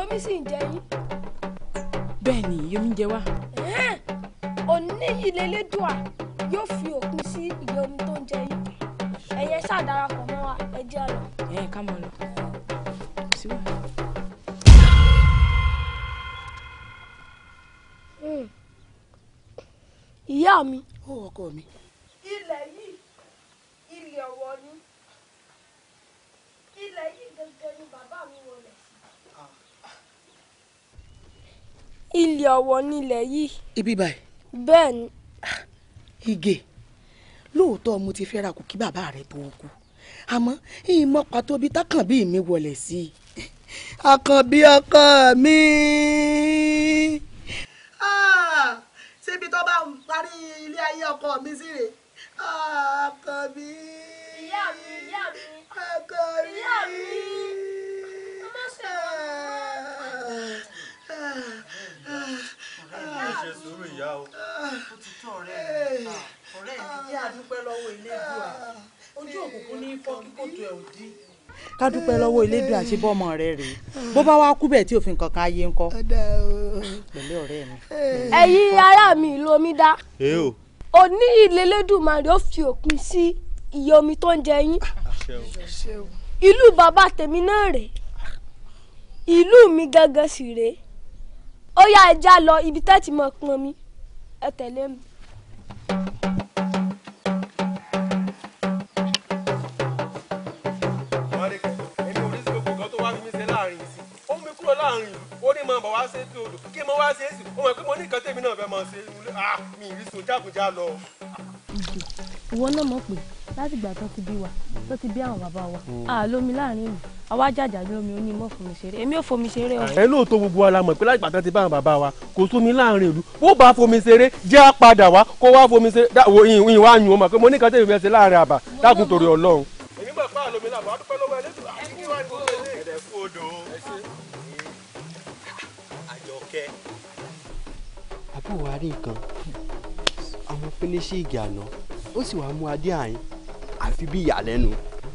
ìdomi sì ń jẹ yín. ibi báyìí. bẹ́ẹ̀ni. ìgè lóòótọ́ mo ti fẹ́ ra kù kí bàbá rẹ tó kú àmọ́ ìmọ̀ pàtó bíi tákànbí mi wọlé sí i. àkànbí ọkọ mi. síbi ah, tó bá parí ilé ayé ọkọ mi sí rè àkànbí. Ah, ìyá mi ìyá mi àkànbí. ìyá mi. ọmọ sọ̀rọ̀ ṣe sùúrù ìyá o. ó ti tó ọ̀rẹ́ mi ah, ọ̀rẹ́ mi jẹ́ ah. àdúpẹ́ lọ́wọ́ Elédùà ah. ojú òkùnkùn ní fọ́kíkòtò ẹ̀ ò dín ká dúpẹ́ lọ́wọ́ elédùn àti bọ́mọ rẹ rèé bó bá wá kú bẹ̀ tí òfin kankan ayé ń kọ́ pẹ̀lú ọ̀rẹ́ mi. ẹ̀yin ará mi lomi dá òní ìlélẹ́dùnmarè ó fi òpin sí iye omi tó ń jẹ yín ìlú bàbá tèmi náà rèé ìlú mi gángan sì rèé ó yá ẹja lọ ibi tẹ́tì mọ̀ pọn mi ẹ tẹ̀lé mi. láàrin ìlú ó ní mọ bọ̀ wá ṣe tí odò kí n mọ wá ṣe é sí ó mọ̀ pé mo ní nǹkan tèmi náà fẹ́ mọ̀ ṣe é ah, mi ì rí sojá kùjá lọ odò ìwọ náà mọ̀ pé láti ìgbà tó ti bí wa tó ti bí àwọn bàbá wa hmm. a lómi láàrin ìlú àwa jàjà lómi ó ní mọ̀ fòmí ṣeré èmi ò fòmí ṣeré o. ẹ lóòótọ́ gbogbo wa la mọ̀ pé láti ìgbà tó ti bá àwọn bàbá wa kò sómi láàrin ìlú bó bá fòmí ṣeré jẹ́ á padà wá kó wá fòmí ṣeré wo ìyìn wá yùn ó mọ̀ pé mo ní kan tẹ̀lé mi ẹ̀ ṣe láàrin àbá dákun torí ọlọ́run. èmi mọ̀ pé àlòmí mú pínísíìgì àná ó sì wàá mú adé àyín àfi bí ìyàlẹ́nu.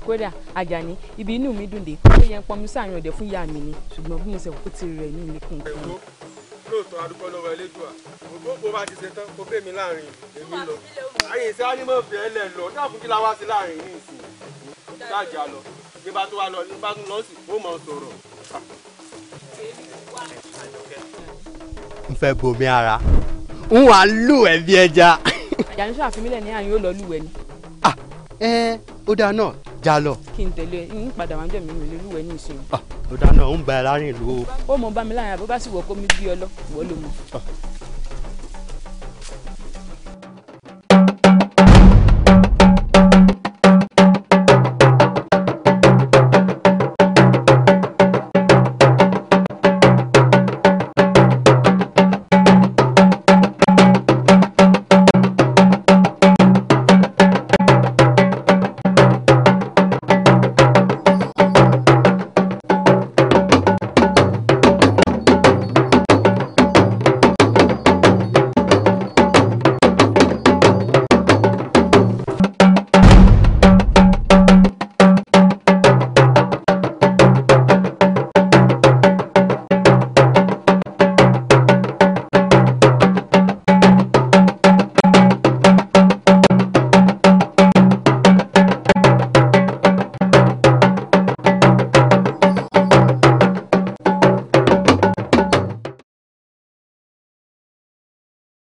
kódà Àjàní ibi inú mi dùn dé ó yẹ ń pọnmi sáàrin ọ̀dẹ̀ fún ìyá mi ni ṣùgbọ́n bí mo ṣe kó ti rẹ̀ ní ilé kún un. ẹ̀wọ́ lóòótọ́ adúgbò lọ́wọ́ elédùà òbó bó bá ti ṣe tán kó bèmí láàrin èmi lọ àyè ìṣe ánímọ̀ fẹ́ lẹ̀ lọ dáàbò kí la wá sí láàrin ní ìsìn ṣáàjà lọ bí bá tó wá lọ ní bá tó lọ sí ó mọ̀ sọ̀rọ̀. n fẹ́ bomi ara n wà lù ẹ́ bí ẹja àjàní [LAUGHS] sọ àfimílẹ̀ ní àyìn ó lọ lúwẹ̀ ni. Ah, ẹ ó dáa náà já lọ. kí n tẹ̀lé ń padà wájú mi mi lè lúwẹ̀ ní ìsìn. Ah, ó dáa náà ó ń ba ẹ láàrin ìlú o. ó mọ bá mi láàrin àbúrò bá sì wọ kó mi gbé ọ lọ ìwọ ló mọ. Ah.